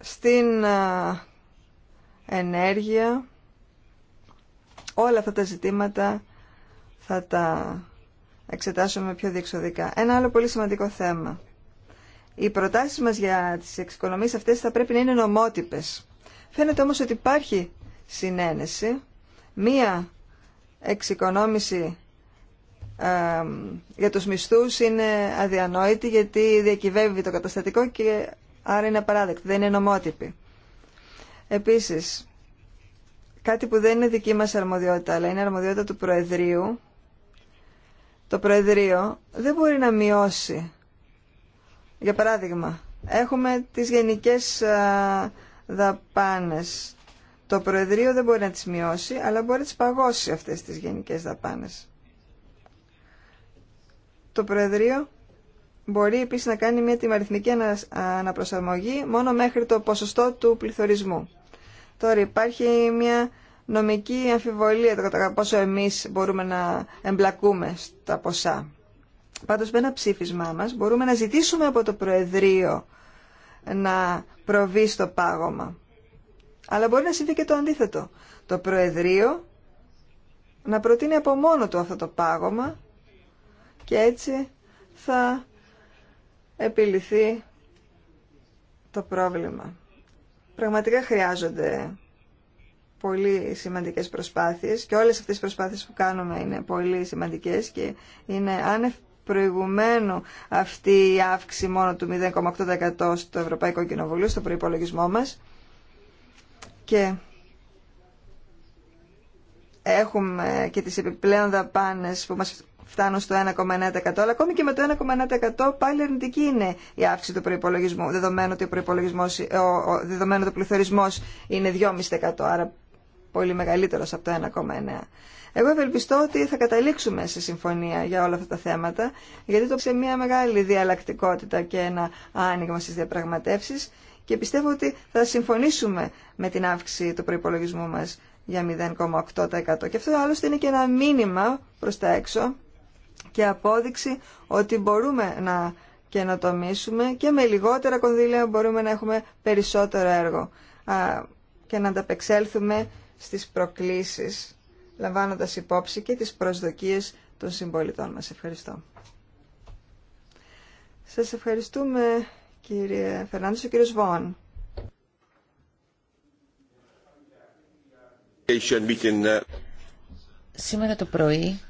στην ενέργεια, όλα αυτά τα ζητήματα θα τα εξετάσουμε πιο διεξοδικά. Ένα άλλο πολύ σημαντικό θέμα. Οι προτάσεις μας για τις εξοικονομίες αυτές θα πρέπει να είναι νομότυπες. Φαίνεται όμως ότι υπάρχει συνένεση, μία εξοικονόμηση για τους μισθούς είναι αδιανόητη γιατί διακυβεύει το καταστατικό και άρα είναι απαράδεκτη, δεν είναι νομότυπη. Επίσης, κάτι που δεν είναι δική μας αρμοδιότητα, αλλά είναι αρμοδιότητα του Προεδρείου, το Προεδρείο δεν μπορεί να μειώσει. Για παράδειγμα, έχουμε τις γενικές δαπάνες. Το Προεδρείο δεν μπορεί να τις μειώσει, αλλά μπορεί να τις παγώσει αυτές τις γενικές δαπάνες το Προεδρείο μπορεί επίσης να κάνει μια τιμαριθμική αναπροσαρμογή μόνο μέχρι το ποσοστό του πληθωρισμού. Τώρα υπάρχει μια νομική αμφιβολία το κατά πόσο εμείς μπορούμε να εμπλακούμε στα ποσά. Πάντως με ένα ψήφισμά μας μπορούμε να ζητήσουμε από το Προεδρείο να προβεί στο πάγωμα. Αλλά μπορεί να συμβεί και το αντίθετο. Το Προεδρείο να προτείνει από μόνο του αυτό το πάγωμα και έτσι θα επιληθεί το πρόβλημα. Πραγματικά χρειάζονται πολύ σημαντικές προσπάθειες και όλες αυτές οι προσπάθειες που κάνουμε είναι πολύ σημαντικές και είναι άνευ προηγουμένου αυτή η αύξηση μόνο του 0,8% στο Ευρωπαϊκό Κοινοβουλίο, στο προϋπολογισμό μας και έχουμε και τις επιπλέον δαπάνες που μας φτάνουν στο 1,9%, αλλά ακόμη και με το 1,9% πάλι αρνητική είναι η αύξηση του προπολογισμού, δεδομένου ότι ο ο, δεδομένου ότι ο πληθωρισμός είναι 2,5%, άρα πολύ μεγαλύτερος από το 1,9%. Εγώ ευελπιστώ ότι θα καταλήξουμε σε συμφωνία για όλα αυτά τα θέματα, γιατί το σε μια μεγάλη διαλλακτικότητα και ένα άνοιγμα στις διαπραγματεύσεις και πιστεύω ότι θα συμφωνήσουμε με την αύξηση του προϋπολογισμού μας για 0,8%. Και αυτό άλλωστε είναι και ένα μήνυμα προς τα έξω και απόδειξη ότι μπορούμε να καινοτομήσουμε και με λιγότερα κονδύλια μπορούμε να έχουμε περισσότερο έργο και να ανταπεξέλθουμε στις προκλήσεις, λαμβάνοντας υπόψη και τις προσδοκίες των συμπολιτών μας. Ευχαριστώ. Σας ευχαριστούμε κύριε Φερνάνδης, και κύριος Βόν. Σήμερα το πρωί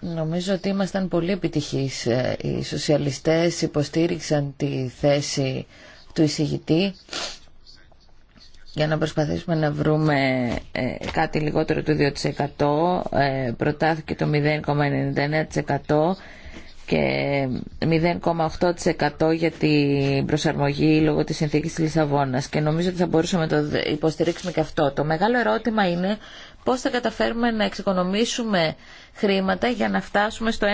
Νομίζω ότι ήμασταν πολύ επιτυχείς. Ε, οι σοσιαλιστές υποστήριξαν τη θέση του εισηγητή για να προσπαθήσουμε να βρούμε ε, κάτι λιγότερο του 2%. Ε, προτάθηκε το 0,99% και 0,8% για την προσαρμογή λόγω της συνθήκης της Λισαβόνας και νομίζω ότι θα μπορούσαμε να το υποστηρίξουμε και αυτό. Το μεγάλο ερώτημα είναι πώς θα καταφέρουμε να εξοικονομήσουμε χρήματα για να φτάσουμε στο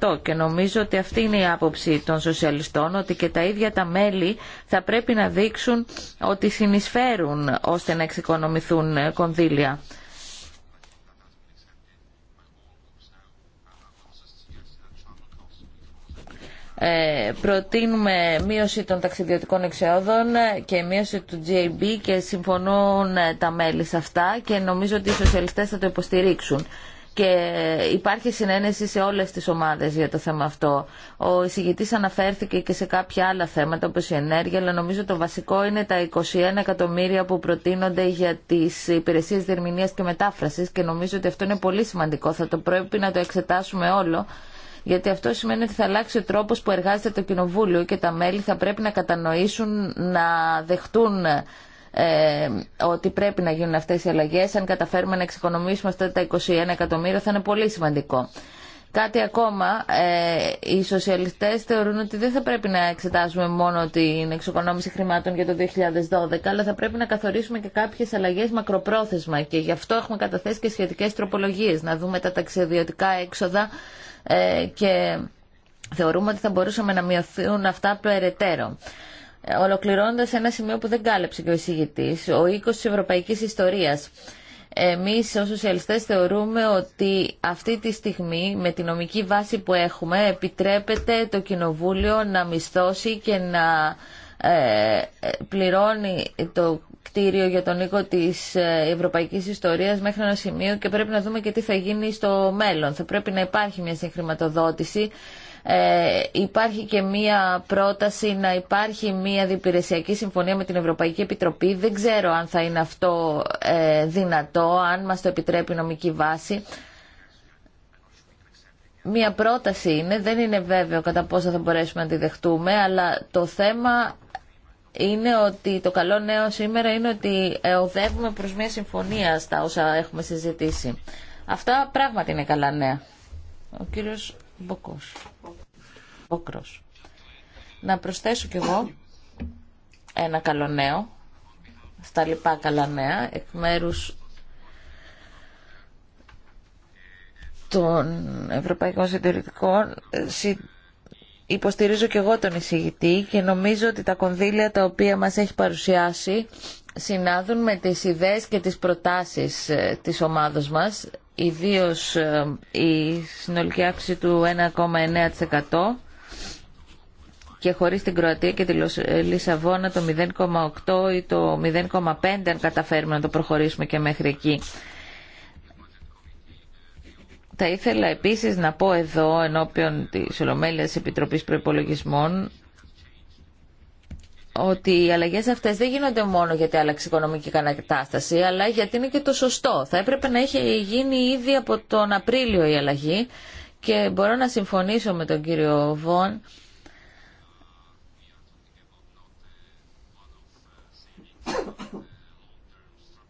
1,9% και νομίζω ότι αυτή είναι η άποψη των σοσιαλιστών ότι και τα ίδια τα μέλη θα πρέπει να δείξουν ότι συνεισφέρουν ώστε να εξοικονομηθούν ε, κονδύλια. Ε, προτείνουμε μείωση των ταξιδιωτικών εξόδων ε, και μείωση του GAB και συμφωνούν ε, τα μέλη σε αυτά και νομίζω ότι οι σοσιαλιστές θα το υποστηρίξουν και υπάρχει συνένεση σε όλες τις ομάδες για το θέμα αυτό. Ο εισηγητής αναφέρθηκε και σε κάποια άλλα θέματα όπως η ενέργεια, αλλά νομίζω το βασικό είναι τα 21 εκατομμύρια που προτείνονται για τις υπηρεσίες διερμηνίας και μετάφρασης και νομίζω ότι αυτό είναι πολύ σημαντικό. Θα το πρέπει να το εξετάσουμε όλο. Γιατί αυτό σημαίνει ότι θα αλλάξει ο τρόπο που εργάζεται το Κοινοβούλιο και τα μέλη θα πρέπει να κατανοήσουν, να δεχτούν ε, ότι πρέπει να γίνουν αυτές οι αλλαγές. Αν καταφέρουμε να εξοικονομήσουμε αυτά τα 21 εκατομμύρια θα είναι πολύ σημαντικό. Κάτι ακόμα, ε, οι σοσιαλιστές θεωρούν ότι δεν θα πρέπει να εξετάζουμε μόνο την εξοικονόμηση χρημάτων για το 2012, αλλά θα πρέπει να καθορίσουμε και κάποιες αλλαγές μακροπρόθεσμα και γι' αυτό έχουμε καταθέσει και σχετικές τροπολογίες, να δούμε τα ταξιδιωτικά έξοδα ε, και θεωρούμε ότι θα μπορούσαμε να μειωθούν αυτά περαιτέρω ολοκληρώνοντας ένα σημείο που δεν κάλεψε και ο εισηγητή, ο οίκο τη ευρωπαϊκή ιστορίας. Εμείς ως σοσιαλιστέ, θεωρούμε ότι αυτή τη στιγμή με τη νομική βάση που έχουμε επιτρέπεται το Κοινοβούλιο να μισθώσει και να ε, πληρώνει το κτίριο για τον οίκο της ε, ευρωπαϊκής ιστορίας μέχρι ένα σημείο και πρέπει να δούμε και τι θα γίνει στο μέλλον. Θα πρέπει να υπάρχει μια συγχρηματοδότηση ε, υπάρχει και μία πρόταση να υπάρχει μία διπηρεσιακή συμφωνία με την Ευρωπαϊκή Επιτροπή. Δεν ξέρω αν θα είναι αυτό ε, δυνατό, αν μας το επιτρέπει η νομική βάση. Μία πρόταση είναι, δεν είναι βέβαιο κατά πόσα θα μπορέσουμε να τη δεχτούμε, αλλά το θέμα είναι ότι το καλό νέο σήμερα είναι ότι οδεύουμε προς μία συμφωνία στα όσα έχουμε συζητήσει. Αυτά πράγματι είναι καλά νέα. Ο κύριος Μποκός. Μποκρός. Να προσθέσω κι εγώ ένα καλό νέο, στα λοιπά καλά νέα, εκ μέρους των Ευρωπαϊκών Συντηρητικών ε, υποστηρίζω κι εγώ τον εισηγητή και νομίζω ότι τα κονδύλια τα οποία μας έχει παρουσιάσει συνάδουν με τις ιδέες και τις προτάσεις ε, της ομάδος μας ιδίως ε, η συνολική αύξηση του 1,9% και χωρίς την Κροατία και τη ε, Λισαβόνα το 0,8 ή το 0,5 αν καταφέρουμε να το προχωρήσουμε και μέχρι εκεί. Θα ήθελα επίσης να πω εδώ ενώπιον της Ολομέλειας Επιτροπής Προϋπολογισμών ότι οι αλλαγές αυτές δεν γίνονται μόνο γιατί άλλαξε η οικονομική κατάσταση, αλλά γιατί είναι και το σωστό. Θα έπρεπε να έχει γίνει ήδη από τον Απρίλιο η αλλαγή και μπορώ να συμφωνήσω με τον κύριο Βον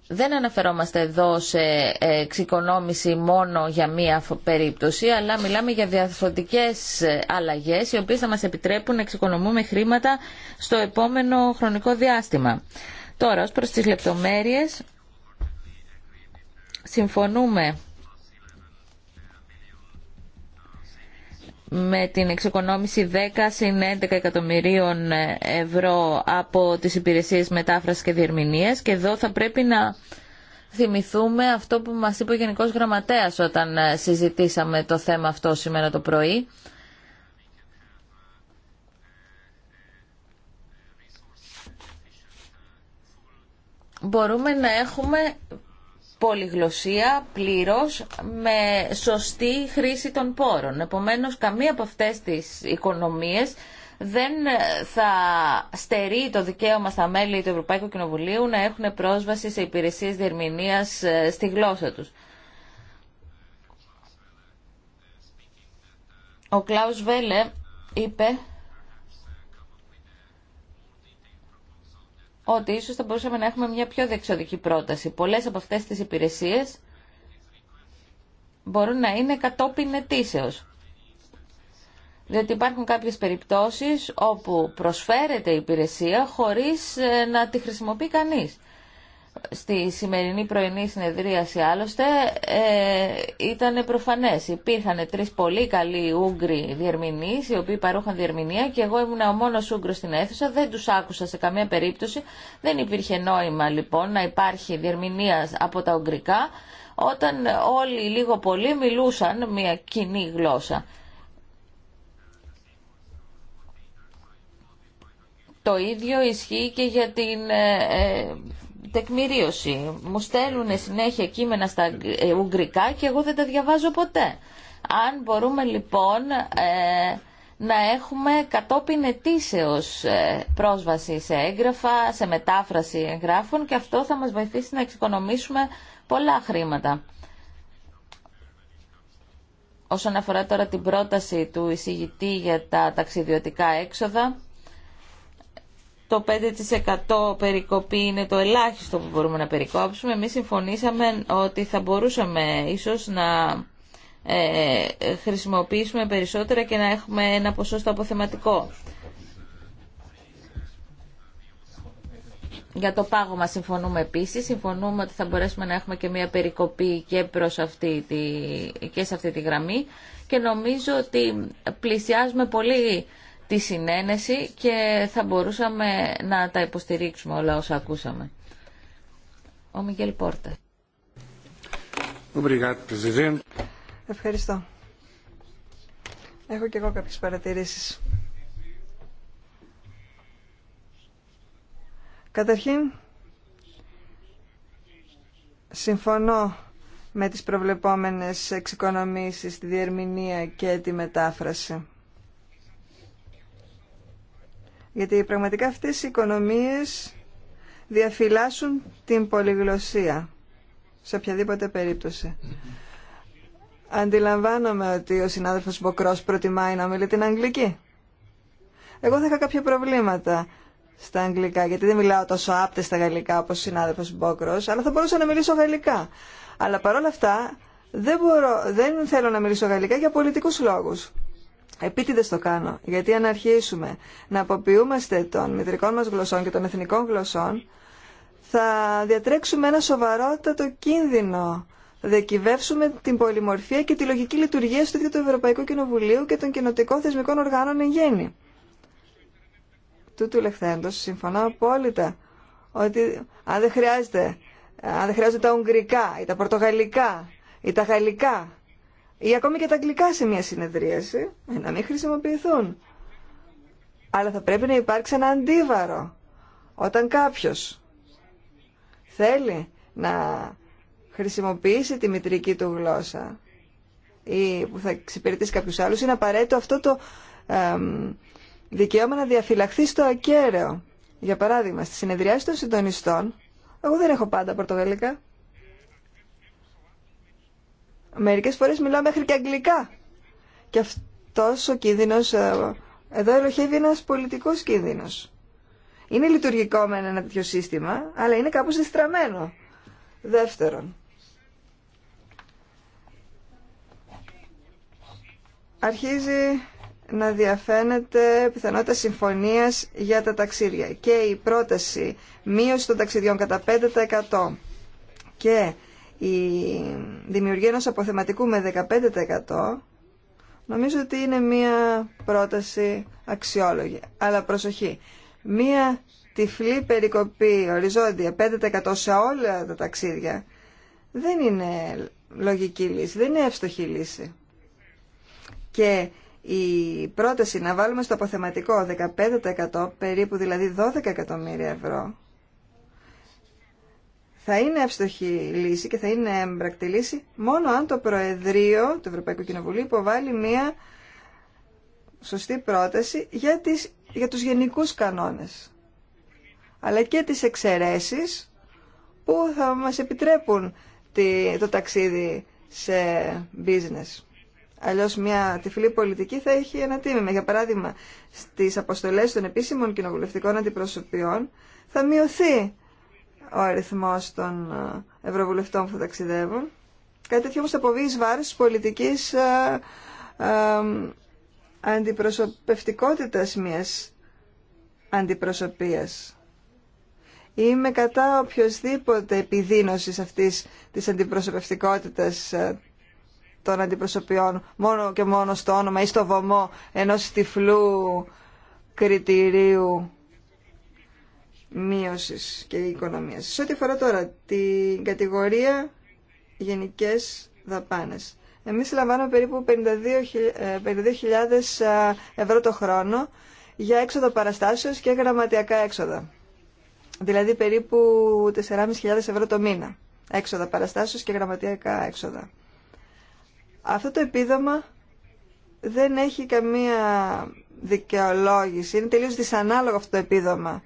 δεν αναφερόμαστε εδώ σε ε, εξοικονόμηση μόνο για μία περίπτωση, αλλά μιλάμε για διαφορετικές ε, αλλαγές, οι οποίες θα μας επιτρέπουν να εξοικονομούμε χρήματα στο επόμενο χρονικό διάστημα. Τώρα, ως προς τις λεπτομέρειες, συμφωνούμε με την εξοικονόμηση 10 συν 11 εκατομμυρίων ευρώ από τις υπηρεσίες μετάφρασης και διερμηνίας και εδώ θα πρέπει να θυμηθούμε αυτό που μας είπε ο Γενικός Γραμματέας όταν ε, συζητήσαμε το θέμα αυτό σήμερα το πρωί. Μπορούμε να έχουμε πολυγλωσία πλήρως με σωστή χρήση των πόρων. Επομένως, καμία από αυτές τις οικονομίες δεν θα στερεί το δικαίωμα στα μέλη του Ευρωπαϊκού Κοινοβουλίου να έχουν πρόσβαση σε υπηρεσίες διερμηνίας ε, στη γλώσσα τους. Ο Κλάους Βέλε είπε ότι ίσως θα μπορούσαμε να έχουμε μια πιο δεξιοδική πρόταση. Πολλές από αυτές τις υπηρεσίες μπορούν να είναι κατόπιν ετήσεως. Διότι υπάρχουν κάποιες περιπτώσεις όπου προσφέρεται η υπηρεσία χωρίς ε, να τη χρησιμοποιεί κανείς στη σημερινή πρωινή συνεδρίαση άλλωστε ε, ήταν προφανές. Υπήρχαν τρεις πολύ καλοί Ούγγροι διερμηνείς, οι οποίοι παρούχαν διερμηνία και εγώ ήμουν ο μόνος Ούγγρος στην αίθουσα, δεν τους άκουσα σε καμία περίπτωση. Δεν υπήρχε νόημα λοιπόν να υπάρχει διερμηνία από τα Ουγγρικά, όταν όλοι λίγο πολύ μιλούσαν μια κοινή γλώσσα. Το ίδιο ισχύει και για την... Ε, ε, τεκμηρίωση. Μου στέλνουν συνέχεια κείμενα στα ε, ουγγρικά και εγώ δεν τα διαβάζω ποτέ. Αν μπορούμε λοιπόν ε, να έχουμε κατόπιν ετήσεως ε, πρόσβαση σε έγγραφα, σε μετάφραση εγγράφων και αυτό θα μας βοηθήσει να εξοικονομήσουμε πολλά χρήματα. Όσον αφορά τώρα την πρόταση του εισηγητή για τα ταξιδιωτικά έξοδα, το 5% περικοπή είναι το ελάχιστο που μπορούμε να περικόψουμε. Εμείς συμφωνήσαμε ότι θα μπορούσαμε ίσως να ε, χρησιμοποιήσουμε περισσότερα και να έχουμε ένα ποσό στο αποθεματικό. Για το πάγωμα συμφωνούμε επίσης. Συμφωνούμε ότι θα μπορέσουμε να έχουμε και μια περικοπή και, προς αυτή τη, και σε αυτή τη γραμμή. Και νομίζω ότι πλησιάζουμε πολύ τη συνένεση και θα μπορούσαμε να τα υποστηρίξουμε όλα όσα ακούσαμε. Ο Μιγγέλ Πόρτα. Ευχαριστώ. Έχω και εγώ κάποιες παρατηρήσεις. Καταρχήν, συμφωνώ με τις προβλεπόμενες εξοικονομήσεις στη διερμηνία και τη μετάφραση. Γιατί πραγματικά αυτές οι οικονομίες διαφυλάσσουν την πολυγλωσία σε οποιαδήποτε περίπτωση. Αντιλαμβάνομαι ότι ο συνάδελφος Μποκρός προτιμάει να μιλεί την αγγλική. Εγώ θα είχα κάποια προβλήματα στα αγγλικά, γιατί δεν μιλάω τόσο άπτε στα γαλλικά όπως ο συνάδελφος Μπόκρος, αλλά θα μπορούσα να μιλήσω γαλλικά. Αλλά παρόλα αυτά δεν, μπορώ, δεν θέλω να μιλήσω γαλλικά για πολιτικούς λόγους. Επίτηδε το κάνω, γιατί αν αρχίσουμε να αποποιούμαστε των μητρικών μας γλωσσών και των εθνικών γλωσσών, θα διατρέξουμε ένα σοβαρότατο κίνδυνο. Θα διακυβεύσουμε την πολυμορφία και τη λογική λειτουργία στο ίδιο του Ευρωπαϊκού Κοινοβουλίου και των κοινοτικών θεσμικών οργάνων εν γέννη. Τούτου λεχθέντος, συμφωνώ απόλυτα ότι αν δεν χρειάζεται, αν δεν χρειάζεται τα ουγγρικά ή τα πορτογαλικά ή τα γαλλικά ή ακόμη και τα αγγλικά σε μια συνεδρίαση, ε, να μην χρησιμοποιηθούν. Αλλά θα πρέπει να υπάρξει ένα αντίβαρο. Όταν κάποιος θέλει να χρησιμοποιήσει τη μητρική του γλώσσα ή που θα εξυπηρετήσει κάποιους άλλους, είναι απαραίτητο αυτό το δικαίωμα να διαφυλαχθεί στο ακέραιο. Για παράδειγμα, στη συνεδριάση των συντονιστών, εγώ δεν έχω πάντα πορτογαλικά, Μερικές φορές μιλάω μέχρι και αγγλικά. Και αυτός ο κίνδυνος, ε, εδώ ελοχεύει ένας πολιτικός κίνδυνος. Είναι λειτουργικό με ένα τέτοιο σύστημα, αλλά είναι κάπως διστραμμένο. Δεύτερον, αρχίζει να διαφαίνεται πιθανότητα συμφωνίας για τα ταξίδια και η πρόταση μείωση των ταξιδιών κατά 5% και η δημιουργία ενός αποθεματικού με 15% νομίζω ότι είναι μία πρόταση αξιόλογη. Αλλά προσοχή, μία τυφλή περικοπή οριζόντια 5% σε όλα τα ταξίδια δεν είναι λογική λύση, δεν είναι εύστοχη λύση. Και η πρόταση να βάλουμε στο αποθεματικό 15% περίπου δηλαδή 12 εκατομμύρια ευρώ θα είναι εύστοχη λύση και θα είναι έμπρακτη λύση μόνο αν το Προεδρείο του Ευρωπαϊκού Κοινοβουλίου υποβάλει μία σωστή πρόταση για, τις, για τους γενικούς κανόνες αλλά και τις εξαιρέσεις που θα μας επιτρέπουν τη, το ταξίδι σε business. Αλλιώς μια τυφλή πολιτική θα έχει ένα τίμημα. Για παράδειγμα, στις αποστολές των επίσημων κοινοβουλευτικών αντιπροσωπιών θα μειωθεί ο αριθμός των ε, ευρωβουλευτών που θα ταξιδεύουν. Κάτι τέτοιο όμως αποβεί εις πολιτικής α, ε, ε, αντιπροσωπευτικότητας μιας αντιπροσωπείας. Είμαι κατά οποιοδήποτε επιδείνωσης αυτής της αντιπροσωπευτικότητας των αντιπροσωπιών μόνο και μόνο στο όνομα ή στο βωμό ενός τυφλού κριτηρίου μείωσης και οικονομία. Σε ό,τι αφορά τώρα την κατηγορία γενικές δαπάνες. Εμείς λαμβάνουμε περίπου 52.000 ε, ε, ευρώ το χρόνο για έξοδο παραστάσεως και γραμματιακά έξοδα. Δηλαδή περίπου 4.500 ευρώ το μήνα. Έξοδα παραστάσεως και γραμματιακά έξοδα. Αυτό το επίδομα δεν έχει καμία δικαιολόγηση. Είναι τελείως δυσανάλογο αυτό το επίδομα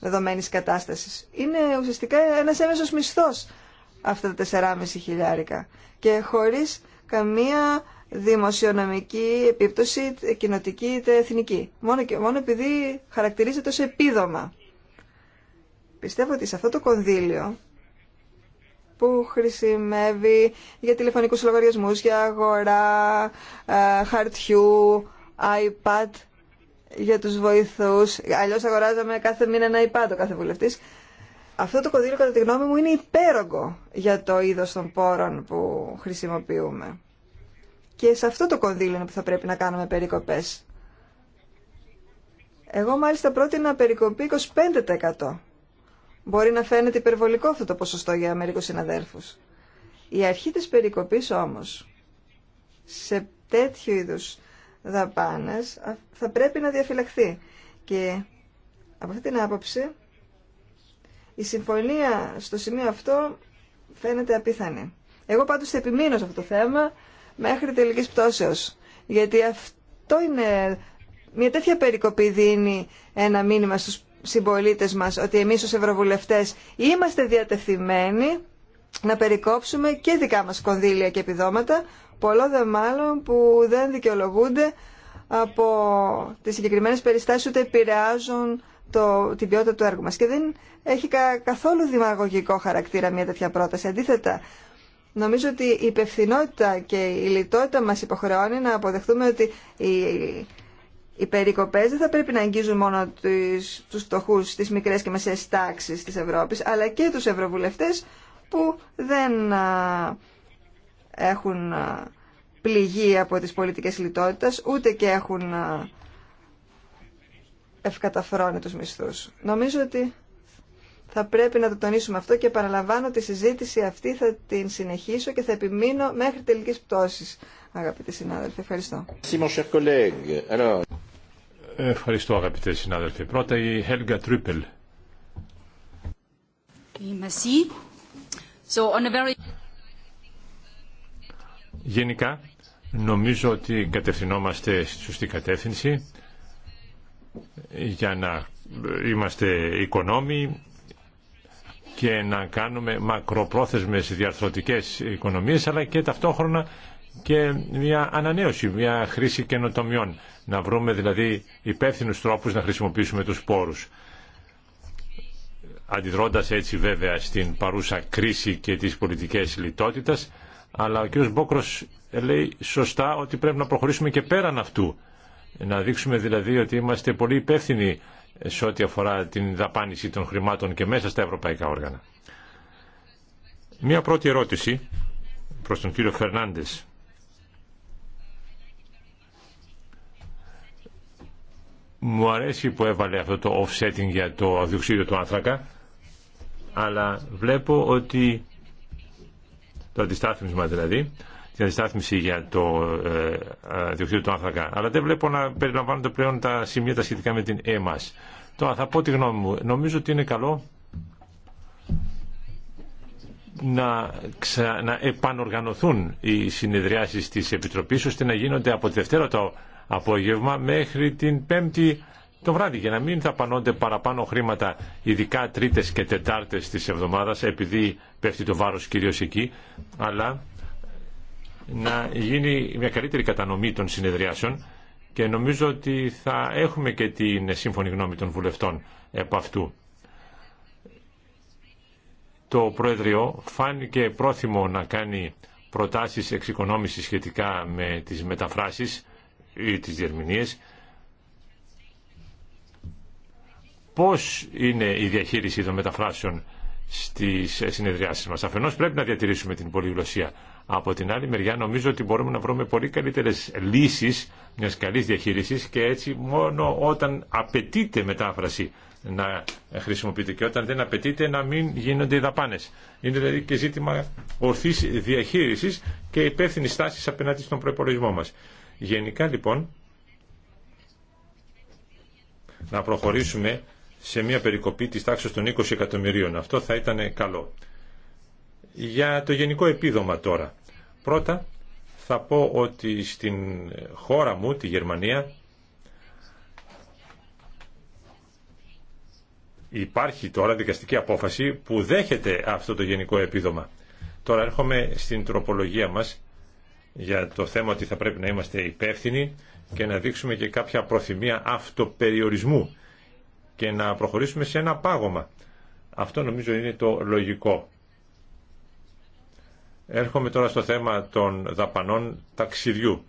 δεδομένης κατάστασης. Είναι ουσιαστικά ένας έμεσος μισθός αυτά τα 4,5 χιλιάρικα και χωρίς καμία δημοσιονομική επίπτωση κοινοτική είτε εθνική. Μόνο και μόνο επειδή χαρακτηρίζεται ως επίδομα. Πιστεύω ότι σε αυτό το κονδύλιο που χρησιμεύει για τηλεφωνικούς λογαριασμούς, για αγορά, ε, χαρτιού, iPad, για τους βοηθούς, αλλιώς αγοράζαμε κάθε μήνα ένα υπάτο κάθε βουλευτής. Αυτό το κονδύλιο κατά τη γνώμη μου είναι υπέρογκο για το είδος των πόρων που χρησιμοποιούμε. Και σε αυτό το κονδύλιο είναι που θα πρέπει να κάνουμε περικοπές. Εγώ μάλιστα πρότεινα περικοπή 25%. Μπορεί να φαίνεται υπερβολικό αυτό το ποσοστό για μερικούς συναδέλφους. Η αρχή της περικοπής όμως, σε τέτοιου είδους δαπάνες θα πρέπει να διαφυλαχθεί. Και από αυτή την άποψη η συμφωνία στο σημείο αυτό φαίνεται απίθανη. Εγώ πάντως θα επιμείνω σε αυτό το θέμα μέχρι τελικής πτώσεως. Γιατί αυτό είναι... Μια τέτοια περικοπή δίνει ένα μήνυμα στους συμπολίτε μας ότι εμείς ως Ευρωβουλευτές είμαστε διατεθειμένοι να περικόψουμε και δικά μας κονδύλια και επιδόματα Πολλό δε μάλλον που δεν δικαιολογούνται από τις συγκεκριμένες περιστάσεις ούτε επηρεάζουν το, την ποιότητα του έργου μας. Και δεν έχει καθόλου δημαγωγικό χαρακτήρα μια τέτοια πρόταση. Αντίθετα, νομίζω ότι η υπευθυνότητα και η λιτότητα μας υποχρεώνει να αποδεχτούμε ότι οι, οι περικοπές δεν θα πρέπει να αγγίζουν μόνο τις, τους φτωχούς, τις μικρές και μεσαίες τάξεις της Ευρώπης, αλλά και τους ευρωβουλευτές που δεν έχουν πληγεί από τις πολιτικές λιτότητες ούτε και έχουν ευκαταφρώνει τους μισθούς. Νομίζω ότι θα πρέπει να το τονίσουμε αυτό και παραλαμβάνω τη συζήτηση αυτή θα την συνεχίσω και θα επιμείνω μέχρι τελικής πτώσης, αγαπητοί συνάδελφοι. Ευχαριστώ. Ευχαριστώ αγαπητέ συνάδελφοι. Πρώτα η Helga Trüppel. Ε, Γενικά, νομίζω ότι κατευθυνόμαστε στη σωστή κατεύθυνση για να είμαστε οικονόμοι και να κάνουμε μακροπρόθεσμες διαρθρωτικές οικονομίες αλλά και ταυτόχρονα και μια ανανέωση, μια χρήση καινοτομιών. Να βρούμε δηλαδή υπεύθυνου τρόπους να χρησιμοποιήσουμε τους πόρους. Αντιδρώντας έτσι βέβαια στην παρούσα κρίση και τις πολιτικές λιτότητας αλλά ο κ. Μπόκρος ε, λέει σωστά ότι πρέπει να προχωρήσουμε και πέραν αυτού. Να δείξουμε δηλαδή ότι είμαστε πολύ υπεύθυνοι σε ό,τι αφορά την δαπάνηση των χρημάτων και μέσα στα ευρωπαϊκά όργανα. Μία πρώτη ερώτηση προς τον κύριο Φερνάντες. Μου αρέσει που έβαλε αυτό το offsetting για το διοξείδιο του άνθρακα, αλλά βλέπω ότι το αντιστάθμισμα δηλαδή, την αντιστάθμιση για το ε, ε, διοξείδιο του άνθρακα. Αλλά δεν βλέπω να περιλαμβάνονται πλέον τα σημεία τα σχετικά με την ΕΜΑΣ. Τώρα θα πω τη γνώμη μου. Νομίζω ότι είναι καλό να, επανοργανωθούν οι συνεδριάσεις της Επιτροπής ώστε να γίνονται από τη Δευτέρα το απόγευμα μέχρι την Πέμπτη το βράδυ για να μην θα πανώνται παραπάνω χρήματα ειδικά τρίτες και τετάρτες της εβδομάδας επειδή πέφτει το βάρος κυρίως εκεί αλλά να γίνει μια καλύτερη κατανομή των συνεδριάσεων και νομίζω ότι θα έχουμε και την σύμφωνη γνώμη των βουλευτών επ' αυτού. Το Προεδριό φάνηκε πρόθυμο να κάνει προτάσεις εξοικονόμησης σχετικά με τις μεταφράσεις ή τις διερμηνίες πώς είναι η διαχείριση των μεταφράσεων στις συνεδριάσεις μας. Αφενός πρέπει να διατηρήσουμε την πολυγλωσία. Από την άλλη μεριά νομίζω ότι μπορούμε να βρούμε πολύ καλύτερες λύσεις μιας καλής διαχείρισης και έτσι μόνο όταν απαιτείται μετάφραση να χρησιμοποιείται και όταν δεν απαιτείται να μην γίνονται οι δαπάνες. Είναι δηλαδή και ζήτημα ορθής διαχείρισης και υπεύθυνη στάση απέναντι στον προπολογισμό μας. Γενικά λοιπόν να προχωρήσουμε σε μια περικοπή της τάξης των 20 εκατομμυρίων. Αυτό θα ήταν καλό. Για το γενικό επίδομα τώρα. Πρώτα θα πω ότι στην χώρα μου, τη Γερμανία, υπάρχει τώρα δικαστική απόφαση που δέχεται αυτό το γενικό επίδομα. Τώρα έρχομαι στην τροπολογία μας για το θέμα ότι θα πρέπει να είμαστε υπεύθυνοι και να δείξουμε και κάποια προθυμία αυτοπεριορισμού και να προχωρήσουμε σε ένα πάγωμα. Αυτό νομίζω είναι το λογικό. Έρχομαι τώρα στο θέμα των δαπανών ταξιδιού.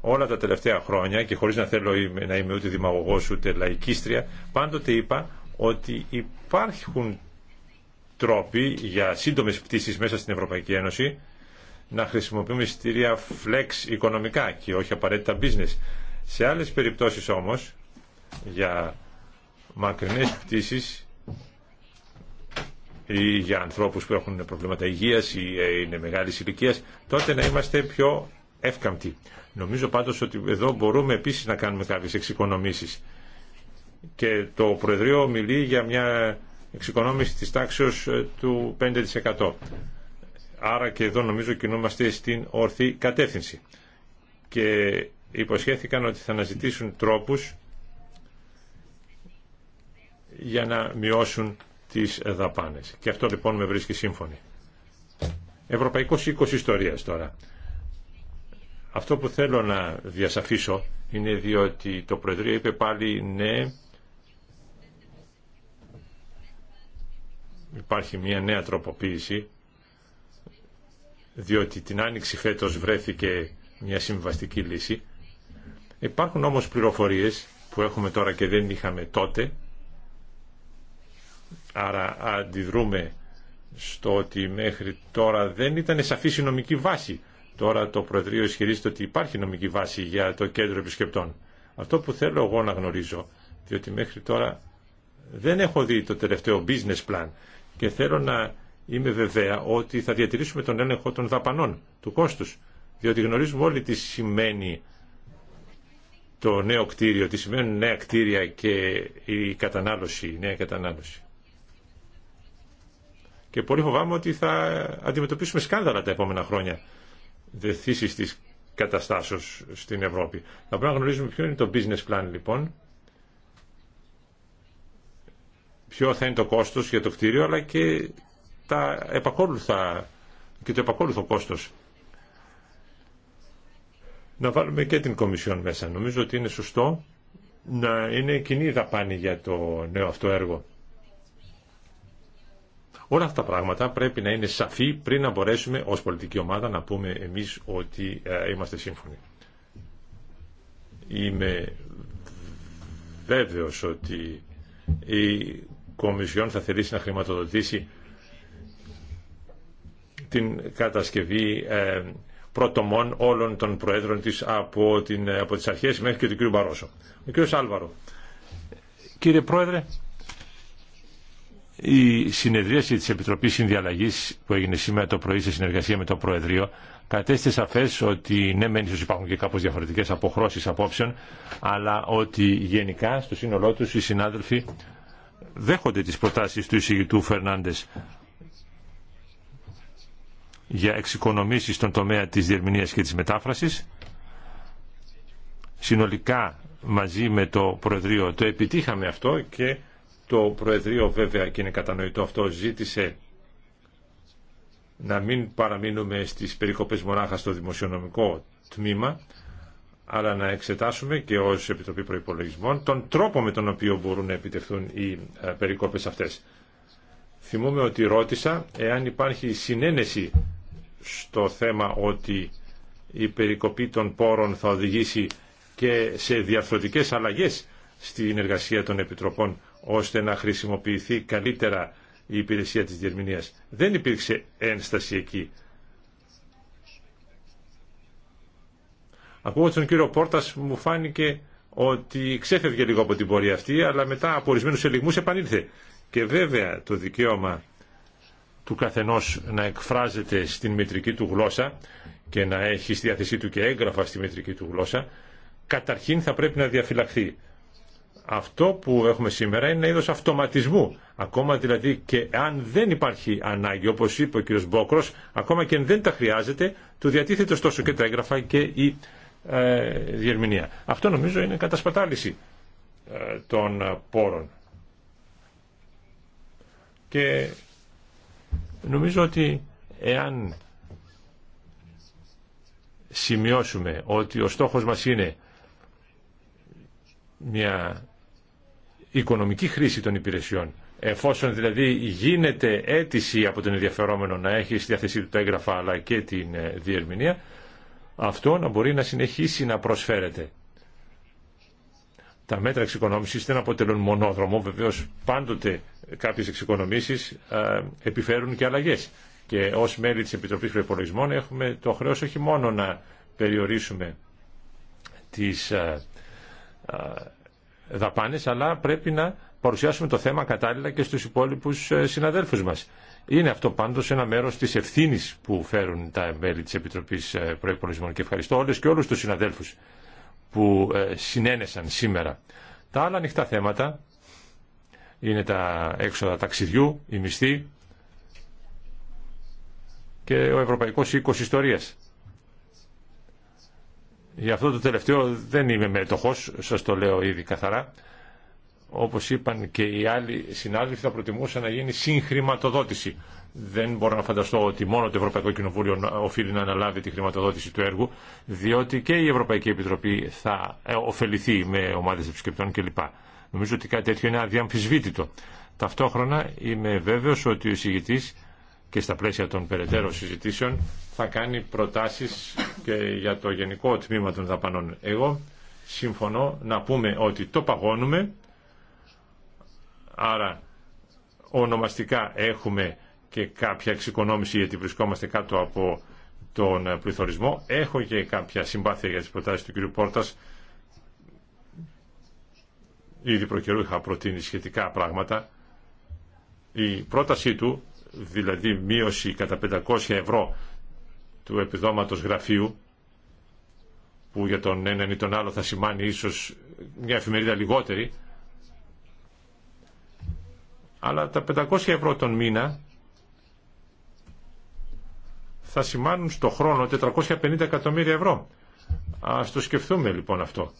Όλα τα τελευταία χρόνια, και χωρίς να θέλω να είμαι ούτε δημαγωγός ούτε λαϊκίστρια, πάντοτε είπα ότι υπάρχουν τρόποι για σύντομες πτήσεις μέσα στην Ευρωπαϊκή Ένωση να χρησιμοποιούμε εισιτήρια flex οικονομικά και όχι απαραίτητα business. Σε άλλες περιπτώσεις όμως, για μακρινές πτήσεις ή για ανθρώπους που έχουν προβλήματα υγείας ή ε, είναι μεγάλης ηλικίας, τότε να είμαστε πιο εύκαμπτοι. Νομίζω πάντως ότι εδώ μπορούμε επίσης να κάνουμε κάποιες εξοικονομήσεις. Και το Προεδρείο μιλεί για μια εξοικονόμηση της τάξεως ε, του 5%. Άρα και εδώ νομίζω κινούμαστε στην ορθή κατεύθυνση. Και υποσχέθηκαν ότι θα αναζητήσουν τρόπους για να μειώσουν τις δαπάνες. Και αυτό λοιπόν με βρίσκει σύμφωνη. Ευρωπαϊκός οίκος ιστορίας τώρα. Αυτό που θέλω να διασαφίσω είναι διότι το Προεδρείο είπε πάλι ναι, υπάρχει μια νέα τροποποίηση, διότι την Άνοιξη φέτος βρέθηκε μια συμβαστική λύση. Υπάρχουν όμως πληροφορίες που έχουμε τώρα και δεν είχαμε τότε, Άρα αντιδρούμε στο ότι μέχρι τώρα δεν ήταν σαφή η νομική βάση. Τώρα το Προεδρείο ισχυρίζεται ότι υπάρχει νομική βάση για το κέντρο επισκεπτών. Αυτό που θέλω εγώ να γνωρίζω, διότι μέχρι τώρα δεν έχω δει το τελευταίο business plan και θέλω να είμαι βεβαία ότι θα διατηρήσουμε τον έλεγχο των δαπανών, του κόστους. Διότι γνωρίζουμε όλοι τι σημαίνει το νέο κτίριο, τι σημαίνουν νέα κτίρια και η κατανάλωση, η νέα κατανάλωση και πολύ φοβάμαι ότι θα αντιμετωπίσουμε σκάνδαλα τα επόμενα χρόνια δεθήσεις τη καταστάσεω στην Ευρώπη. Θα πρέπει να γνωρίζουμε ποιο είναι το business plan λοιπόν, ποιο θα είναι το κόστος για το κτίριο, αλλά και, τα επακόλουθα, και το επακόλουθο κόστος. Να βάλουμε και την Κομισιόν μέσα. Νομίζω ότι είναι σωστό να είναι κοινή δαπάνη για το νέο αυτό έργο. Όλα αυτά τα πράγματα πρέπει να είναι σαφή πριν να μπορέσουμε ως πολιτική ομάδα να πούμε εμείς ότι ε, είμαστε σύμφωνοι. Είμαι βέβαιος ότι η Κομισιόν θα θελήσει να χρηματοδοτήσει την κατασκευή ε, πρωτομών όλων των προέδρων της από, την, ε, από τις αρχές μέχρι και του κ. Μπαρόσο. Ο κύριος Άλβαρο. Κύριε Πρόεδρε, η συνεδρίαση της Επιτροπής Συνδιαλλαγής που έγινε σήμερα το πρωί σε συνεργασία με το Προεδρείο κατέστησε σαφές ότι ναι μεν ίσως υπάρχουν και κάπως διαφορετικές αποχρώσεις απόψεων αλλά ότι γενικά στο σύνολό τους οι συνάδελφοι δέχονται τις προτάσεις του εισηγητού Φερνάντες για εξοικονομήσεις στον τομέα της διερμηνίας και της μετάφρασης. Συνολικά μαζί με το Προεδρείο το επιτύχαμε αυτό και το Προεδρείο βέβαια και είναι κατανοητό αυτό ζήτησε να μην παραμείνουμε στις περικοπές μονάχα στο δημοσιονομικό τμήμα αλλά να εξετάσουμε και ως Επιτροπή Προϋπολογισμών τον τρόπο με τον οποίο μπορούν να επιτευχθούν οι ε, περικόπες αυτές. Θυμούμε ότι ρώτησα εάν υπάρχει συνένεση στο θέμα ότι η περικοπή των πόρων θα οδηγήσει και σε διαρθρωτικές αλλαγές στην εργασία των Επιτροπών ώστε να χρησιμοποιηθεί καλύτερα η υπηρεσία της διερμηνίας. Δεν υπήρξε ένσταση εκεί. Ακούγοντας τον κύριο Πόρτας μου φάνηκε ότι ξέφευγε λίγο από την πορεία αυτή, αλλά μετά από ορισμένου ελιγμούς επανήλθε. Και βέβαια το δικαίωμα του καθενός να εκφράζεται στην μετρική του γλώσσα και να έχει στη διάθεσή του και έγγραφα στη μετρική του γλώσσα, καταρχήν θα πρέπει να διαφυλαχθεί. Αυτό που έχουμε σήμερα είναι ένα είδος αυτοματισμού. Ακόμα δηλαδή και αν δεν υπάρχει ανάγκη, όπως είπε ο κ. Μπόκρος, ακόμα και αν δεν τα χρειάζεται, του διατίθεται ωστόσο και τα έγγραφα και η ε, διερμηνία. Αυτό νομίζω είναι κατασπατάληση ε, των ε, πόρων. Και νομίζω ότι εάν σημειώσουμε ότι ο στόχος μας είναι μια οικονομική χρήση των υπηρεσιών. Εφόσον δηλαδή γίνεται αίτηση από τον ενδιαφερόμενο να έχει στη διάθεσή του τα έγγραφα αλλά και την ε, διερμηνία, αυτό να μπορεί να συνεχίσει να προσφέρεται. Τα μέτρα εξοικονόμησης δεν αποτελούν μονόδρομο, βεβαίως πάντοτε κάποιες εξοικονομήσεις ε, επιφέρουν και αλλαγέ. Και ω μέλη τη επιτροπή Προπολογισμών έχουμε το χρέο όχι μόνο να περιορίσουμε τις ε, αλλά πρέπει να παρουσιάσουμε το θέμα κατάλληλα και στους υπόλοιπου ε, συναδέλφους μας. Είναι αυτό πάντω ένα μέρος τη ευθύνη που φέρουν τα μέλη τη Επιτροπή ε, Προπολογισμών και ευχαριστώ Όλε και όλους τους συναδέλφους που ε, συνένεσαν σήμερα. Τα άλλα ανοιχτά θέματα είναι τα έξοδα ταξιδιού, η μισθή και ο Ευρωπαϊκός Οίκος Ιστορίας. Για αυτό το τελευταίο δεν είμαι μετοχός, σας το λέω ήδη καθαρά. Όπως είπαν και οι άλλοι συνάδελφοι θα προτιμούσα να γίνει συγχρηματοδότηση. Δεν μπορώ να φανταστώ ότι μόνο το Ευρωπαϊκό Κοινοβούλιο οφείλει να αναλάβει τη χρηματοδότηση του έργου, διότι και η Ευρωπαϊκή Επιτροπή θα ε, ωφεληθεί με ομάδες επισκεπτών κλπ. Νομίζω ότι κάτι τέτοιο είναι αδιαμφισβήτητο. Ταυτόχρονα είμαι βέβαιος ότι ο εισηγητής και στα πλαίσια των περαιτέρω συζητήσεων θα κάνει προτάσεις και για το γενικό τμήμα των δαπανών. Εγώ συμφωνώ να πούμε ότι το παγώνουμε, άρα ονομαστικά έχουμε και κάποια εξοικονόμηση γιατί βρισκόμαστε κάτω από τον πληθωρισμό. Έχω και κάποια συμπάθεια για τις προτάσεις του κ. Πόρτας. Ήδη προκαιρού είχα προτείνει σχετικά πράγματα. Η πρότασή του δηλαδή μείωση κατά 500 ευρώ του επιδόματος γραφείου που για τον έναν ή τον άλλο θα σημάνει ίσως μια εφημερίδα λιγότερη αλλά τα 500 ευρώ τον μήνα θα σημάνουν στο χρόνο 450 εκατομμύρια ευρώ. Ας το σκεφτούμε λοιπόν αυτό.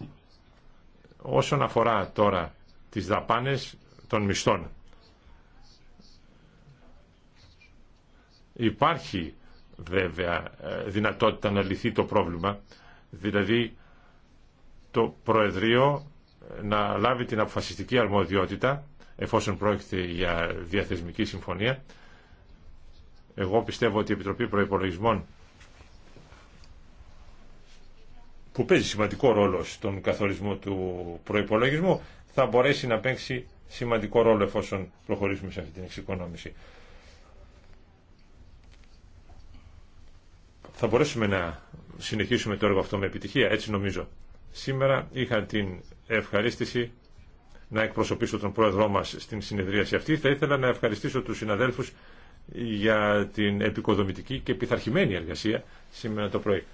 Όσον αφορά τώρα τις δαπάνες των μισθών. Υπάρχει βέβαια ε, δυνατότητα να λυθεί το πρόβλημα, δηλαδή το Προεδρείο ε, να λάβει την αποφασιστική αρμοδιότητα εφόσον πρόκειται για διαθεσμική συμφωνία. Εγώ πιστεύω ότι η Επιτροπή Προϋπολογισμών που παίζει σημαντικό ρόλο στον καθορισμό του προϋπολογισμού θα μπορέσει να παίξει σημαντικό ρόλο εφόσον προχωρήσουμε σε αυτή την εξοικονόμηση. θα μπορέσουμε να συνεχίσουμε το έργο αυτό με επιτυχία, έτσι νομίζω. Σήμερα είχα την ευχαρίστηση να εκπροσωπήσω τον πρόεδρό μας στην συνεδρίαση αυτή. Θα ήθελα να ευχαριστήσω τους συναδέλφους για την επικοδομητική και πειθαρχημένη εργασία σήμερα το πρωί.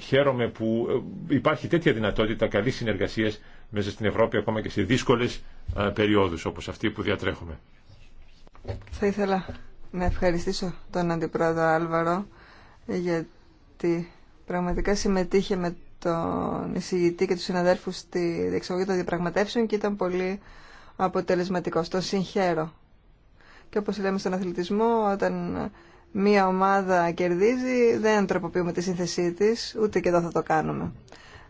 Χαίρομαι που υπάρχει τέτοια δυνατότητα καλής συνεργασίας μέσα στην Ευρώπη ακόμα και σε δύσκολες περιόδους όπως αυτή που διατρέχουμε. Θα ήθελα να ευχαριστήσω τον Αντιπρόεδρο Άλβαρο γιατί πραγματικά συμμετείχε με τον εισηγητή και τους συναδέρφους στη διεξαγωγή των διαπραγματεύσεων και ήταν πολύ αποτελεσματικό Τον συγχαίρω. Και όπως λέμε στον αθλητισμό, όταν μία ομάδα κερδίζει, δεν τροποποιούμε τη σύνθεσή της, ούτε και εδώ θα το κάνουμε.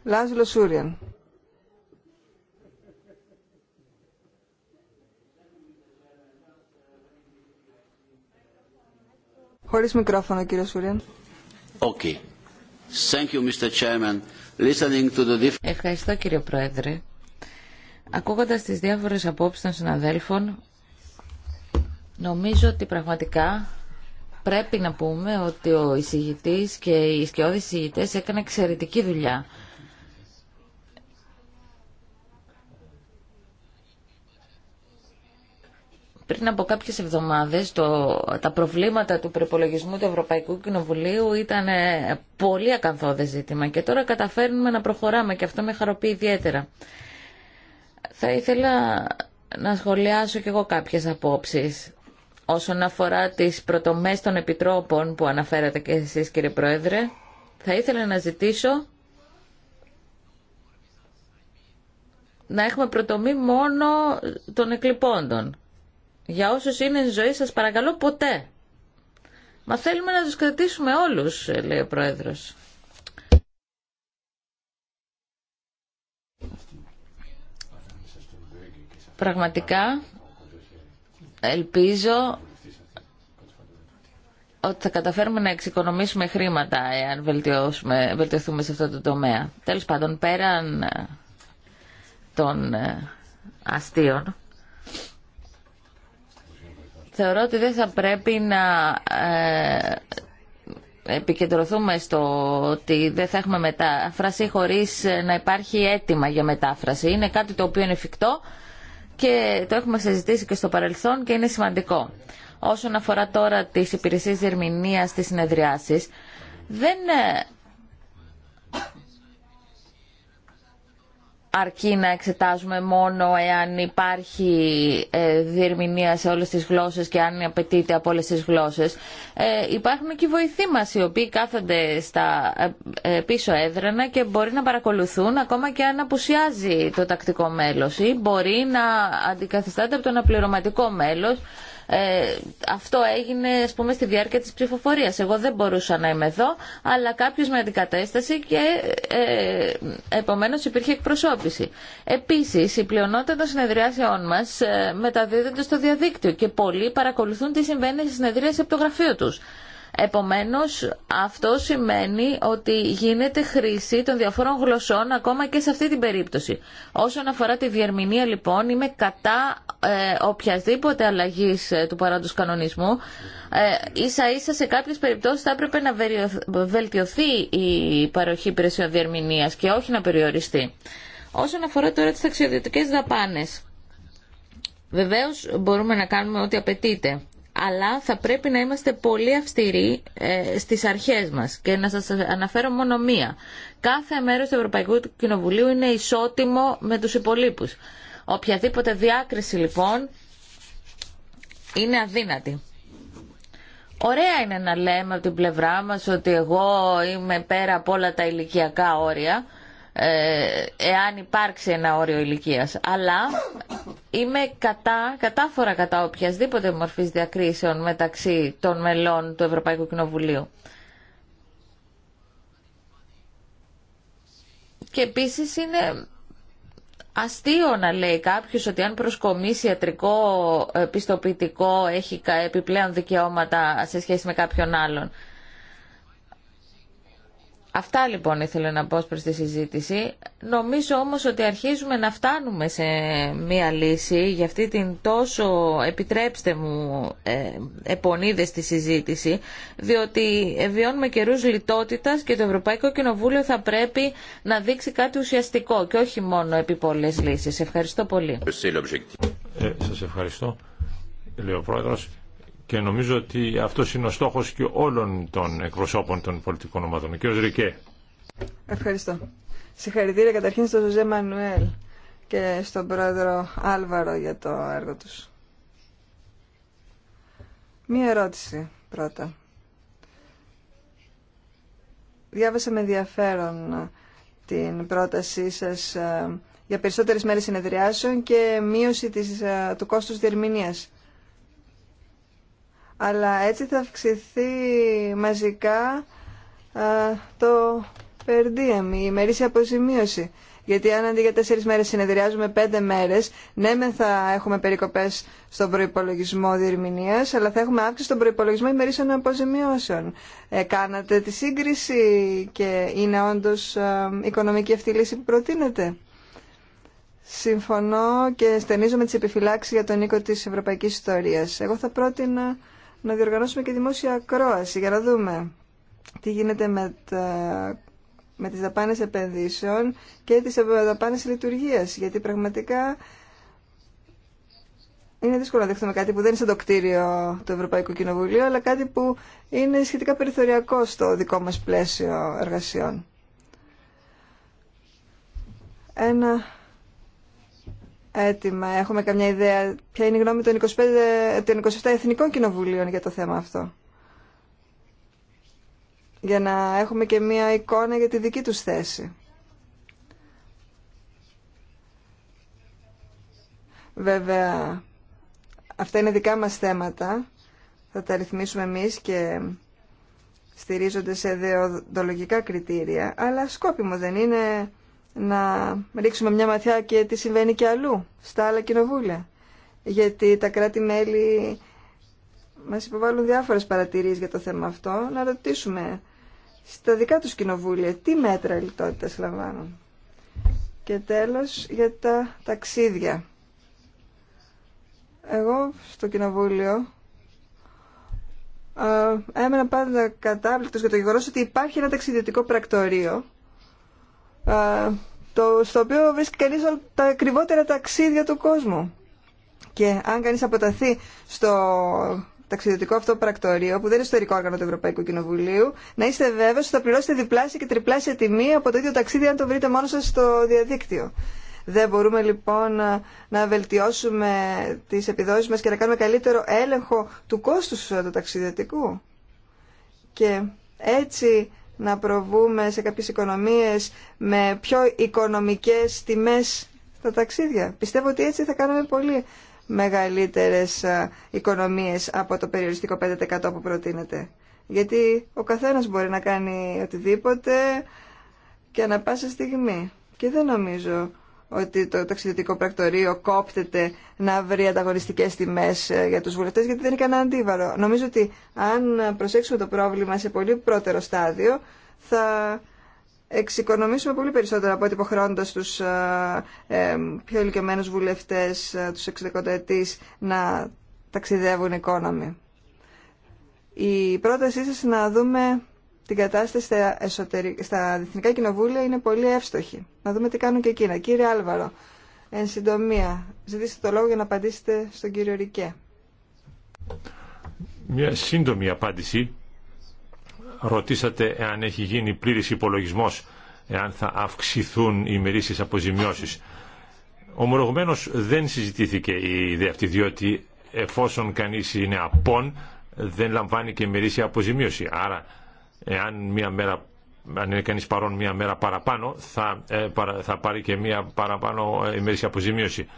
Λάζλο Σούριαν. Χωρίς μικρόφωνο, κύριε Σούριαν. Ευχαριστώ κύριε Πρόεδρε. Ακούγοντας τις διάφορες απόψεις των συναδέλφων, νομίζω ότι πραγματικά πρέπει να πούμε ότι ο εισηγητής και οι σκιώδεις εισηγητές έκανε εξαιρετική δουλειά. πριν από κάποιε εβδομάδε τα προβλήματα του προπολογισμού του Ευρωπαϊκού Κοινοβουλίου ήταν ε, πολύ ακαθόδε ζήτημα και τώρα καταφέρνουμε να προχωράμε και αυτό με χαροποιεί ιδιαίτερα. Θα ήθελα να σχολιάσω κι εγώ κάποιες απόψεις όσον αφορά τις προτομές των επιτρόπων που αναφέρατε και εσείς κύριε Πρόεδρε. Θα ήθελα να ζητήσω να έχουμε προτομή μόνο των εκλειπώντων. Για όσους είναι ζωή σας παρακαλώ ποτέ. Μα θέλουμε να τους κρατήσουμε όλους, λέει ο Πρόεδρος. Πραγματικά ελπίζω ότι θα καταφέρουμε να εξοικονομήσουμε χρήματα εάν βελτιώσουμε, βελτιωθούμε σε αυτό το τομέα. Τέλος πάντων, πέραν ε, των ε, αστείων, Θεωρώ ότι δεν θα πρέπει να ε, επικεντρωθούμε στο ότι δεν θα έχουμε μετάφραση χωρίς να υπάρχει αίτημα για μετάφραση. Είναι κάτι το οποίο είναι εφικτό και το έχουμε συζητήσει και στο παρελθόν και είναι σημαντικό. Όσον αφορά τώρα τις υπηρεσίες διερμηνίας τις συνεδριάσεις, δεν ε, αρκεί να εξετάζουμε μόνο εάν υπάρχει ε, διερμηνία σε όλες τις γλώσσες και αν απαιτείται από όλες τις γλώσσες. Ε, υπάρχουν και οι βοηθοί μας οι οποίοι κάθονται στα ε, ε, πίσω έδρανα και μπορεί να παρακολουθούν ακόμα και αν απουσιάζει το τακτικό μέλος ή μπορεί να αντικαθιστάται από το αναπληρωματικό μέλος ε, αυτό έγινε ας πούμε, στη διάρκεια της ψηφοφορίας. Εγώ δεν μπορούσα να είμαι εδώ, αλλά κάποιος με αντικατέστασε και ε, επομένως υπήρχε εκπροσώπηση. Επίσης, η πλειονότητα των συνεδριάσεών μας ε, μεταδίδεται στο διαδίκτυο και πολλοί παρακολουθούν τι συμβαίνει στις συνεδρίες από το γραφείο τους. Επομένως, αυτό σημαίνει ότι γίνεται χρήση των διαφόρων γλωσσών ακόμα και σε αυτή την περίπτωση. Όσον αφορά τη διερμηνία, λοιπόν, είμαι κατά ε, οποιασδήποτε αλλαγής ε, του παράντος κανονισμού. Ε, ίσα ίσα σε κάποιες περιπτώσεις θα έπρεπε να βελτιωθεί η παροχή υπηρεσιών διερμηνίας και όχι να περιοριστεί. Όσον αφορά τώρα τις ταξιδιωτικές δαπάνες, βεβαίως μπορούμε να κάνουμε ό,τι απαιτείται αλλά θα πρέπει να είμαστε πολύ αυστηροί ε, στις αρχές μας και να σας αναφέρω μόνο μία. Κάθε μέρος του Ευρωπαϊκού Κοινοβουλίου είναι ισότιμο με τους υπολείπους. Οποιαδήποτε διάκριση λοιπόν είναι αδύνατη. Ωραία είναι να λέμε από την πλευρά μας ότι εγώ είμαι πέρα από όλα τα ηλικιακά όρια, ε, εάν υπάρξει ένα όριο ηλικίας. Αλλά είμαι κατά, κατάφορα κατά οποιασδήποτε μορφής διακρίσεων μεταξύ των μελών του Ευρωπαϊκού Κοινοβουλίου. Και επίσης είναι αστείο να λέει κάποιος ότι αν προσκομίσει ιατρικό ε, πιστοποιητικό έχει επιπλέον δικαιώματα σε σχέση με κάποιον άλλον. Αυτά λοιπόν ήθελα να πω προς τη συζήτηση. Νομίζω όμως ότι αρχίζουμε να φτάνουμε σε μία λύση για αυτή την τόσο, επιτρέψτε μου, ε, στη συζήτηση, διότι ε, βιώνουμε καιρούς λιτότητας και το Ευρωπαϊκό Κοινοβούλιο θα πρέπει να δείξει κάτι ουσιαστικό και όχι μόνο επί πολλές λύσεις. Ευχαριστώ πολύ. Ε, σας ευχαριστώ, και νομίζω ότι αυτό είναι ο στόχος και όλων των εκπροσώπων των πολιτικών ομάδων. Κύριο Ρικέ. Ευχαριστώ. Συγχαρητήρια καταρχήν στον Ζωζέ Μανουέλ και στον πρόεδρο Άλβαρο για το έργο τους. Μία ερώτηση πρώτα. Διάβασα με ενδιαφέρον την πρότασή σας ε, για περισσότερες μέρες συνεδριάσεων και μείωση της, ε, του κόστους διερμηνίας αλλά έτσι θα αυξηθεί μαζικά το per η ημερήσια αποζημίωση. Γιατί αν αντί για τέσσερι μέρε συνεδριάζουμε πέντε μέρε, ναι, με θα έχουμε περικοπέ στον προπολογισμό διερμηνία, αλλά θα έχουμε αύξηση στον προπολογισμό ημερήσεων αποζημιώσεων. Ε, κάνατε τη σύγκριση και είναι όντω οικονομική αυτή η λύση που προτείνεται. Συμφωνώ και στενίζομαι τι επιφυλάξει για τον οίκο τη ευρωπαϊκή ιστορία. Εγώ θα πρότεινα να διοργανώσουμε και δημόσια ακρόαση για να δούμε τι γίνεται με, τα, με τις δαπάνες επενδύσεων και τις δαπάνες λειτουργίας, γιατί πραγματικά είναι δύσκολο να δεχτούμε κάτι που δεν είναι σαν το κτίριο του Ευρωπαϊκού Κοινοβουλίου, αλλά κάτι που είναι σχετικά περιθωριακό στο δικό μας πλαίσιο εργασιών. Ένα έτοιμα. Έχουμε καμιά ιδέα ποια είναι η γνώμη των, 25, των 27 εθνικών κοινοβουλίων για το θέμα αυτό. Για να έχουμε και μία εικόνα για τη δική τους θέση. Βέβαια, αυτά είναι δικά μας θέματα. Θα τα ρυθμίσουμε εμείς και στηρίζονται σε δεοντολογικά κριτήρια. Αλλά σκόπιμο δεν είναι να ρίξουμε μια ματιά και τι συμβαίνει και αλλού, στα άλλα κοινοβούλια. Γιατί τα κράτη-μέλη μας υποβάλλουν διάφορες παρατηρήσεις για το θέμα αυτό, να ρωτήσουμε στα δικά τους κοινοβούλια τι μέτρα λιτότητας λαμβάνουν. Και τέλος για τα ταξίδια. Εγώ στο κοινοβούλιο ε, έμενα πάντα κατάπληκτος για το γεγονός ότι υπάρχει ένα ταξιδιωτικό πρακτορείο ε, το, στο οποίο βρίσκει κανείς τα ακριβότερα ταξίδια του κόσμου. Και αν κανείς αποταθεί στο ταξιδιωτικό αυτό πρακτορείο, που δεν είναι ιστορικό όργανο του Ευρωπαϊκού Κοινοβουλίου, να είστε βέβαιος ότι θα πληρώσετε διπλάσια και τριπλάσια τιμή από το ίδιο ταξίδι αν το βρείτε μόνο σας στο διαδίκτυο. Δεν μπορούμε λοιπόν να, να βελτιώσουμε τις επιδόσεις μας και να κάνουμε καλύτερο έλεγχο του κόστους ε, του ταξιδιωτικού. Και έτσι να προβούμε σε κάποιες οικονομίες με πιο οικονομικές τιμές στα ταξίδια. Πιστεύω ότι έτσι θα κάνουμε πολύ μεγαλύτερες οικονομίες από το περιοριστικό 5% που προτείνεται. Γιατί ο καθένας μπορεί να κάνει οτιδήποτε και ανα πάσα στιγμή. Και δεν νομίζω ότι το ταξιδιωτικό πρακτορείο κόπτεται να βρει ανταγωνιστικέ τιμέ ε, για του βουλευτέ, γιατί δεν είναι κανένα αντίβαρο. Νομίζω ότι αν προσέξουμε το πρόβλημα σε πολύ πρώτερο στάδιο, θα εξοικονομήσουμε πολύ περισσότερα από ό,τι υποχρεώνοντα του ε, ε, πιο ηλικιωμένου βουλευτέ, του 60 να ταξιδεύουν οικόνομοι. Η πρότασή σας να δούμε την κατάσταση στα, διεθνικά Κοινοβούλια είναι πολύ εύστοχη. Να δούμε τι κάνουν και εκείνα. Κύριε Άλβαρο, εν συντομία, ζητήστε το λόγο για να απαντήσετε στον κύριο Ρικέ. Μια σύντομη απάντηση. Ρωτήσατε εάν έχει γίνει πλήρης υπολογισμός, εάν θα αυξηθούν οι μερίσεις αποζημιώσεις. Ομολογμένως δεν συζητήθηκε η ιδέα αυτή, διότι εφόσον κανείς είναι απόν, δεν λαμβάνει και μερίσια αποζημίωση. Άρα εάν μια μέρα αν είναι κανείς παρόν μία μέρα παραπάνω, θα, ε, θα πάρει και μία παραπάνω ε, ημέρηση αποζημίωση.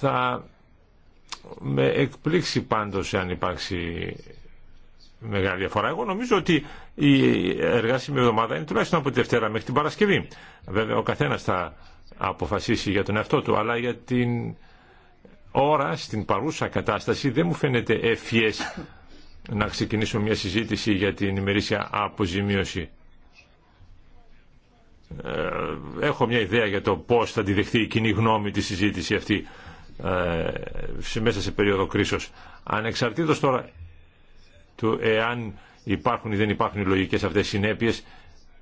Θα με εκπλήξει πάντως αν υπάρξει μεγάλη διαφορά. Εγώ νομίζω ότι η εργάσιμη εβδομάδα είναι τουλάχιστον από τη Δευτέρα μέχρι την Παρασκευή. Βέβαια ο καθένας θα αποφασίσει για τον εαυτό του, αλλά για την ώρα στην παρούσα κατάσταση δεν μου φαίνεται ευφιές να ξεκινήσουμε μια συζήτηση για την ημερήσια αποζημίωση. Ε, έχω μια ιδέα για το πώς θα τη η κοινή γνώμη τη συζήτηση αυτή ε, μέσα σε περίοδο κρίσεως. Ανεξαρτήτως τώρα του εάν υπάρχουν ή δεν υπάρχουν οι λογικές αυτές συνέπειες,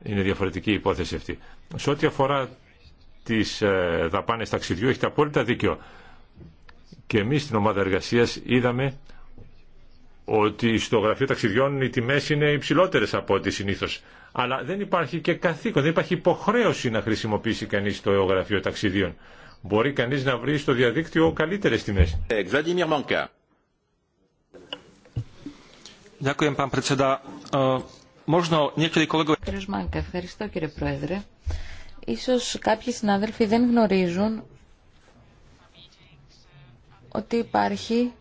είναι διαφορετική η υπόθεση αυτή. Σε ό,τι αφορά τις ε, δαπάνες ταξιδιού, έχετε απόλυτα δίκιο. Και εμείς στην ομάδα εργασίας είδαμε ότι στο γραφείο ταξιδιών οι τιμέ είναι υψηλότερε από ό,τι συνήθω. Αλλά δεν υπάρχει και καθήκον, δεν υπάρχει υποχρέωση να χρησιμοποιήσει κανείς το γραφείο ταξιδίων. Μπορεί κανείς να βρει στο διαδίκτυο καλύτερες τιμές. Ε, κύριε Μάνκα, ευχαριστώ κύριε Πρόεδρε. Ίσως κάποιοι συνάδελφοι δεν γνωρίζουν ότι υπάρχει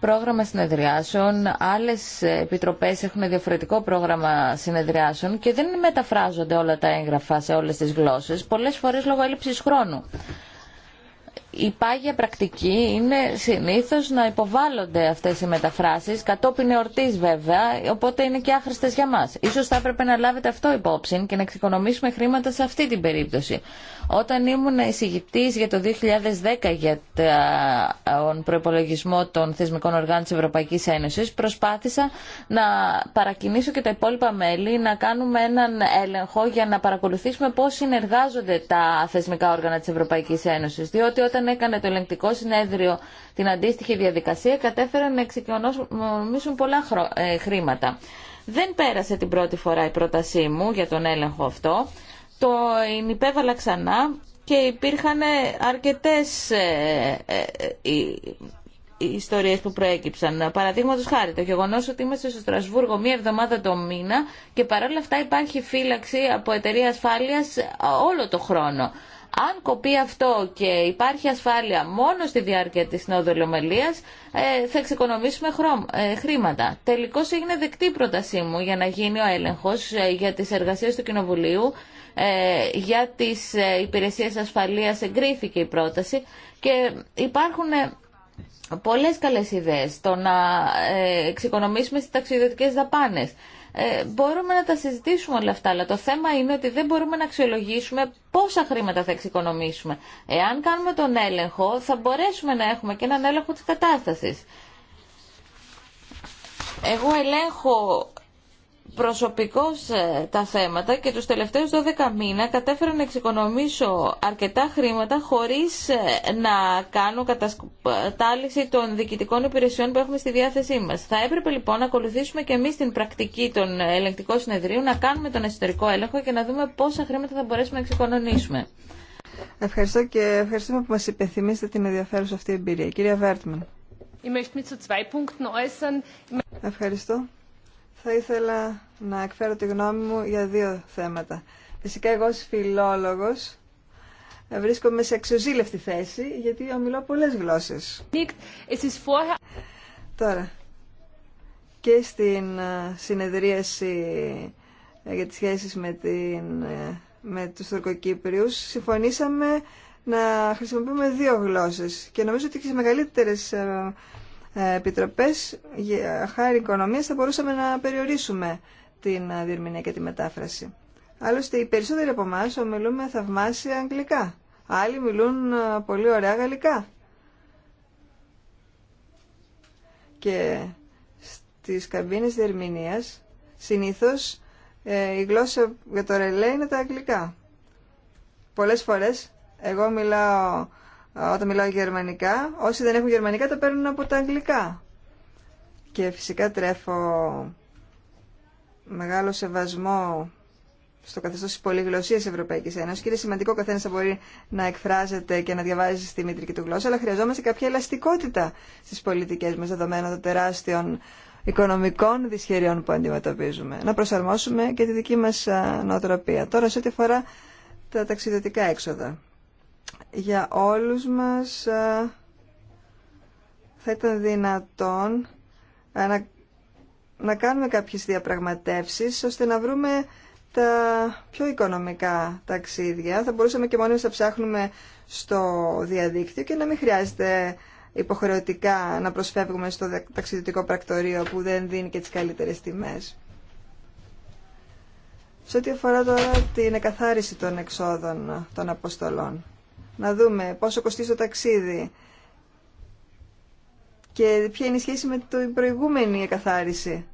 πρόγραμμα συνεδριάσεων, Άλλε επιτροπές έχουν διαφορετικό πρόγραμμα συνεδριάσεων και δεν μεταφράζονται όλα τα έγγραφα σε όλες τις γλώσσες, πολλές φορές λόγω έλλειψη χρόνου η πάγια πρακτική είναι συνήθως να υποβάλλονται αυτές οι μεταφράσεις, κατόπιν εορτής βέβαια, οπότε είναι και άχρηστες για μας. Ίσως θα έπρεπε να λάβετε αυτό υπόψη και να εξοικονομήσουμε χρήματα σε αυτή την περίπτωση. Όταν ήμουν εισηγητής για το 2010 για τον προπολογισμό των θεσμικών οργάνων της Ευρωπαϊκής Ένωσης, προσπάθησα να παρακινήσω και τα υπόλοιπα μέλη να κάνουμε έναν έλεγχο για να παρακολουθήσουμε πώς συνεργάζονται τα θεσμικά όργανα της Ευρωπαϊκής Ένωσης. Διότι όταν όταν έκανε το ελεγκτικό συνέδριο την αντίστοιχη διαδικασία, κατέφεραν να εξοικονομήσουν πολλά ε, χρήματα. Δεν πέρασε την πρώτη φορά η πρότασή μου για τον έλεγχο αυτό. Το υπέβαλα ξανά και υπήρχαν ε, αρκετές ε, οι ιστορίε που προέκυψαν. Παραδείγματο χάρη, το γεγονό ότι είμαστε στο Στρασβούργο μία εβδομάδα το μήνα και παρόλα αυτά υπάρχει φύλαξη από εταιρεία ασφάλεια όλο το χρόνο. Αν κοπεί αυτό και υπάρχει ασφάλεια μόνο στη διάρκεια της νοδολομελίας, ε, θα εξοικονομήσουμε ε, χρήματα. Τελικώς έγινε δεκτή η πρότασή μου για να γίνει ο έλεγχος ε, για τις εργασίες του Κοινοβουλίου, για τις υπηρεσίες ασφαλείας εγκρίθηκε η πρόταση και υπάρχουν πολλές καλές ιδέες. Το να εξοικονομήσουμε στις ταξιδιωτικές δαπάνες, ε, μπορούμε να τα συζητήσουμε όλα αυτά, αλλά το θέμα είναι ότι δεν μπορούμε να αξιολογήσουμε πόσα χρήματα θα εξοικονομήσουμε. Εάν κάνουμε τον έλεγχο, θα μπορέσουμε να έχουμε και έναν έλεγχο της κατάστασης. Εγώ ελέγχω προσωπικώς ε, τα θέματα και τους τελευταίους 12 μήνα κατέφερα να εξοικονομήσω αρκετά χρήματα χωρίς ε, να κάνω κατάληξη των διοικητικών υπηρεσιών που έχουμε στη διάθεσή μας. Θα έπρεπε λοιπόν να ακολουθήσουμε και εμείς την πρακτική των ελεγκτικών συνεδρίων, να κάνουμε τον εσωτερικό έλεγχο και να δούμε πόσα χρήματα θα μπορέσουμε να εξοικονομήσουμε. Ευχαριστώ και ευχαριστούμε που μας υπενθυμίσετε την ενδιαφέρουσα αυτή εμπειρία. Κυρία Βέρτμαν. Ευχαριστώ θα ήθελα να εκφέρω τη γνώμη μου για δύο θέματα. Φυσικά εγώ ως φιλόλογος ε, βρίσκομαι σε αξιοζήλευτη θέση γιατί ομιλώ πολλές γλώσσες. Τώρα, και στην ε, συνεδρίαση ε, για τις σχέσεις με, την, με τους Τουρκοκύπριους συμφωνήσαμε να χρησιμοποιούμε δύο γλώσσες και νομίζω ότι έχεις μεγαλύτερες ε, επιτροπές χάρη οικονομίας θα μπορούσαμε να περιορίσουμε την ε, διερμηνία και τη μετάφραση. Άλλωστε οι περισσότεροι από εμά ομιλούμε θαυμάσια αγγλικά. Άλλοι μιλούν ε, πολύ ωραία γαλλικά. Και στις καμπίνες διερμηνίας συνήθως η γλώσσα για το ρελέ είναι τα αγγλικά. Πολλές φορές εγώ μιλάω όταν μιλάω γερμανικά, όσοι δεν έχουν γερμανικά τα παίρνουν από τα αγγλικά. Και φυσικά τρέφω μεγάλο σεβασμό στο καθεστώ τη πολυγλωσία Ευρωπαϊκή Ένωση και είναι σημαντικό καθένα να μπορεί να εκφράζεται και να διαβάζει στη μητρική του γλώσσα, αλλά χρειαζόμαστε κάποια ελαστικότητα στι πολιτικέ μα δεδομένων των τεράστιων οικονομικών δυσχεριών που αντιμετωπίζουμε. Να προσαρμόσουμε και τη δική μα νοοτροπία. Τώρα, σε ό,τι αφορά τα ταξιδιωτικά έξοδα για όλους μας ε, θα ήταν δυνατόν ε, να, να κάνουμε κάποιες διαπραγματεύσεις ώστε να βρούμε τα πιο οικονομικά ταξίδια. Θα μπορούσαμε και μόνοι μας να ψάχνουμε στο διαδίκτυο και να μην χρειάζεται υποχρεωτικά να προσφεύγουμε στο ταξιδιωτικό πρακτορείο που δεν δίνει και τις καλύτερες τιμές. Σε ό,τι αφορά τώρα την εκαθάριση των εξόδων των αποστολών να δούμε πόσο κοστίζει το ταξίδι και ποια είναι η σχέση με την προηγούμενη εκαθάριση.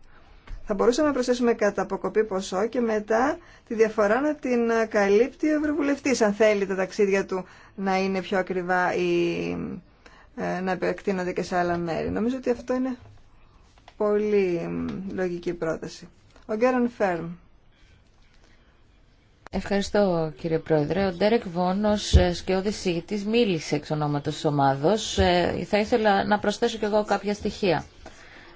Θα μπορούσαμε να προσθέσουμε κατά αποκοπή ποσό και μετά τη διαφορά να την καλύπτει ο Ευρωβουλευτή, αν θέλει τα ταξίδια του να είναι πιο ακριβά ή ε, να επεκτείνονται και σε άλλα μέρη. Νομίζω ότι αυτό είναι πολύ λογική πρόταση. Ο Γκέρον Φέρμ. Ευχαριστώ κύριε Πρόεδρε. Ο Ντέρεκ Βόνο, ε, σκιώδης ηγητής, μίλησε εξ ονόματος της ομάδος. Ε, θα ήθελα να προσθέσω κι εγώ κάποια στοιχεία.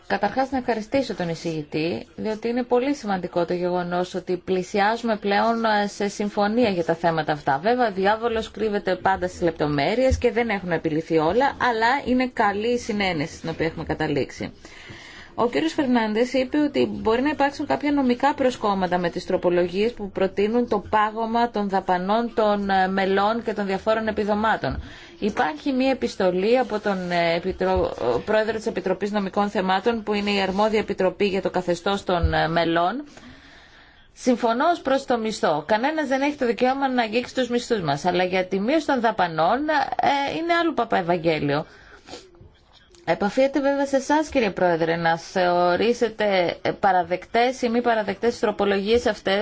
Καταρχάς να ευχαριστήσω τον εισηγητή, διότι είναι πολύ σημαντικό το γεγονός ότι πλησιάζουμε πλέον ε, σε συμφωνία για τα θέματα αυτά. Βέβαια, διάβολος κρύβεται πάντα στις λεπτομέρειες και δεν έχουν επιληθεί όλα, αλλά είναι καλή η συνένεση στην οποία έχουμε καταλήξει. Ο κ. Φερνάνδε είπε ότι μπορεί να υπάρξουν κάποια νομικά προσκόμματα με τι τροπολογίε που προτείνουν το πάγωμα των δαπανών των ε, μελών και των διαφόρων επιδομάτων. Υπάρχει μία επιστολή από τον ε, πρόεδρο τη Επιτροπή Νομικών Θεμάτων, που είναι η αρμόδια επιτροπή για το καθεστώ των ε, μελών, Συμφωνώ ω προ το μισθό. Κανένα δεν έχει το δικαίωμα να αγγίξει του μισθού μα. Αλλά για τη μείωση των δαπανών είναι άλλο παπαευαγγέλιο. Επαφείτε βέβαια σε εσά, κύριε Πρόεδρε, να θεωρήσετε παραδεκτέ ή μη παραδεκτέ τι τροπολογίε αυτέ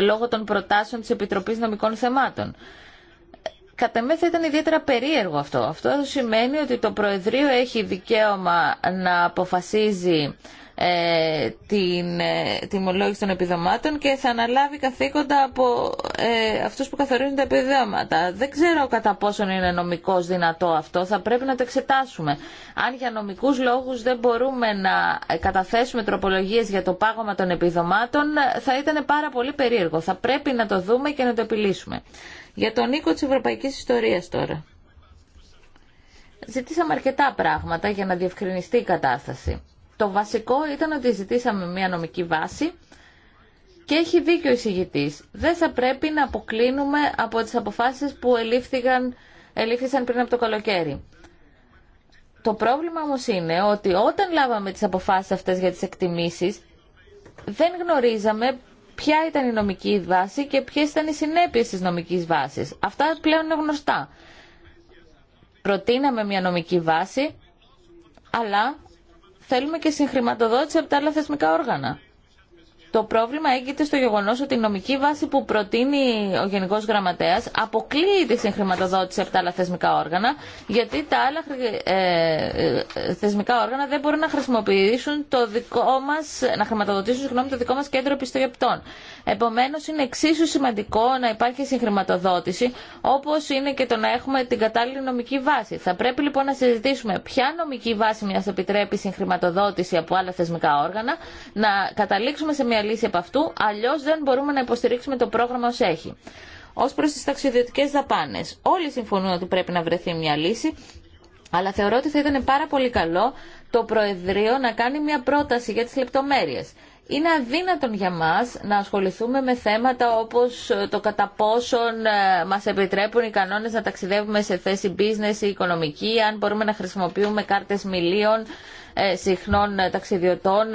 λόγω των προτάσεων τη Επιτροπή Νομικών Θεμάτων. Κατά μέσα ήταν ιδιαίτερα περίεργο αυτό. Αυτό σημαίνει ότι το Προεδρείο έχει δικαίωμα να αποφασίζει ε, την ε, τιμολόγηση των επιδομάτων και θα αναλάβει καθήκοντα από ε, αυτούς που καθορίζουν τα επιδόματα. Δεν ξέρω κατά πόσον είναι νομικός δυνατό αυτό, θα πρέπει να το εξετάσουμε. Αν για νομικούς λόγους δεν μπορούμε να καταθέσουμε τροπολογίες για το πάγωμα των επιδομάτων, θα ήταν πάρα πολύ περίεργο. Θα πρέπει να το δούμε και να το επιλύσουμε. Για τον οίκο της Ευρωπαϊκής Ιστορίας τώρα. Ζητήσαμε αρκετά πράγματα για να διευκρινιστεί η κατάσταση. Το βασικό ήταν ότι ζητήσαμε μια νομική βάση και έχει δίκιο η συγητής. Δεν θα πρέπει να αποκλίνουμε από τις αποφάσεις που ελήφθηκαν, ελήφθησαν πριν από το καλοκαίρι. Το πρόβλημα όμως είναι ότι όταν λάβαμε τις αποφάσεις αυτές για τις εκτιμήσεις, δεν γνωρίζαμε ποια ήταν η νομική βάση και ποιες ήταν οι συνέπειες της νομικής βάσης. Αυτά πλέον είναι γνωστά. Προτείναμε μια νομική βάση, αλλά θέλουμε και συγχρηματοδότηση από τα άλλα θεσμικά όργανα. Το πρόβλημα έγκυται στο γεγονό ότι η νομική βάση που προτείνει ο Γενικό Γραμματέα αποκλείει τη συγχρηματοδότηση από τα άλλα θεσμικά όργανα, γιατί τα άλλα ε, ε, θεσμικά όργανα δεν μπορούν να χρησιμοποιήσουν το δικό μας, να χρηματοδοτήσουν συγγνώμη, το δικό μα κέντρο επιστογεπτών. Επομένω, είναι εξίσου σημαντικό να υπάρχει συγχρηματοδότηση, όπω είναι και το να έχουμε την κατάλληλη νομική βάση. Θα πρέπει λοιπόν να συζητήσουμε ποια νομική βάση μια επιτρέπει συγχρηματοδότηση από άλλα θεσμικά όργανα, να καταλήξουμε σε μια μια λύση από αυτού, αλλιώς δεν μπορούμε να υποστηρίξουμε το πρόγραμμα ω έχει. Ως προς τις ταξιδιωτικές δαπάνες, όλοι συμφωνούν ότι πρέπει να βρεθεί μια λύση, αλλά θεωρώ ότι θα ήταν πάρα πολύ καλό το Προεδρείο να κάνει μια πρόταση για τις λεπτομέρειες είναι αδύνατον για μας να ασχοληθούμε με θέματα όπως ε, το κατά πόσον ε, μας επιτρέπουν οι κανόνες να ταξιδεύουμε σε θέση business ή οικονομική, αν μπορούμε να χρησιμοποιούμε κάρτες μιλίων, ε, συχνών ταξιδιωτών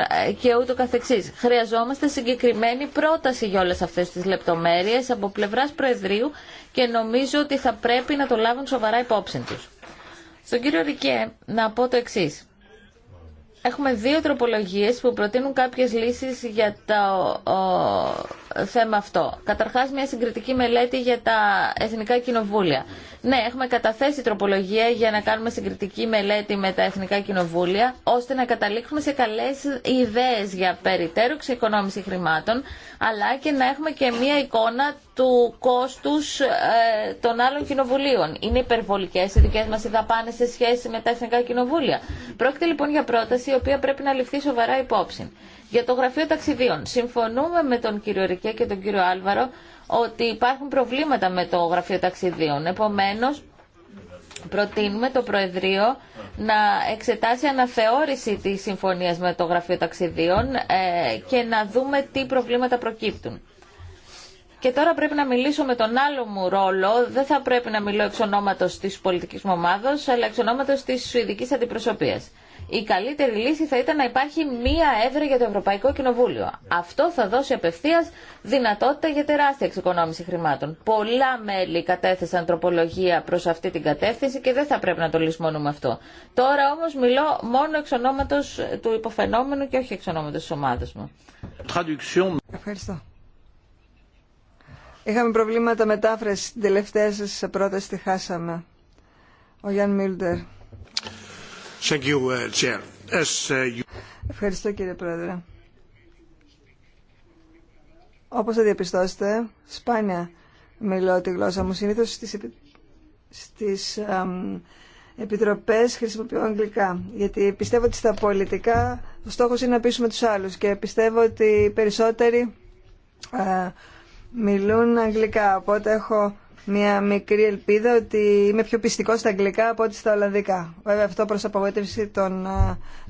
και ούτω καθεξής. Χρειαζόμαστε συγκεκριμένη πρόταση για όλες αυτές τις λεπτομέρειες από πλευράς Προεδρίου και νομίζω ότι θα πρέπει να το λάβουν σοβαρά υπόψη τους. Στον κύριο Ρικέ να πω το εξής. Έχουμε δύο τροπολογίες που προτείνουν κάποιες λύσεις για το θέμα αυτό. Καταρχάς μια συγκριτική μελέτη για τα εθνικά κοινοβούλια. Ναι, έχουμε καταθέσει τροπολογία για να κάνουμε συγκριτική μελέτη με τα εθνικά κοινοβούλια, ώστε να καταλήξουμε σε καλές ιδέες για περιττέρου εξοικονόμηση χρημάτων, αλλά και να έχουμε και μια εικόνα του κόστους ε, των άλλων κοινοβουλίων. Είναι υπερβολικές οι δικές μας οι δαπάνες σε σχέση με τα εθνικά κοινοβούλια. Πρόκειται λοιπόν για πρόταση η οποία πρέπει να ληφθεί σοβαρά υπόψη. Για το Γραφείο Ταξιδίων. Συμφωνούμε με τον κύριο Ρικέ και τον κύριο Άλβαρο ότι υπάρχουν προβλήματα με το Γραφείο Ταξιδίων. Επομένως, προτείνουμε το Προεδρείο να εξετάσει αναθεώρηση της συμφωνίας με το Γραφείο Ταξιδίων ε, και να δούμε τι προβλήματα προκύπτουν. Και τώρα πρέπει να μιλήσω με τον άλλο μου ρόλο. Δεν θα πρέπει να μιλώ εξ ονόματο τη πολιτική μου ομάδα, αλλά εξ ονόματο τη Σουηδική Αντιπροσωπεία η καλύτερη λύση θα ήταν να υπάρχει μία έδρα για το Ευρωπαϊκό Κοινοβούλιο. Αυτό θα δώσει απευθεία δυνατότητα για τεράστια εξοικονόμηση χρημάτων. Πολλά μέλη κατέθεσαν τροπολογία προ αυτή την κατεύθυνση και δεν θα πρέπει να το λησμονούμε αυτό. Τώρα όμω μιλώ μόνο εξ ονόματο του υποφαινόμενου και όχι εξ ονόματο τη ομάδα μου. Ευχαριστώ. Είχαμε προβλήματα μετάφραση. Την τελευταία σα πρόταση τη χάσαμε. Ο Γιάνν Μίλτερ. Uh, uh, Ευχαριστώ κύριε Πρόεδρε. Όπως θα διαπιστώσετε, σπάνια μιλώ τη γλώσσα μου. Συνήθως στις, επι... στις επιτροπές χρησιμοποιώ αγγλικά, γιατί πιστεύω ότι στα πολιτικά ο στόχος είναι να πείσουμε τους άλλους και πιστεύω ότι οι περισσότεροι ε, μιλούν αγγλικά, οπότε έχω μια μικρή ελπίδα ότι είμαι πιο πιστικό στα αγγλικά από ό,τι στα ολλανδικά. Βέβαια αυτό προς απογοήτευση των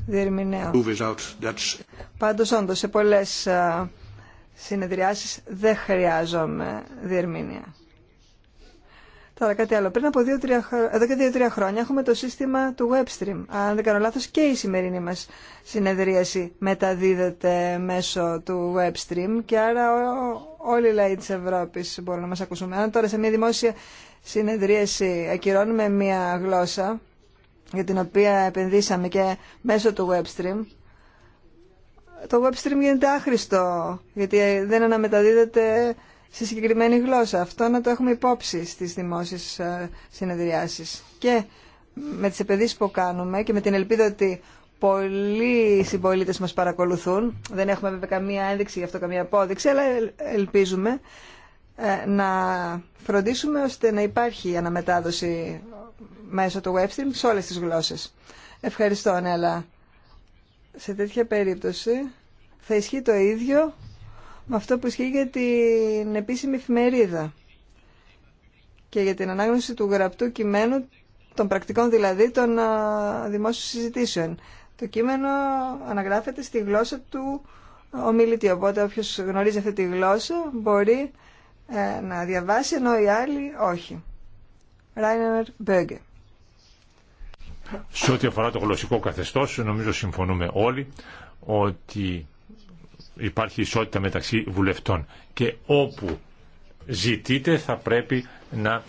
διερμηνέων. Πάντω όντω, σε πολλές συνεδριάσεις δεν χρειάζομαι διερμηνία. Τώρα κάτι άλλο. Πριν από εδώ και δύο-τρία χρόνια έχουμε το σύστημα του Webstream. Αν δεν κάνω λάθος και η σημερινή μας συνεδρίαση μεταδίδεται μέσω του Webstream και άρα όλοι οι λαοί της Ευρώπης μπορούν να μας ακούσουν. Αν τώρα σε μια δημόσια συνεδρίαση ακυρώνουμε μια γλώσσα για την οποία επενδύσαμε και μέσω του Webstream, το Webstream γίνεται άχρηστο γιατί δεν αναμεταδίδεται στη συγκεκριμένη γλώσσα. Αυτό να το έχουμε υπόψη στις δημόσιες ε, συνεδριάσεις. Και με τις επενδύσεις που κάνουμε και με την ελπίδα ότι πολλοί συμπολίτες μας παρακολουθούν, δεν έχουμε βέβαια καμία ένδειξη γι' αυτό, καμία απόδειξη, αλλά ελπίζουμε ε, να φροντίσουμε ώστε να υπάρχει αναμετάδοση μέσω του webstream σε όλες τις γλώσσες. Ευχαριστώ, Νέλα. Σε τέτοια περίπτωση θα ισχύει το ίδιο με αυτό που ισχύει για την επίσημη εφημερίδα και για την ανάγνωση του γραπτού κειμένου των πρακτικών δηλαδή των δημόσιων συζητήσεων. Το κείμενο αναγράφεται στη γλώσσα του ομιλητή, οπότε όποιος γνωρίζει αυτή τη γλώσσα μπορεί ε, να διαβάσει, ενώ οι άλλοι όχι. Ράινερ Μπέγκε. Σε ό,τι αφορά το γλωσσικό καθεστώς, νομίζω συμφωνούμε όλοι ότι υπάρχει ισότητα μεταξύ βουλευτών και όπου ζητείτε θα πρέπει να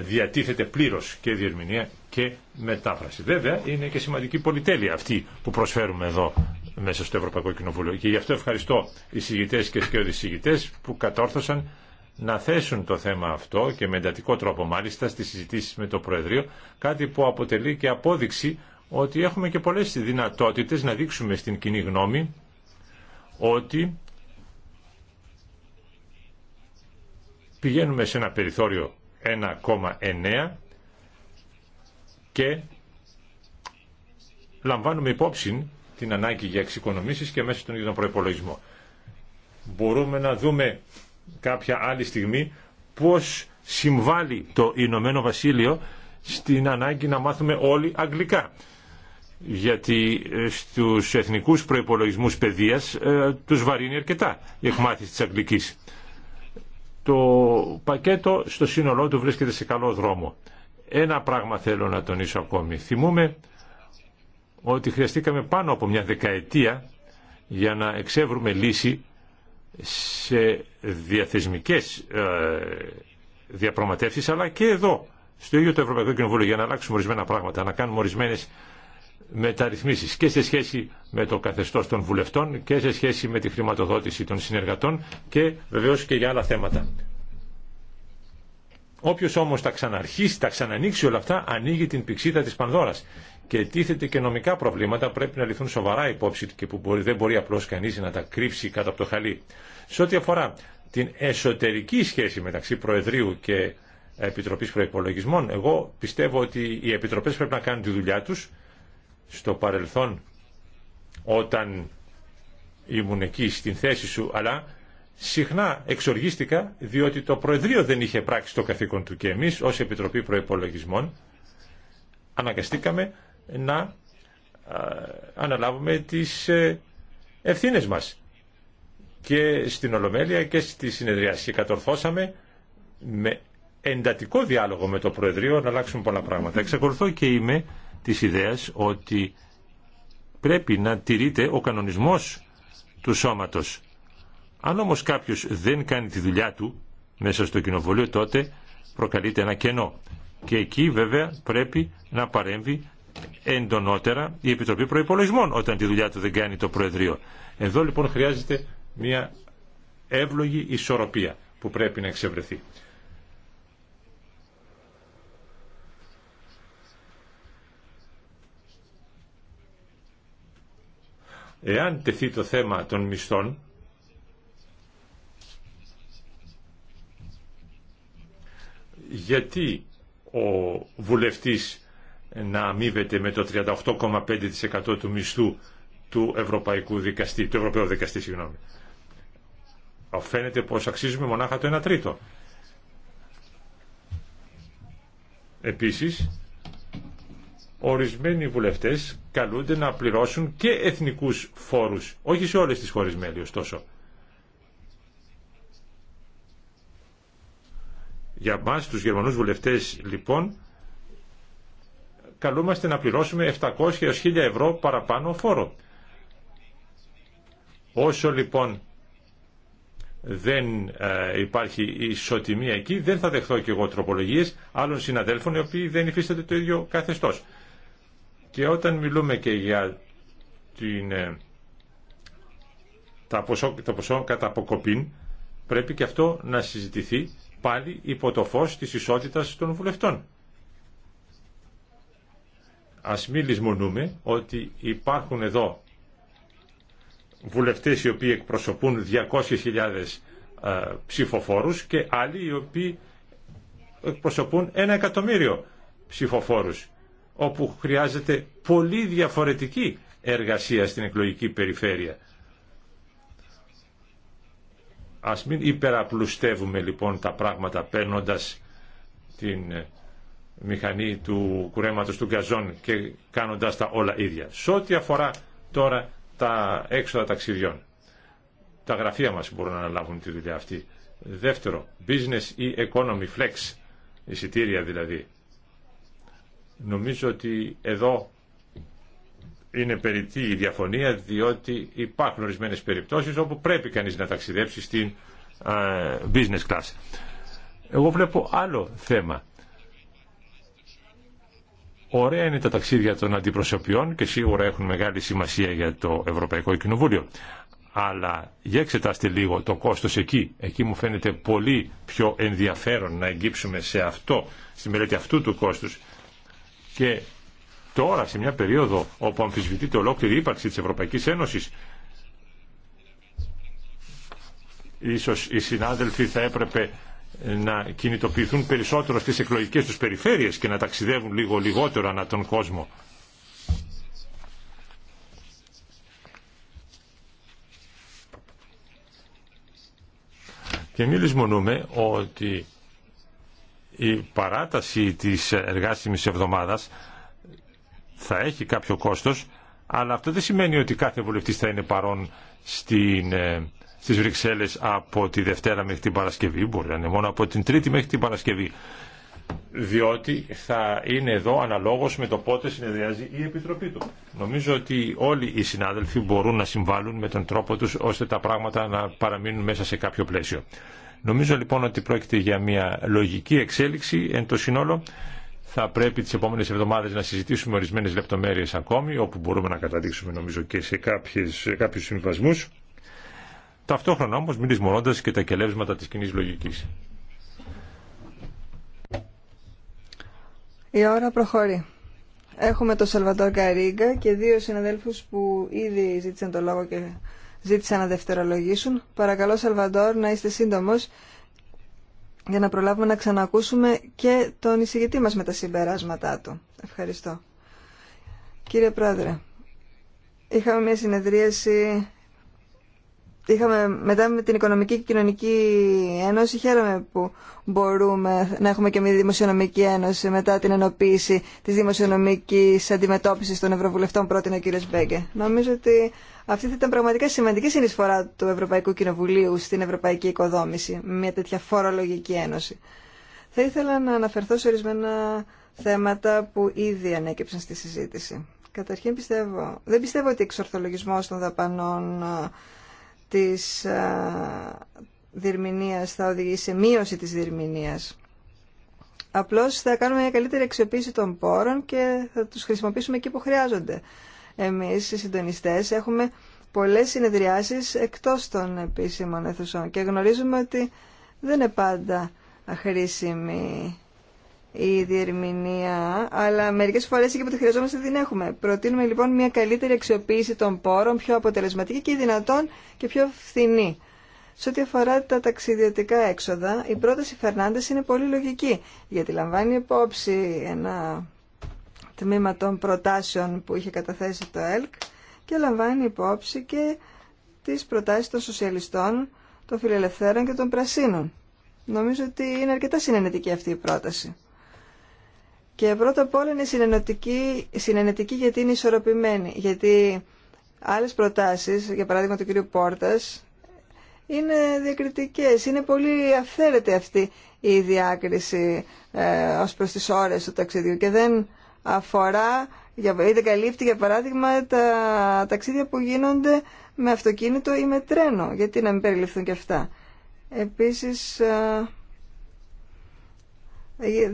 διατίθεται πλήρως και διερμηνία και μετάφραση. Βέβαια είναι και σημαντική πολυτέλεια αυτή που προσφέρουμε εδώ μέσα στο Ευρωπαϊκό Κοινοβούλιο και γι' αυτό ευχαριστώ οι συγητές και οι συγητές που κατόρθωσαν να θέσουν το θέμα αυτό και με εντατικό τρόπο μάλιστα στις συζητήσεις με το Προεδρείο κάτι που αποτελεί και απόδειξη ότι έχουμε και πολλές δυνατότητες να δείξουμε στην κοινή γνώμη ότι πηγαίνουμε σε ένα περιθώριο 1,9 και λαμβάνουμε υπόψη την ανάγκη για εξοικονομήσεις και μέσα στον ίδιο προπολογισμό. Μπορούμε να δούμε κάποια άλλη στιγμή πώς συμβάλλει το Ηνωμένο Βασίλειο στην ανάγκη να μάθουμε όλοι αγγλικά γιατί ε, στους εθνικούς προϋπολογισμούς παιδείας ε, τους βαρύνει αρκετά η εκμάθηση της Αγγλικής. Το πακέτο στο σύνολό του βρίσκεται σε καλό δρόμο. Ένα πράγμα θέλω να τονίσω ακόμη. Θυμούμε ότι χρειαστήκαμε πάνω από μια δεκαετία για να εξεύρουμε λύση σε διαθεσμικές ε, διαπραγματεύσεις αλλά και εδώ στο ίδιο το Ευρωπαϊκό Κοινοβούλιο για να αλλάξουμε ορισμένα πράγματα, να κάνουμε ορισμένες μεταρρυθμίσεις και σε σχέση με το καθεστώ των βουλευτών και σε σχέση με τη χρηματοδότηση των συνεργατών και βεβαίω και για άλλα θέματα. Όποιο όμω τα ξαναρχίσει, τα ξανανοίξει όλα αυτά, ανοίγει την πηξίδα τη Πανδώρας και τίθεται και νομικά προβλήματα πρέπει να λυθούν σοβαρά υπόψη και που δεν μπορεί απλώ κανεί να τα κρύψει κάτω από το χαλί. Σε ό,τι αφορά την εσωτερική σχέση μεταξύ Προεδρείου και Επιτροπή Προπολογισμών, εγώ πιστεύω ότι οι επιτροπέ πρέπει να κάνουν τη δουλειά του στο παρελθόν όταν ήμουν εκεί στην θέση σου, αλλά συχνά εξοργίστηκα διότι το Προεδρείο δεν είχε πράξει το καθήκον του και εμείς ως Επιτροπή Προϋπολογισμών αναγκαστήκαμε να αναλάβουμε τις ε, ευθύνες μας και στην Ολομέλεια και στη συνεδρίαση και κατορθώσαμε με εντατικό διάλογο με το Προεδρείο να αλλάξουμε πολλά πράγματα. Εξακολουθώ και είμαι της ιδέας ότι πρέπει να τηρείται ο κανονισμός του σώματος. Αν όμως κάποιος δεν κάνει τη δουλειά του μέσα στο κοινοβουλίο τότε προκαλείται ένα κενό. Και εκεί βέβαια πρέπει να παρέμβει εντονότερα η Επιτροπή Προϋπολογισμών όταν τη δουλειά του δεν κάνει το Προεδρείο. Εδώ λοιπόν χρειάζεται μια εύλογη ισορροπία που πρέπει να εξευρεθεί. Εάν τεθεί το θέμα των μισθών, γιατί ο βουλευτής να αμείβεται με το 38,5% του μισθού του Ευρωπαϊκού Δικαστή, του Ευρωπαϊκού Δικαστή, συγγνώμη. Φαίνεται πως αξίζουμε μονάχα το 1 τρίτο. Επίσης, ορισμένοι βουλευτές καλούνται να πληρώσουν και εθνικούς φόρους, όχι σε όλες τις χώρες μέλη ωστόσο. Για μας τους Γερμανούς βουλευτές λοιπόν καλούμαστε να πληρώσουμε 700 1000 ευρώ παραπάνω φόρο. Όσο λοιπόν δεν ε, υπάρχει ισοτιμία εκεί, δεν θα δεχθώ και εγώ τροπολογίες άλλων συναδέλφων οι οποίοι δεν υφίστανται το ίδιο καθεστώς. Και όταν μιλούμε και για την, ε, τα, ποσό, τα ποσό κατά αποκοπήν, πρέπει και αυτό να συζητηθεί πάλι υπό το φως της ισότητας των βουλευτών. Ας μην λησμονούμε ότι υπάρχουν εδώ βουλευτές οι οποίοι εκπροσωπούν 200.000 ε, ψηφοφόρους και άλλοι οι οποίοι εκπροσωπούν ένα εκατομμύριο ψηφοφόρους όπου χρειάζεται πολύ διαφορετική εργασία στην εκλογική περιφέρεια. Ας μην υπεραπλουστεύουμε λοιπόν τα πράγματα παίρνοντα την ε, μηχανή του κουρέματος του γκαζόν και κάνοντας τα όλα ίδια. Σε ό,τι αφορά τώρα τα έξοδα ταξιδιών. Τα γραφεία μας μπορούν να αναλάβουν τη δουλειά αυτή. Δεύτερο, business ή economy flex, εισιτήρια δηλαδή. Νομίζω ότι εδώ είναι περιττή η διαφωνία διότι υπάρχουν ορισμένε περιπτώσεις όπου πρέπει κανείς να ταξιδέψει στην business class. Εγώ βλέπω άλλο θέμα. Ωραία είναι τα ταξίδια των αντιπροσωπιών και σίγουρα έχουν μεγάλη σημασία για το Ευρωπαϊκό Κοινοβούλιο. Αλλά για εξετάστε λίγο το κόστος εκεί. Εκεί μου φαίνεται πολύ πιο ενδιαφέρον να εγγύψουμε σε αυτό, στη μελέτη αυτού του κόστους και τώρα, σε μια περίοδο όπου αμφισβητείται ολόκληρη η ύπαρξη της Ευρωπαϊκής Ένωσης, ίσως οι συνάδελφοι θα έπρεπε να κινητοποιηθούν περισσότερο στις εκλογικές τους περιφέρειες και να ταξιδεύουν λίγο λιγότερο ανά τον κόσμο. Και μην λησμονούμε ότι η παράταση της εργάσιμης εβδομάδας θα έχει κάποιο κόστος, αλλά αυτό δεν σημαίνει ότι κάθε βουλευτής θα είναι παρόν στην, ε, στις Βρυξέλλες από τη Δευτέρα μέχρι την Παρασκευή, μπορεί να είναι μόνο από την Τρίτη μέχρι την Παρασκευή, διότι θα είναι εδώ αναλόγως με το πότε συνεδριάζει η Επιτροπή του. Νομίζω ότι όλοι οι συνάδελφοι μπορούν να συμβάλλουν με τον τρόπο τους ώστε τα πράγματα να παραμείνουν μέσα σε κάποιο πλαίσιο. Νομίζω λοιπόν ότι πρόκειται για μια λογική εξέλιξη εν το συνόλο. Θα πρέπει τις επόμενες εβδομάδες να συζητήσουμε ορισμένες λεπτομέρειες ακόμη, όπου μπορούμε να καταδείξουμε νομίζω και σε, κάποιες, συμβασμού. κάποιους συμβασμούς. Ταυτόχρονα όμως μην δυσμονώντας και τα κελεύσματα της κοινή λογικής. Η ώρα προχωρεί. Έχουμε τον Σαλβατόρ Καρίγκα και δύο συναδέλφους που ήδη ζήτησαν το λόγο και Ζήτησα να δευτερολογήσουν. Παρακαλώ, Σαλβαντόρ, να είστε σύντομο για να προλάβουμε να ξανακούσουμε και τον εισηγητή μας με τα συμπεράσματά του. Ευχαριστώ. Κύριε Πρόεδρε, είχαμε μια συνεδρίαση είχαμε, μετά με την Οικονομική και Κοινωνική Ένωση χαίρομαι που μπορούμε να έχουμε και μια Δημοσιονομική Ένωση μετά την ενοποίηση της δημοσιονομικής αντιμετώπισης των Ευρωβουλευτών πρότεινε ο κ. Μπέγκε. Νομίζω ότι αυτή θα ήταν πραγματικά σημαντική συνεισφορά του Ευρωπαϊκού Κοινοβουλίου στην Ευρωπαϊκή Οικοδόμηση, μια τέτοια φορολογική ένωση. Θα ήθελα να αναφερθώ σε ορισμένα θέματα που ήδη ανέκυψαν στη συζήτηση. Καταρχήν πιστεύω, δεν πιστεύω ότι εξορθολογισμός των δαπανών της διερμηνίας θα οδηγήσει σε μείωση της διερμηνίας. Απλώς θα κάνουμε μια καλύτερη αξιοποίηση των πόρων και θα τους χρησιμοποιήσουμε εκεί που χρειάζονται. Εμείς οι συντονιστές έχουμε πολλές συνεδριάσεις εκτός των επίσημων αιθουσών και γνωρίζουμε ότι δεν είναι πάντα χρήσιμη η διερμηνία, αλλά μερικέ φορέ εκεί που τη χρειαζόμαστε δεν έχουμε. Προτείνουμε λοιπόν μια καλύτερη αξιοποίηση των πόρων, πιο αποτελεσματική και δυνατόν και πιο φθηνή. Σε ό,τι αφορά τα ταξιδιωτικά έξοδα, η πρόταση Φερνάντε είναι πολύ λογική, γιατί λαμβάνει υπόψη ένα τμήμα των προτάσεων που είχε καταθέσει το ΕΛΚ και λαμβάνει υπόψη και τις προτάσεις των σοσιαλιστών, των φιλελευθέρων και των πρασίνων. Νομίζω ότι είναι αρκετά συνενετική αυτή η πρόταση. Και πρώτα απ' όλα είναι συνενετική, συνενετική γιατί είναι ισορροπημένη. Γιατί άλλε προτάσεις, για παράδειγμα του κυρίου Πόρτας, είναι διακριτικέ. Είναι πολύ αυθαίρετη αυτή η διάκριση ε, ως προς τις ώρες του ταξιδιού και δεν αφορά ή δεν καλύπτει για παράδειγμα τα ταξίδια που γίνονται με αυτοκίνητο ή με τρένο. Γιατί να μην περιληφθούν και αυτά. Επίσης ε,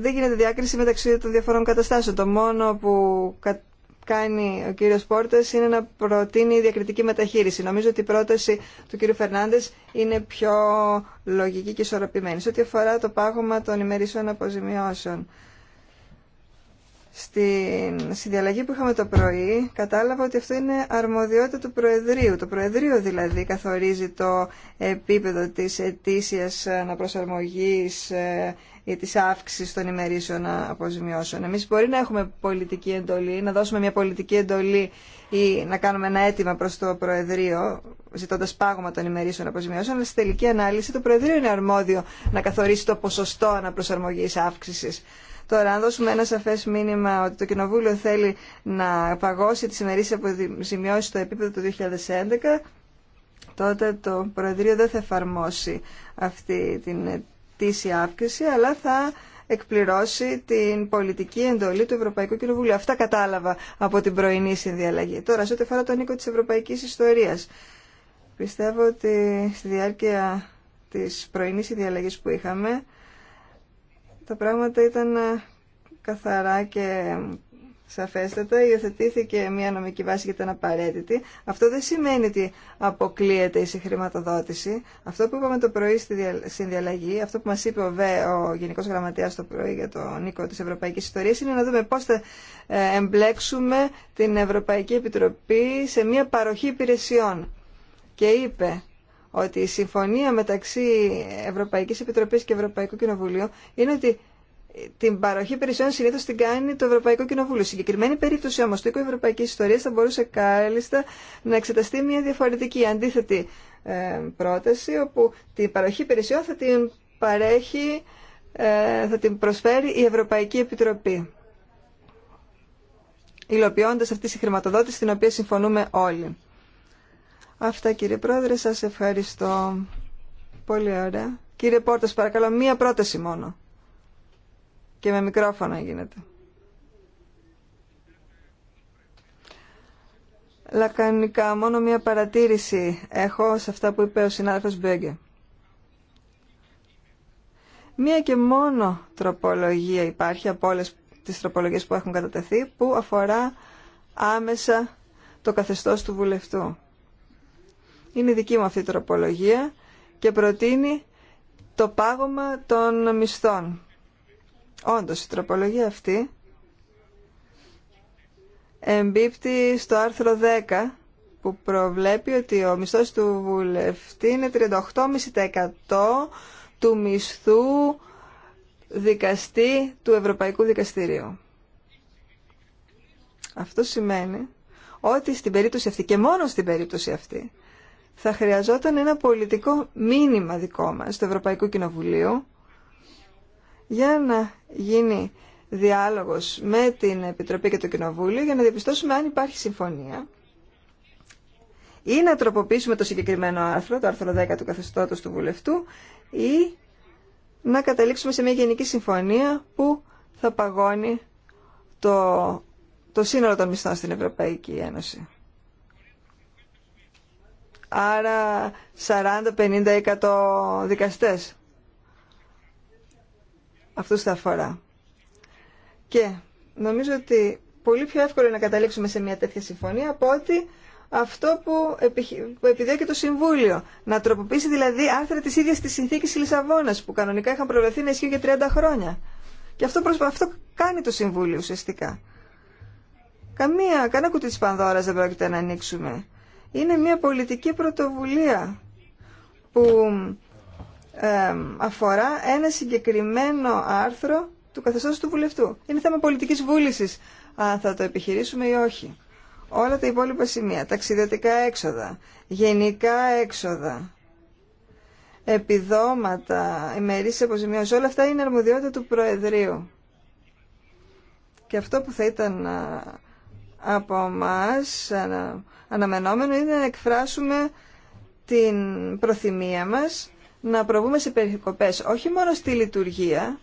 δεν γίνεται διάκριση μεταξύ των διαφορών καταστάσεων. Το μόνο που κάνει ο κύριος Πόρτες είναι να προτείνει διακριτική μεταχείριση. Νομίζω ότι η πρόταση του κύριου Φερνάντες είναι πιο λογική και ισορροπημένη. Σε ό,τι αφορά το πάγωμα των ημερήσεων αποζημιώσεων. Στην συνδιαλλαγή που είχαμε το πρωί κατάλαβα ότι αυτό είναι αρμοδιότητα του Προεδρείου. Το Προεδρείο δηλαδή καθορίζει το επίπεδο της να αναπροσαρμογής ε, ή της αύξησης των ημερήσεων αποζημιώσεων. Εμείς μπορεί να έχουμε πολιτική εντολή, να δώσουμε μια πολιτική εντολή ή να κάνουμε ένα αίτημα προς το Προεδρείο ζητώντας πάγωμα των ημερήσεων αποζημιώσεων, αλλά στη τελική ανάλυση το Προεδρείο είναι αρμόδιο να καθορίσει το ποσοστό αναπροσαρμογής αύξησης. Τώρα, αν δώσουμε ένα σαφέ μήνυμα ότι το Κοινοβούλιο θέλει να παγώσει τι ημερήσει αποζημιώσει στο επίπεδο του 2011, τότε το Προεδρείο δεν θα εφαρμόσει αυτή την τήσια αύξηση, αλλά θα εκπληρώσει την πολιτική εντολή του Ευρωπαϊκού Κοινοβουλίου. Αυτά κατάλαβα από την πρωινή συνδιαλλαγή. Τώρα, σε ό,τι αφορά τον οίκο τη Ευρωπαϊκής Ιστορίας, πιστεύω ότι στη διάρκεια τη πρωινή συνδιαλλαγή που είχαμε, τα πράγματα ήταν ε, καθαρά και σαφέστατα. Υιοθετήθηκε μια νομική βάση και ήταν απαραίτητη. Αυτό δεν σημαίνει ότι αποκλείεται η συγχρηματοδότηση. Αυτό που είπαμε το πρωί στη συνδιαλλαγή, αυτό που μας είπε ο, Βε, ο Γενικός Γραμματέας το πρωί για τον Νίκο της Ευρωπαϊκής Ιστορίας, είναι να δούμε πώς θα ε, εμπλέξουμε την Ευρωπαϊκή Επιτροπή σε μια παροχή υπηρεσιών. Και είπε ότι η συμφωνία μεταξύ Ευρωπαϊκής Επιτροπής και Ευρωπαϊκού Κοινοβουλίου είναι ότι την παροχή περισσότερων συνήθω την κάνει το Ευρωπαϊκό Κοινοβούλιο. Συγκεκριμένη περίπτωση όμω του Ευρωπαϊκή Ιστορία θα μπορούσε κάλλιστα να εξεταστεί μια διαφορετική αντίθετη ε, πρόταση, όπου την παροχή υπηρεσιών θα την παρέχει, ε, θα την προσφέρει η Ευρωπαϊκή Επιτροπή. Υλοποιώντα αυτή τη χρηματοδότηση, την οποία συμφωνούμε όλοι. Αυτά κύριε Πρόεδρε, σας ευχαριστώ. Πολύ ωραία. Κύριε Πόρτας, παρακαλώ, μία πρόταση μόνο. Και με μικρόφωνα γίνεται. Λακανικά, μόνο μία παρατήρηση έχω σε αυτά που είπε ο συνάδελφος Μπέγκε. Μία και μόνο τροπολογία υπάρχει από όλες τις τροπολογίες που έχουν κατατεθεί που αφορά άμεσα το καθεστώς του βουλευτού. Είναι δική μου αυτή η τροπολογία και προτείνει το πάγωμα των μισθών. Όντως, η τροπολογία αυτή εμπίπτει στο άρθρο 10 που προβλέπει ότι ο μισθός του βουλευτή είναι 38,5% του μισθού δικαστή του Ευρωπαϊκού Δικαστηρίου. Αυτό σημαίνει ότι στην περίπτωση αυτή και μόνο στην περίπτωση αυτή θα χρειαζόταν ένα πολιτικό μήνυμα δικό μας στο Ευρωπαϊκό Κοινοβουλίο για να γίνει διάλογος με την Επιτροπή και το Κοινοβούλιο για να διαπιστώσουμε αν υπάρχει συμφωνία ή να τροποποιήσουμε το συγκεκριμένο άρθρο, το άρθρο 10 του καθεστώτος του βουλευτού ή να καταλήξουμε σε μια γενική συμφωνία που θα παγώνει το, το σύνολο των μισθών στην Ευρωπαϊκή Ένωση άρα 40, 50, 100 δικαστές. Αυτούς θα αφορά. Και νομίζω ότι πολύ πιο εύκολο είναι να καταλήξουμε σε μια τέτοια συμφωνία από ότι αυτό που, επιδιώκει το Συμβούλιο. Να τροποποιήσει δηλαδή άρθρα της ίδιας της συνθήκης Λισαβόνας που κανονικά είχαν προβλεφθεί να ισχύουν για 30 χρόνια. Και αυτό, αυτό κάνει το Συμβούλιο ουσιαστικά. Καμία, κανένα κουτί της Πανδώρας δεν πρόκειται να ανοίξουμε είναι μια πολιτική πρωτοβουλία που αφορά ένα συγκεκριμένο άρθρο του καθεστώτος του βουλευτού. Είναι θέμα πολιτικής βούλησης αν θα το επιχειρήσουμε ή όχι. Όλα τα υπόλοιπα σημεία, ταξιδιωτικά έξοδα, γενικά έξοδα, επιδόματα, ημερήσεις αποζημιώσεις, όλα αυτά είναι αρμοδιότητα του Προεδρείου. Και αυτό που θα ήταν ε, από εμά αναμενόμενο είναι να εκφράσουμε την προθυμία μας να προβούμε σε περικοπές όχι μόνο στη λειτουργία,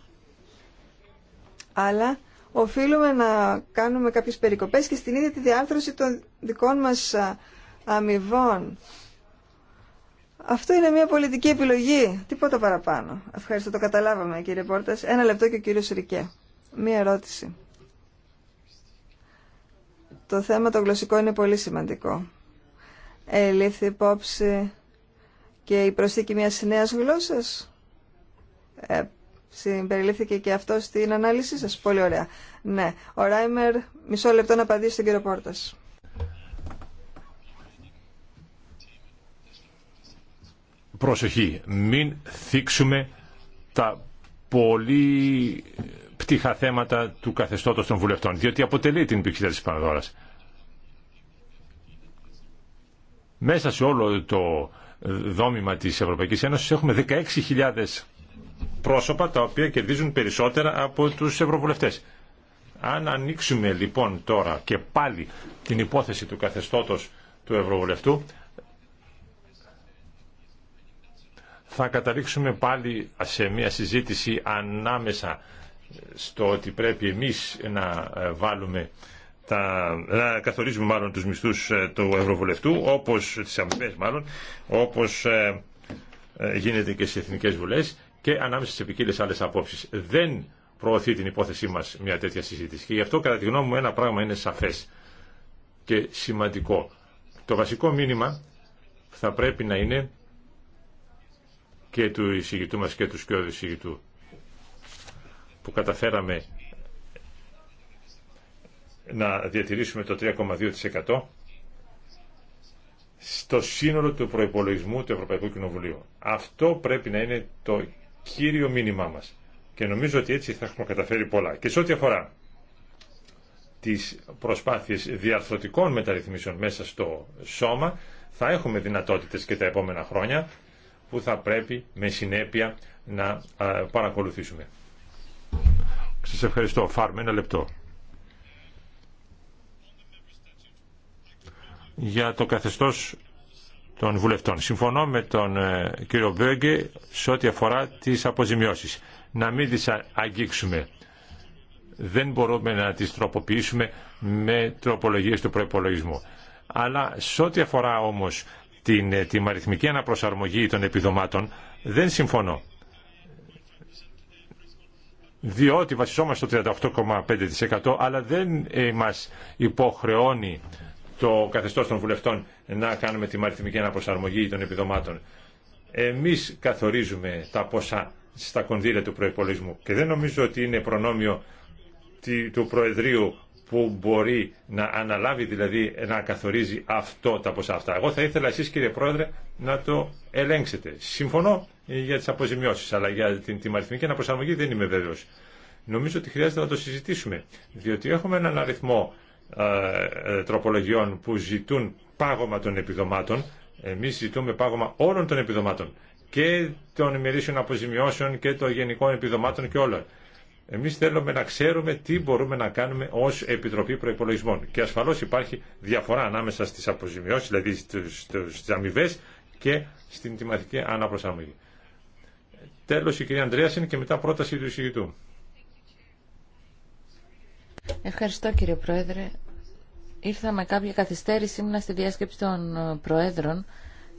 αλλά οφείλουμε να κάνουμε κάποιες περικοπές και στην ίδια τη διάρθρωση των δικών μας αμοιβών. Αυτό είναι μια πολιτική επιλογή, τίποτα παραπάνω. Ευχαριστώ, το καταλάβαμε κύριε Πόρτας. Ένα λεπτό και ο κύριος Ρικέ. Μία ερώτηση. Το θέμα το γλωσσικό είναι πολύ σημαντικό. Ε, υπόψη και η προσθήκη μιας νέας γλώσσας. Ε, συμπεριλήφθηκε και αυτό στην ανάλυση σας. Πολύ ωραία. Ναι. Ο Ράιμερ, μισό λεπτό να απαντήσει στον κύριο Πόρτας. Προσοχή, μην θίξουμε τα πολύ πτυχα θέματα του καθεστώτος των βουλευτών, διότι αποτελεί την πηξίδα της Πανδώρας. Μέσα σε όλο το δόμημα της Ευρωπαϊκής Ένωσης έχουμε 16.000 πρόσωπα τα οποία κερδίζουν περισσότερα από τους ευρωβουλευτές. Αν ανοίξουμε λοιπόν τώρα και πάλι την υπόθεση του καθεστώτος του ευρωβουλευτού θα καταλήξουμε πάλι σε μια συζήτηση ανάμεσα στο ότι πρέπει εμείς να ε, βάλουμε τα, να καθορίζουμε μάλλον τους μισθούς ε, του Ευρωβουλευτού, όπως τις αμοιβές μάλλον, όπως ε, γίνεται και στις Εθνικές Βουλές και ανάμεσα στις επικίνδυνες άλλες απόψεις. Δεν προωθεί την υπόθεσή μας μια τέτοια συζήτηση και γι' αυτό κατά τη γνώμη μου ένα πράγμα είναι σαφές και σημαντικό. Το βασικό μήνυμα θα πρέπει να είναι και του εισηγητού μας και του σκιώδου εισηγητού που καταφέραμε να διατηρήσουμε το 3,2% στο σύνολο του προϋπολογισμού του Ευρωπαϊκού Κοινοβουλίου. Αυτό πρέπει να είναι το κύριο μήνυμά μας. Και νομίζω ότι έτσι θα έχουμε καταφέρει πολλά. Και σε ό,τι αφορά τις προσπάθειες διαρθρωτικών μεταρρυθμίσεων μέσα στο σώμα, θα έχουμε δυνατότητες και τα επόμενα χρόνια που θα πρέπει με συνέπεια να παρακολουθήσουμε. Σας ευχαριστώ. Φάρμε ένα λεπτό. Για το καθεστώς των βουλευτών. Συμφωνώ με τον ε, κύριο Μπέγκε σε ό,τι αφορά τις αποζημιώσεις. Να μην τις αγγίξουμε. Δεν μπορούμε να τις τροποποιήσουμε με τροπολογίες του προϋπολογισμού. Αλλά σε ό,τι αφορά όμως την, ε, την αριθμική αναπροσαρμογή των επιδομάτων, δεν συμφωνώ διότι βασισόμαστε στο 38,5% αλλά δεν ε, μας υποχρεώνει το καθεστώς των βουλευτών να κάνουμε τη μαριθμική αναπροσαρμογή των επιδομάτων. Εμείς καθορίζουμε τα ποσά στα κονδύλια του προϋπολογισμού και δεν νομίζω ότι είναι προνόμιο του Προεδρείου που μπορεί να αναλάβει δηλαδή να καθορίζει αυτό τα ποσά αυτά. Εγώ θα ήθελα εσείς κύριε Πρόεδρε να το ελέγξετε. Συμφωνώ ε, για τι αποζημιώσει, αλλά για την τιμαριθμική αναπροσαρμογή δεν είμαι βέβαιο. Νομίζω ότι χρειάζεται να το συζητήσουμε, διότι έχουμε έναν αριθμό ε, ε τροπολογιών που ζητούν πάγωμα των επιδομάτων. Εμεί ζητούμε πάγωμα όλων των επιδομάτων και των ημερήσιων αποζημιώσεων και των γενικών επιδομάτων και όλων. Εμεί θέλουμε να ξέρουμε τι μπορούμε να κάνουμε ω Επιτροπή προπολογισμών. Και ασφαλώς υπάρχει διαφορά ανάμεσα στι αποζημιώσει, δηλαδή στι αμοιβέ και στην τιματική αναπροσαρμογή. Τέλος η κυρία είναι και μετά πρόταση του εισηγητού. Ευχαριστώ κύριε Πρόεδρε. Ήρθα με κάποια καθυστέρηση, ήμουν στη διάσκεψη των ε, Προέδρων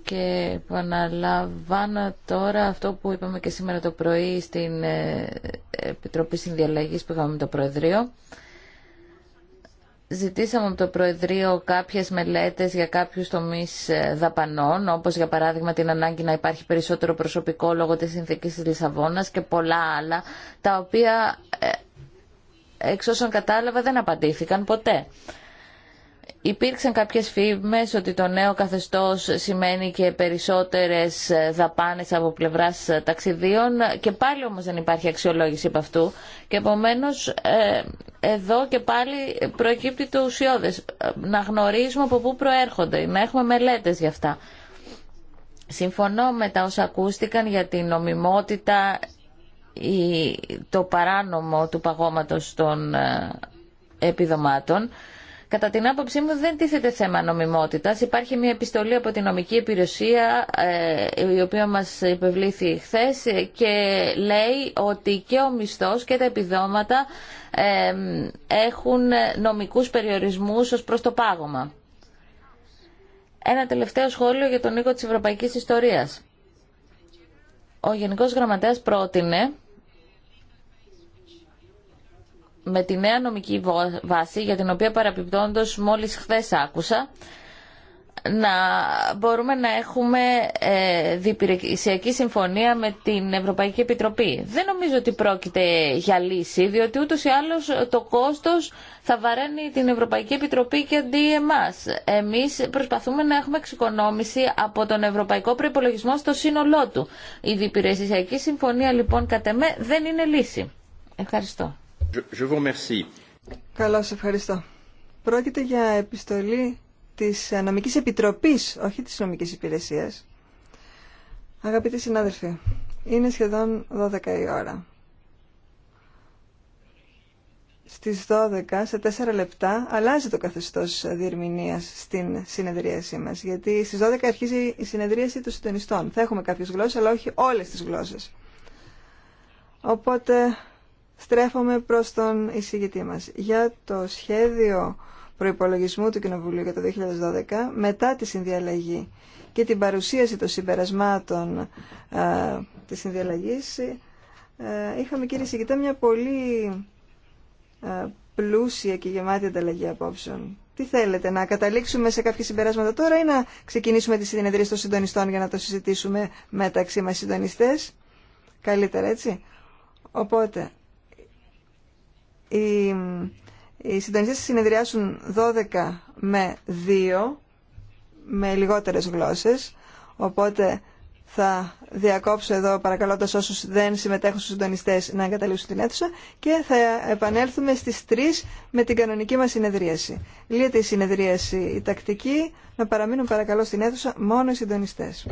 και επαναλαμβάνω τώρα αυτό που είπαμε και σήμερα το πρωί στην ε, Επιτροπή Συνδιαλλαγής που είχαμε με το Προεδρείο. Ζητήσαμε από το Προεδρείο κάποιες μελέτες για κάποιους τομείς ε, δαπανών, όπως για παράδειγμα την ανάγκη να υπάρχει περισσότερο προσωπικό λόγω της συνθήκης της Λισαβόνας και πολλά άλλα, τα οποία ε, εξ όσων κατάλαβα δεν απαντήθηκαν ποτέ. Υπήρξαν κάποιες φήμες ότι το νέο καθεστώς σημαίνει και περισσότερες δαπάνες από πλευράς ταξιδίων και πάλι όμως δεν υπάρχει αξιολόγηση από αυτού και επομένως ε, εδώ και πάλι προκύπτει το ουσιώδες να γνωρίζουμε από πού προέρχονται, να έχουμε μελέτες για αυτά. Συμφωνώ με τα όσα ακούστηκαν για την νομιμότητα ή το παράνομο του παγώματος των ε, επιδομάτων Κατά την άποψή μου δεν τίθεται θέμα νομιμότητας. Υπάρχει μια επιστολή από την νομική υπηρεσία ε, η οποία μας υπευλήθη χθες και λέει ότι και ο μισθός και τα επιδόματα ε, έχουν νομικούς περιορισμούς ως προς το πάγωμα. Ένα τελευταίο σχόλιο για τον οίκο της Ευρωπαϊκής Ιστορίας. Ο Γενικός Γραμματέας πρότεινε με τη νέα νομική βάση, για την οποία παραπιπτόντως μόλις χθες άκουσα, να μπορούμε να έχουμε ε, διπηρεσιακή συμφωνία με την Ευρωπαϊκή Επιτροπή. Δεν νομίζω ότι πρόκειται για λύση, διότι ούτως ή άλλως το κόστος θα βαραίνει την Ευρωπαϊκή Επιτροπή και αντί εμάς. Εμείς προσπαθούμε να έχουμε εξοικονόμηση από τον Ευρωπαϊκό Προϋπολογισμό στο σύνολό του. Η διπηρεσιακή συμφωνία λοιπόν κατ' εμέ δεν είναι λύση. Ευχαριστώ. Je vous remercie. Καλώ, ευχαριστώ. Πρόκειται για επιστολή τη ε, Νομική επιτροπή, όχι τη νομική υπηρεσία. Αγαπητοί συνάδελφοι, είναι σχεδόν 12 η ώρα. Στι 12, σε 4 λεπτά, αλλάζει το καθεστώ διερμηνία στην συνεδρίασή μα. γιατί στι 12 αρχίζει η συνεδρίαση των συντονιστών. Θα έχουμε κάποιε γλώσσε, αλλά όχι όλε τι γλώσσε. Οπότε στρέφομαι προς τον εισηγητή μας. Για το σχέδιο προϋπολογισμού του Κοινοβουλίου για το 2012, μετά τη συνδιαλλαγή και την παρουσίαση των συμπερασμάτων τη της συνδιαλλαγής, είχαμε κύριε εισηγητά μια πολύ πλούσια και γεμάτη ανταλλαγή απόψεων. Τι θέλετε, να καταλήξουμε σε κάποια συμπεράσματα τώρα ή να ξεκινήσουμε τη συνεδρία των συντονιστών για να το συζητήσουμε μεταξύ μας συντονιστές. Καλύτερα έτσι. Οπότε, οι, οι συντονιστές συνεδριάσουν 12 με 2 με λιγότερες γλώσσες οπότε θα διακόψω εδώ παρακαλώντας όσους δεν συμμετέχουν στους συντονιστές να εγκαταλείψουν την αίθουσα και θα επανέλθουμε στις 3 με την κανονική μας συνεδρίαση. Λύεται η συνεδρίαση η τακτική, να παραμείνουν παρακαλώ στην αίθουσα μόνο οι συντονιστές.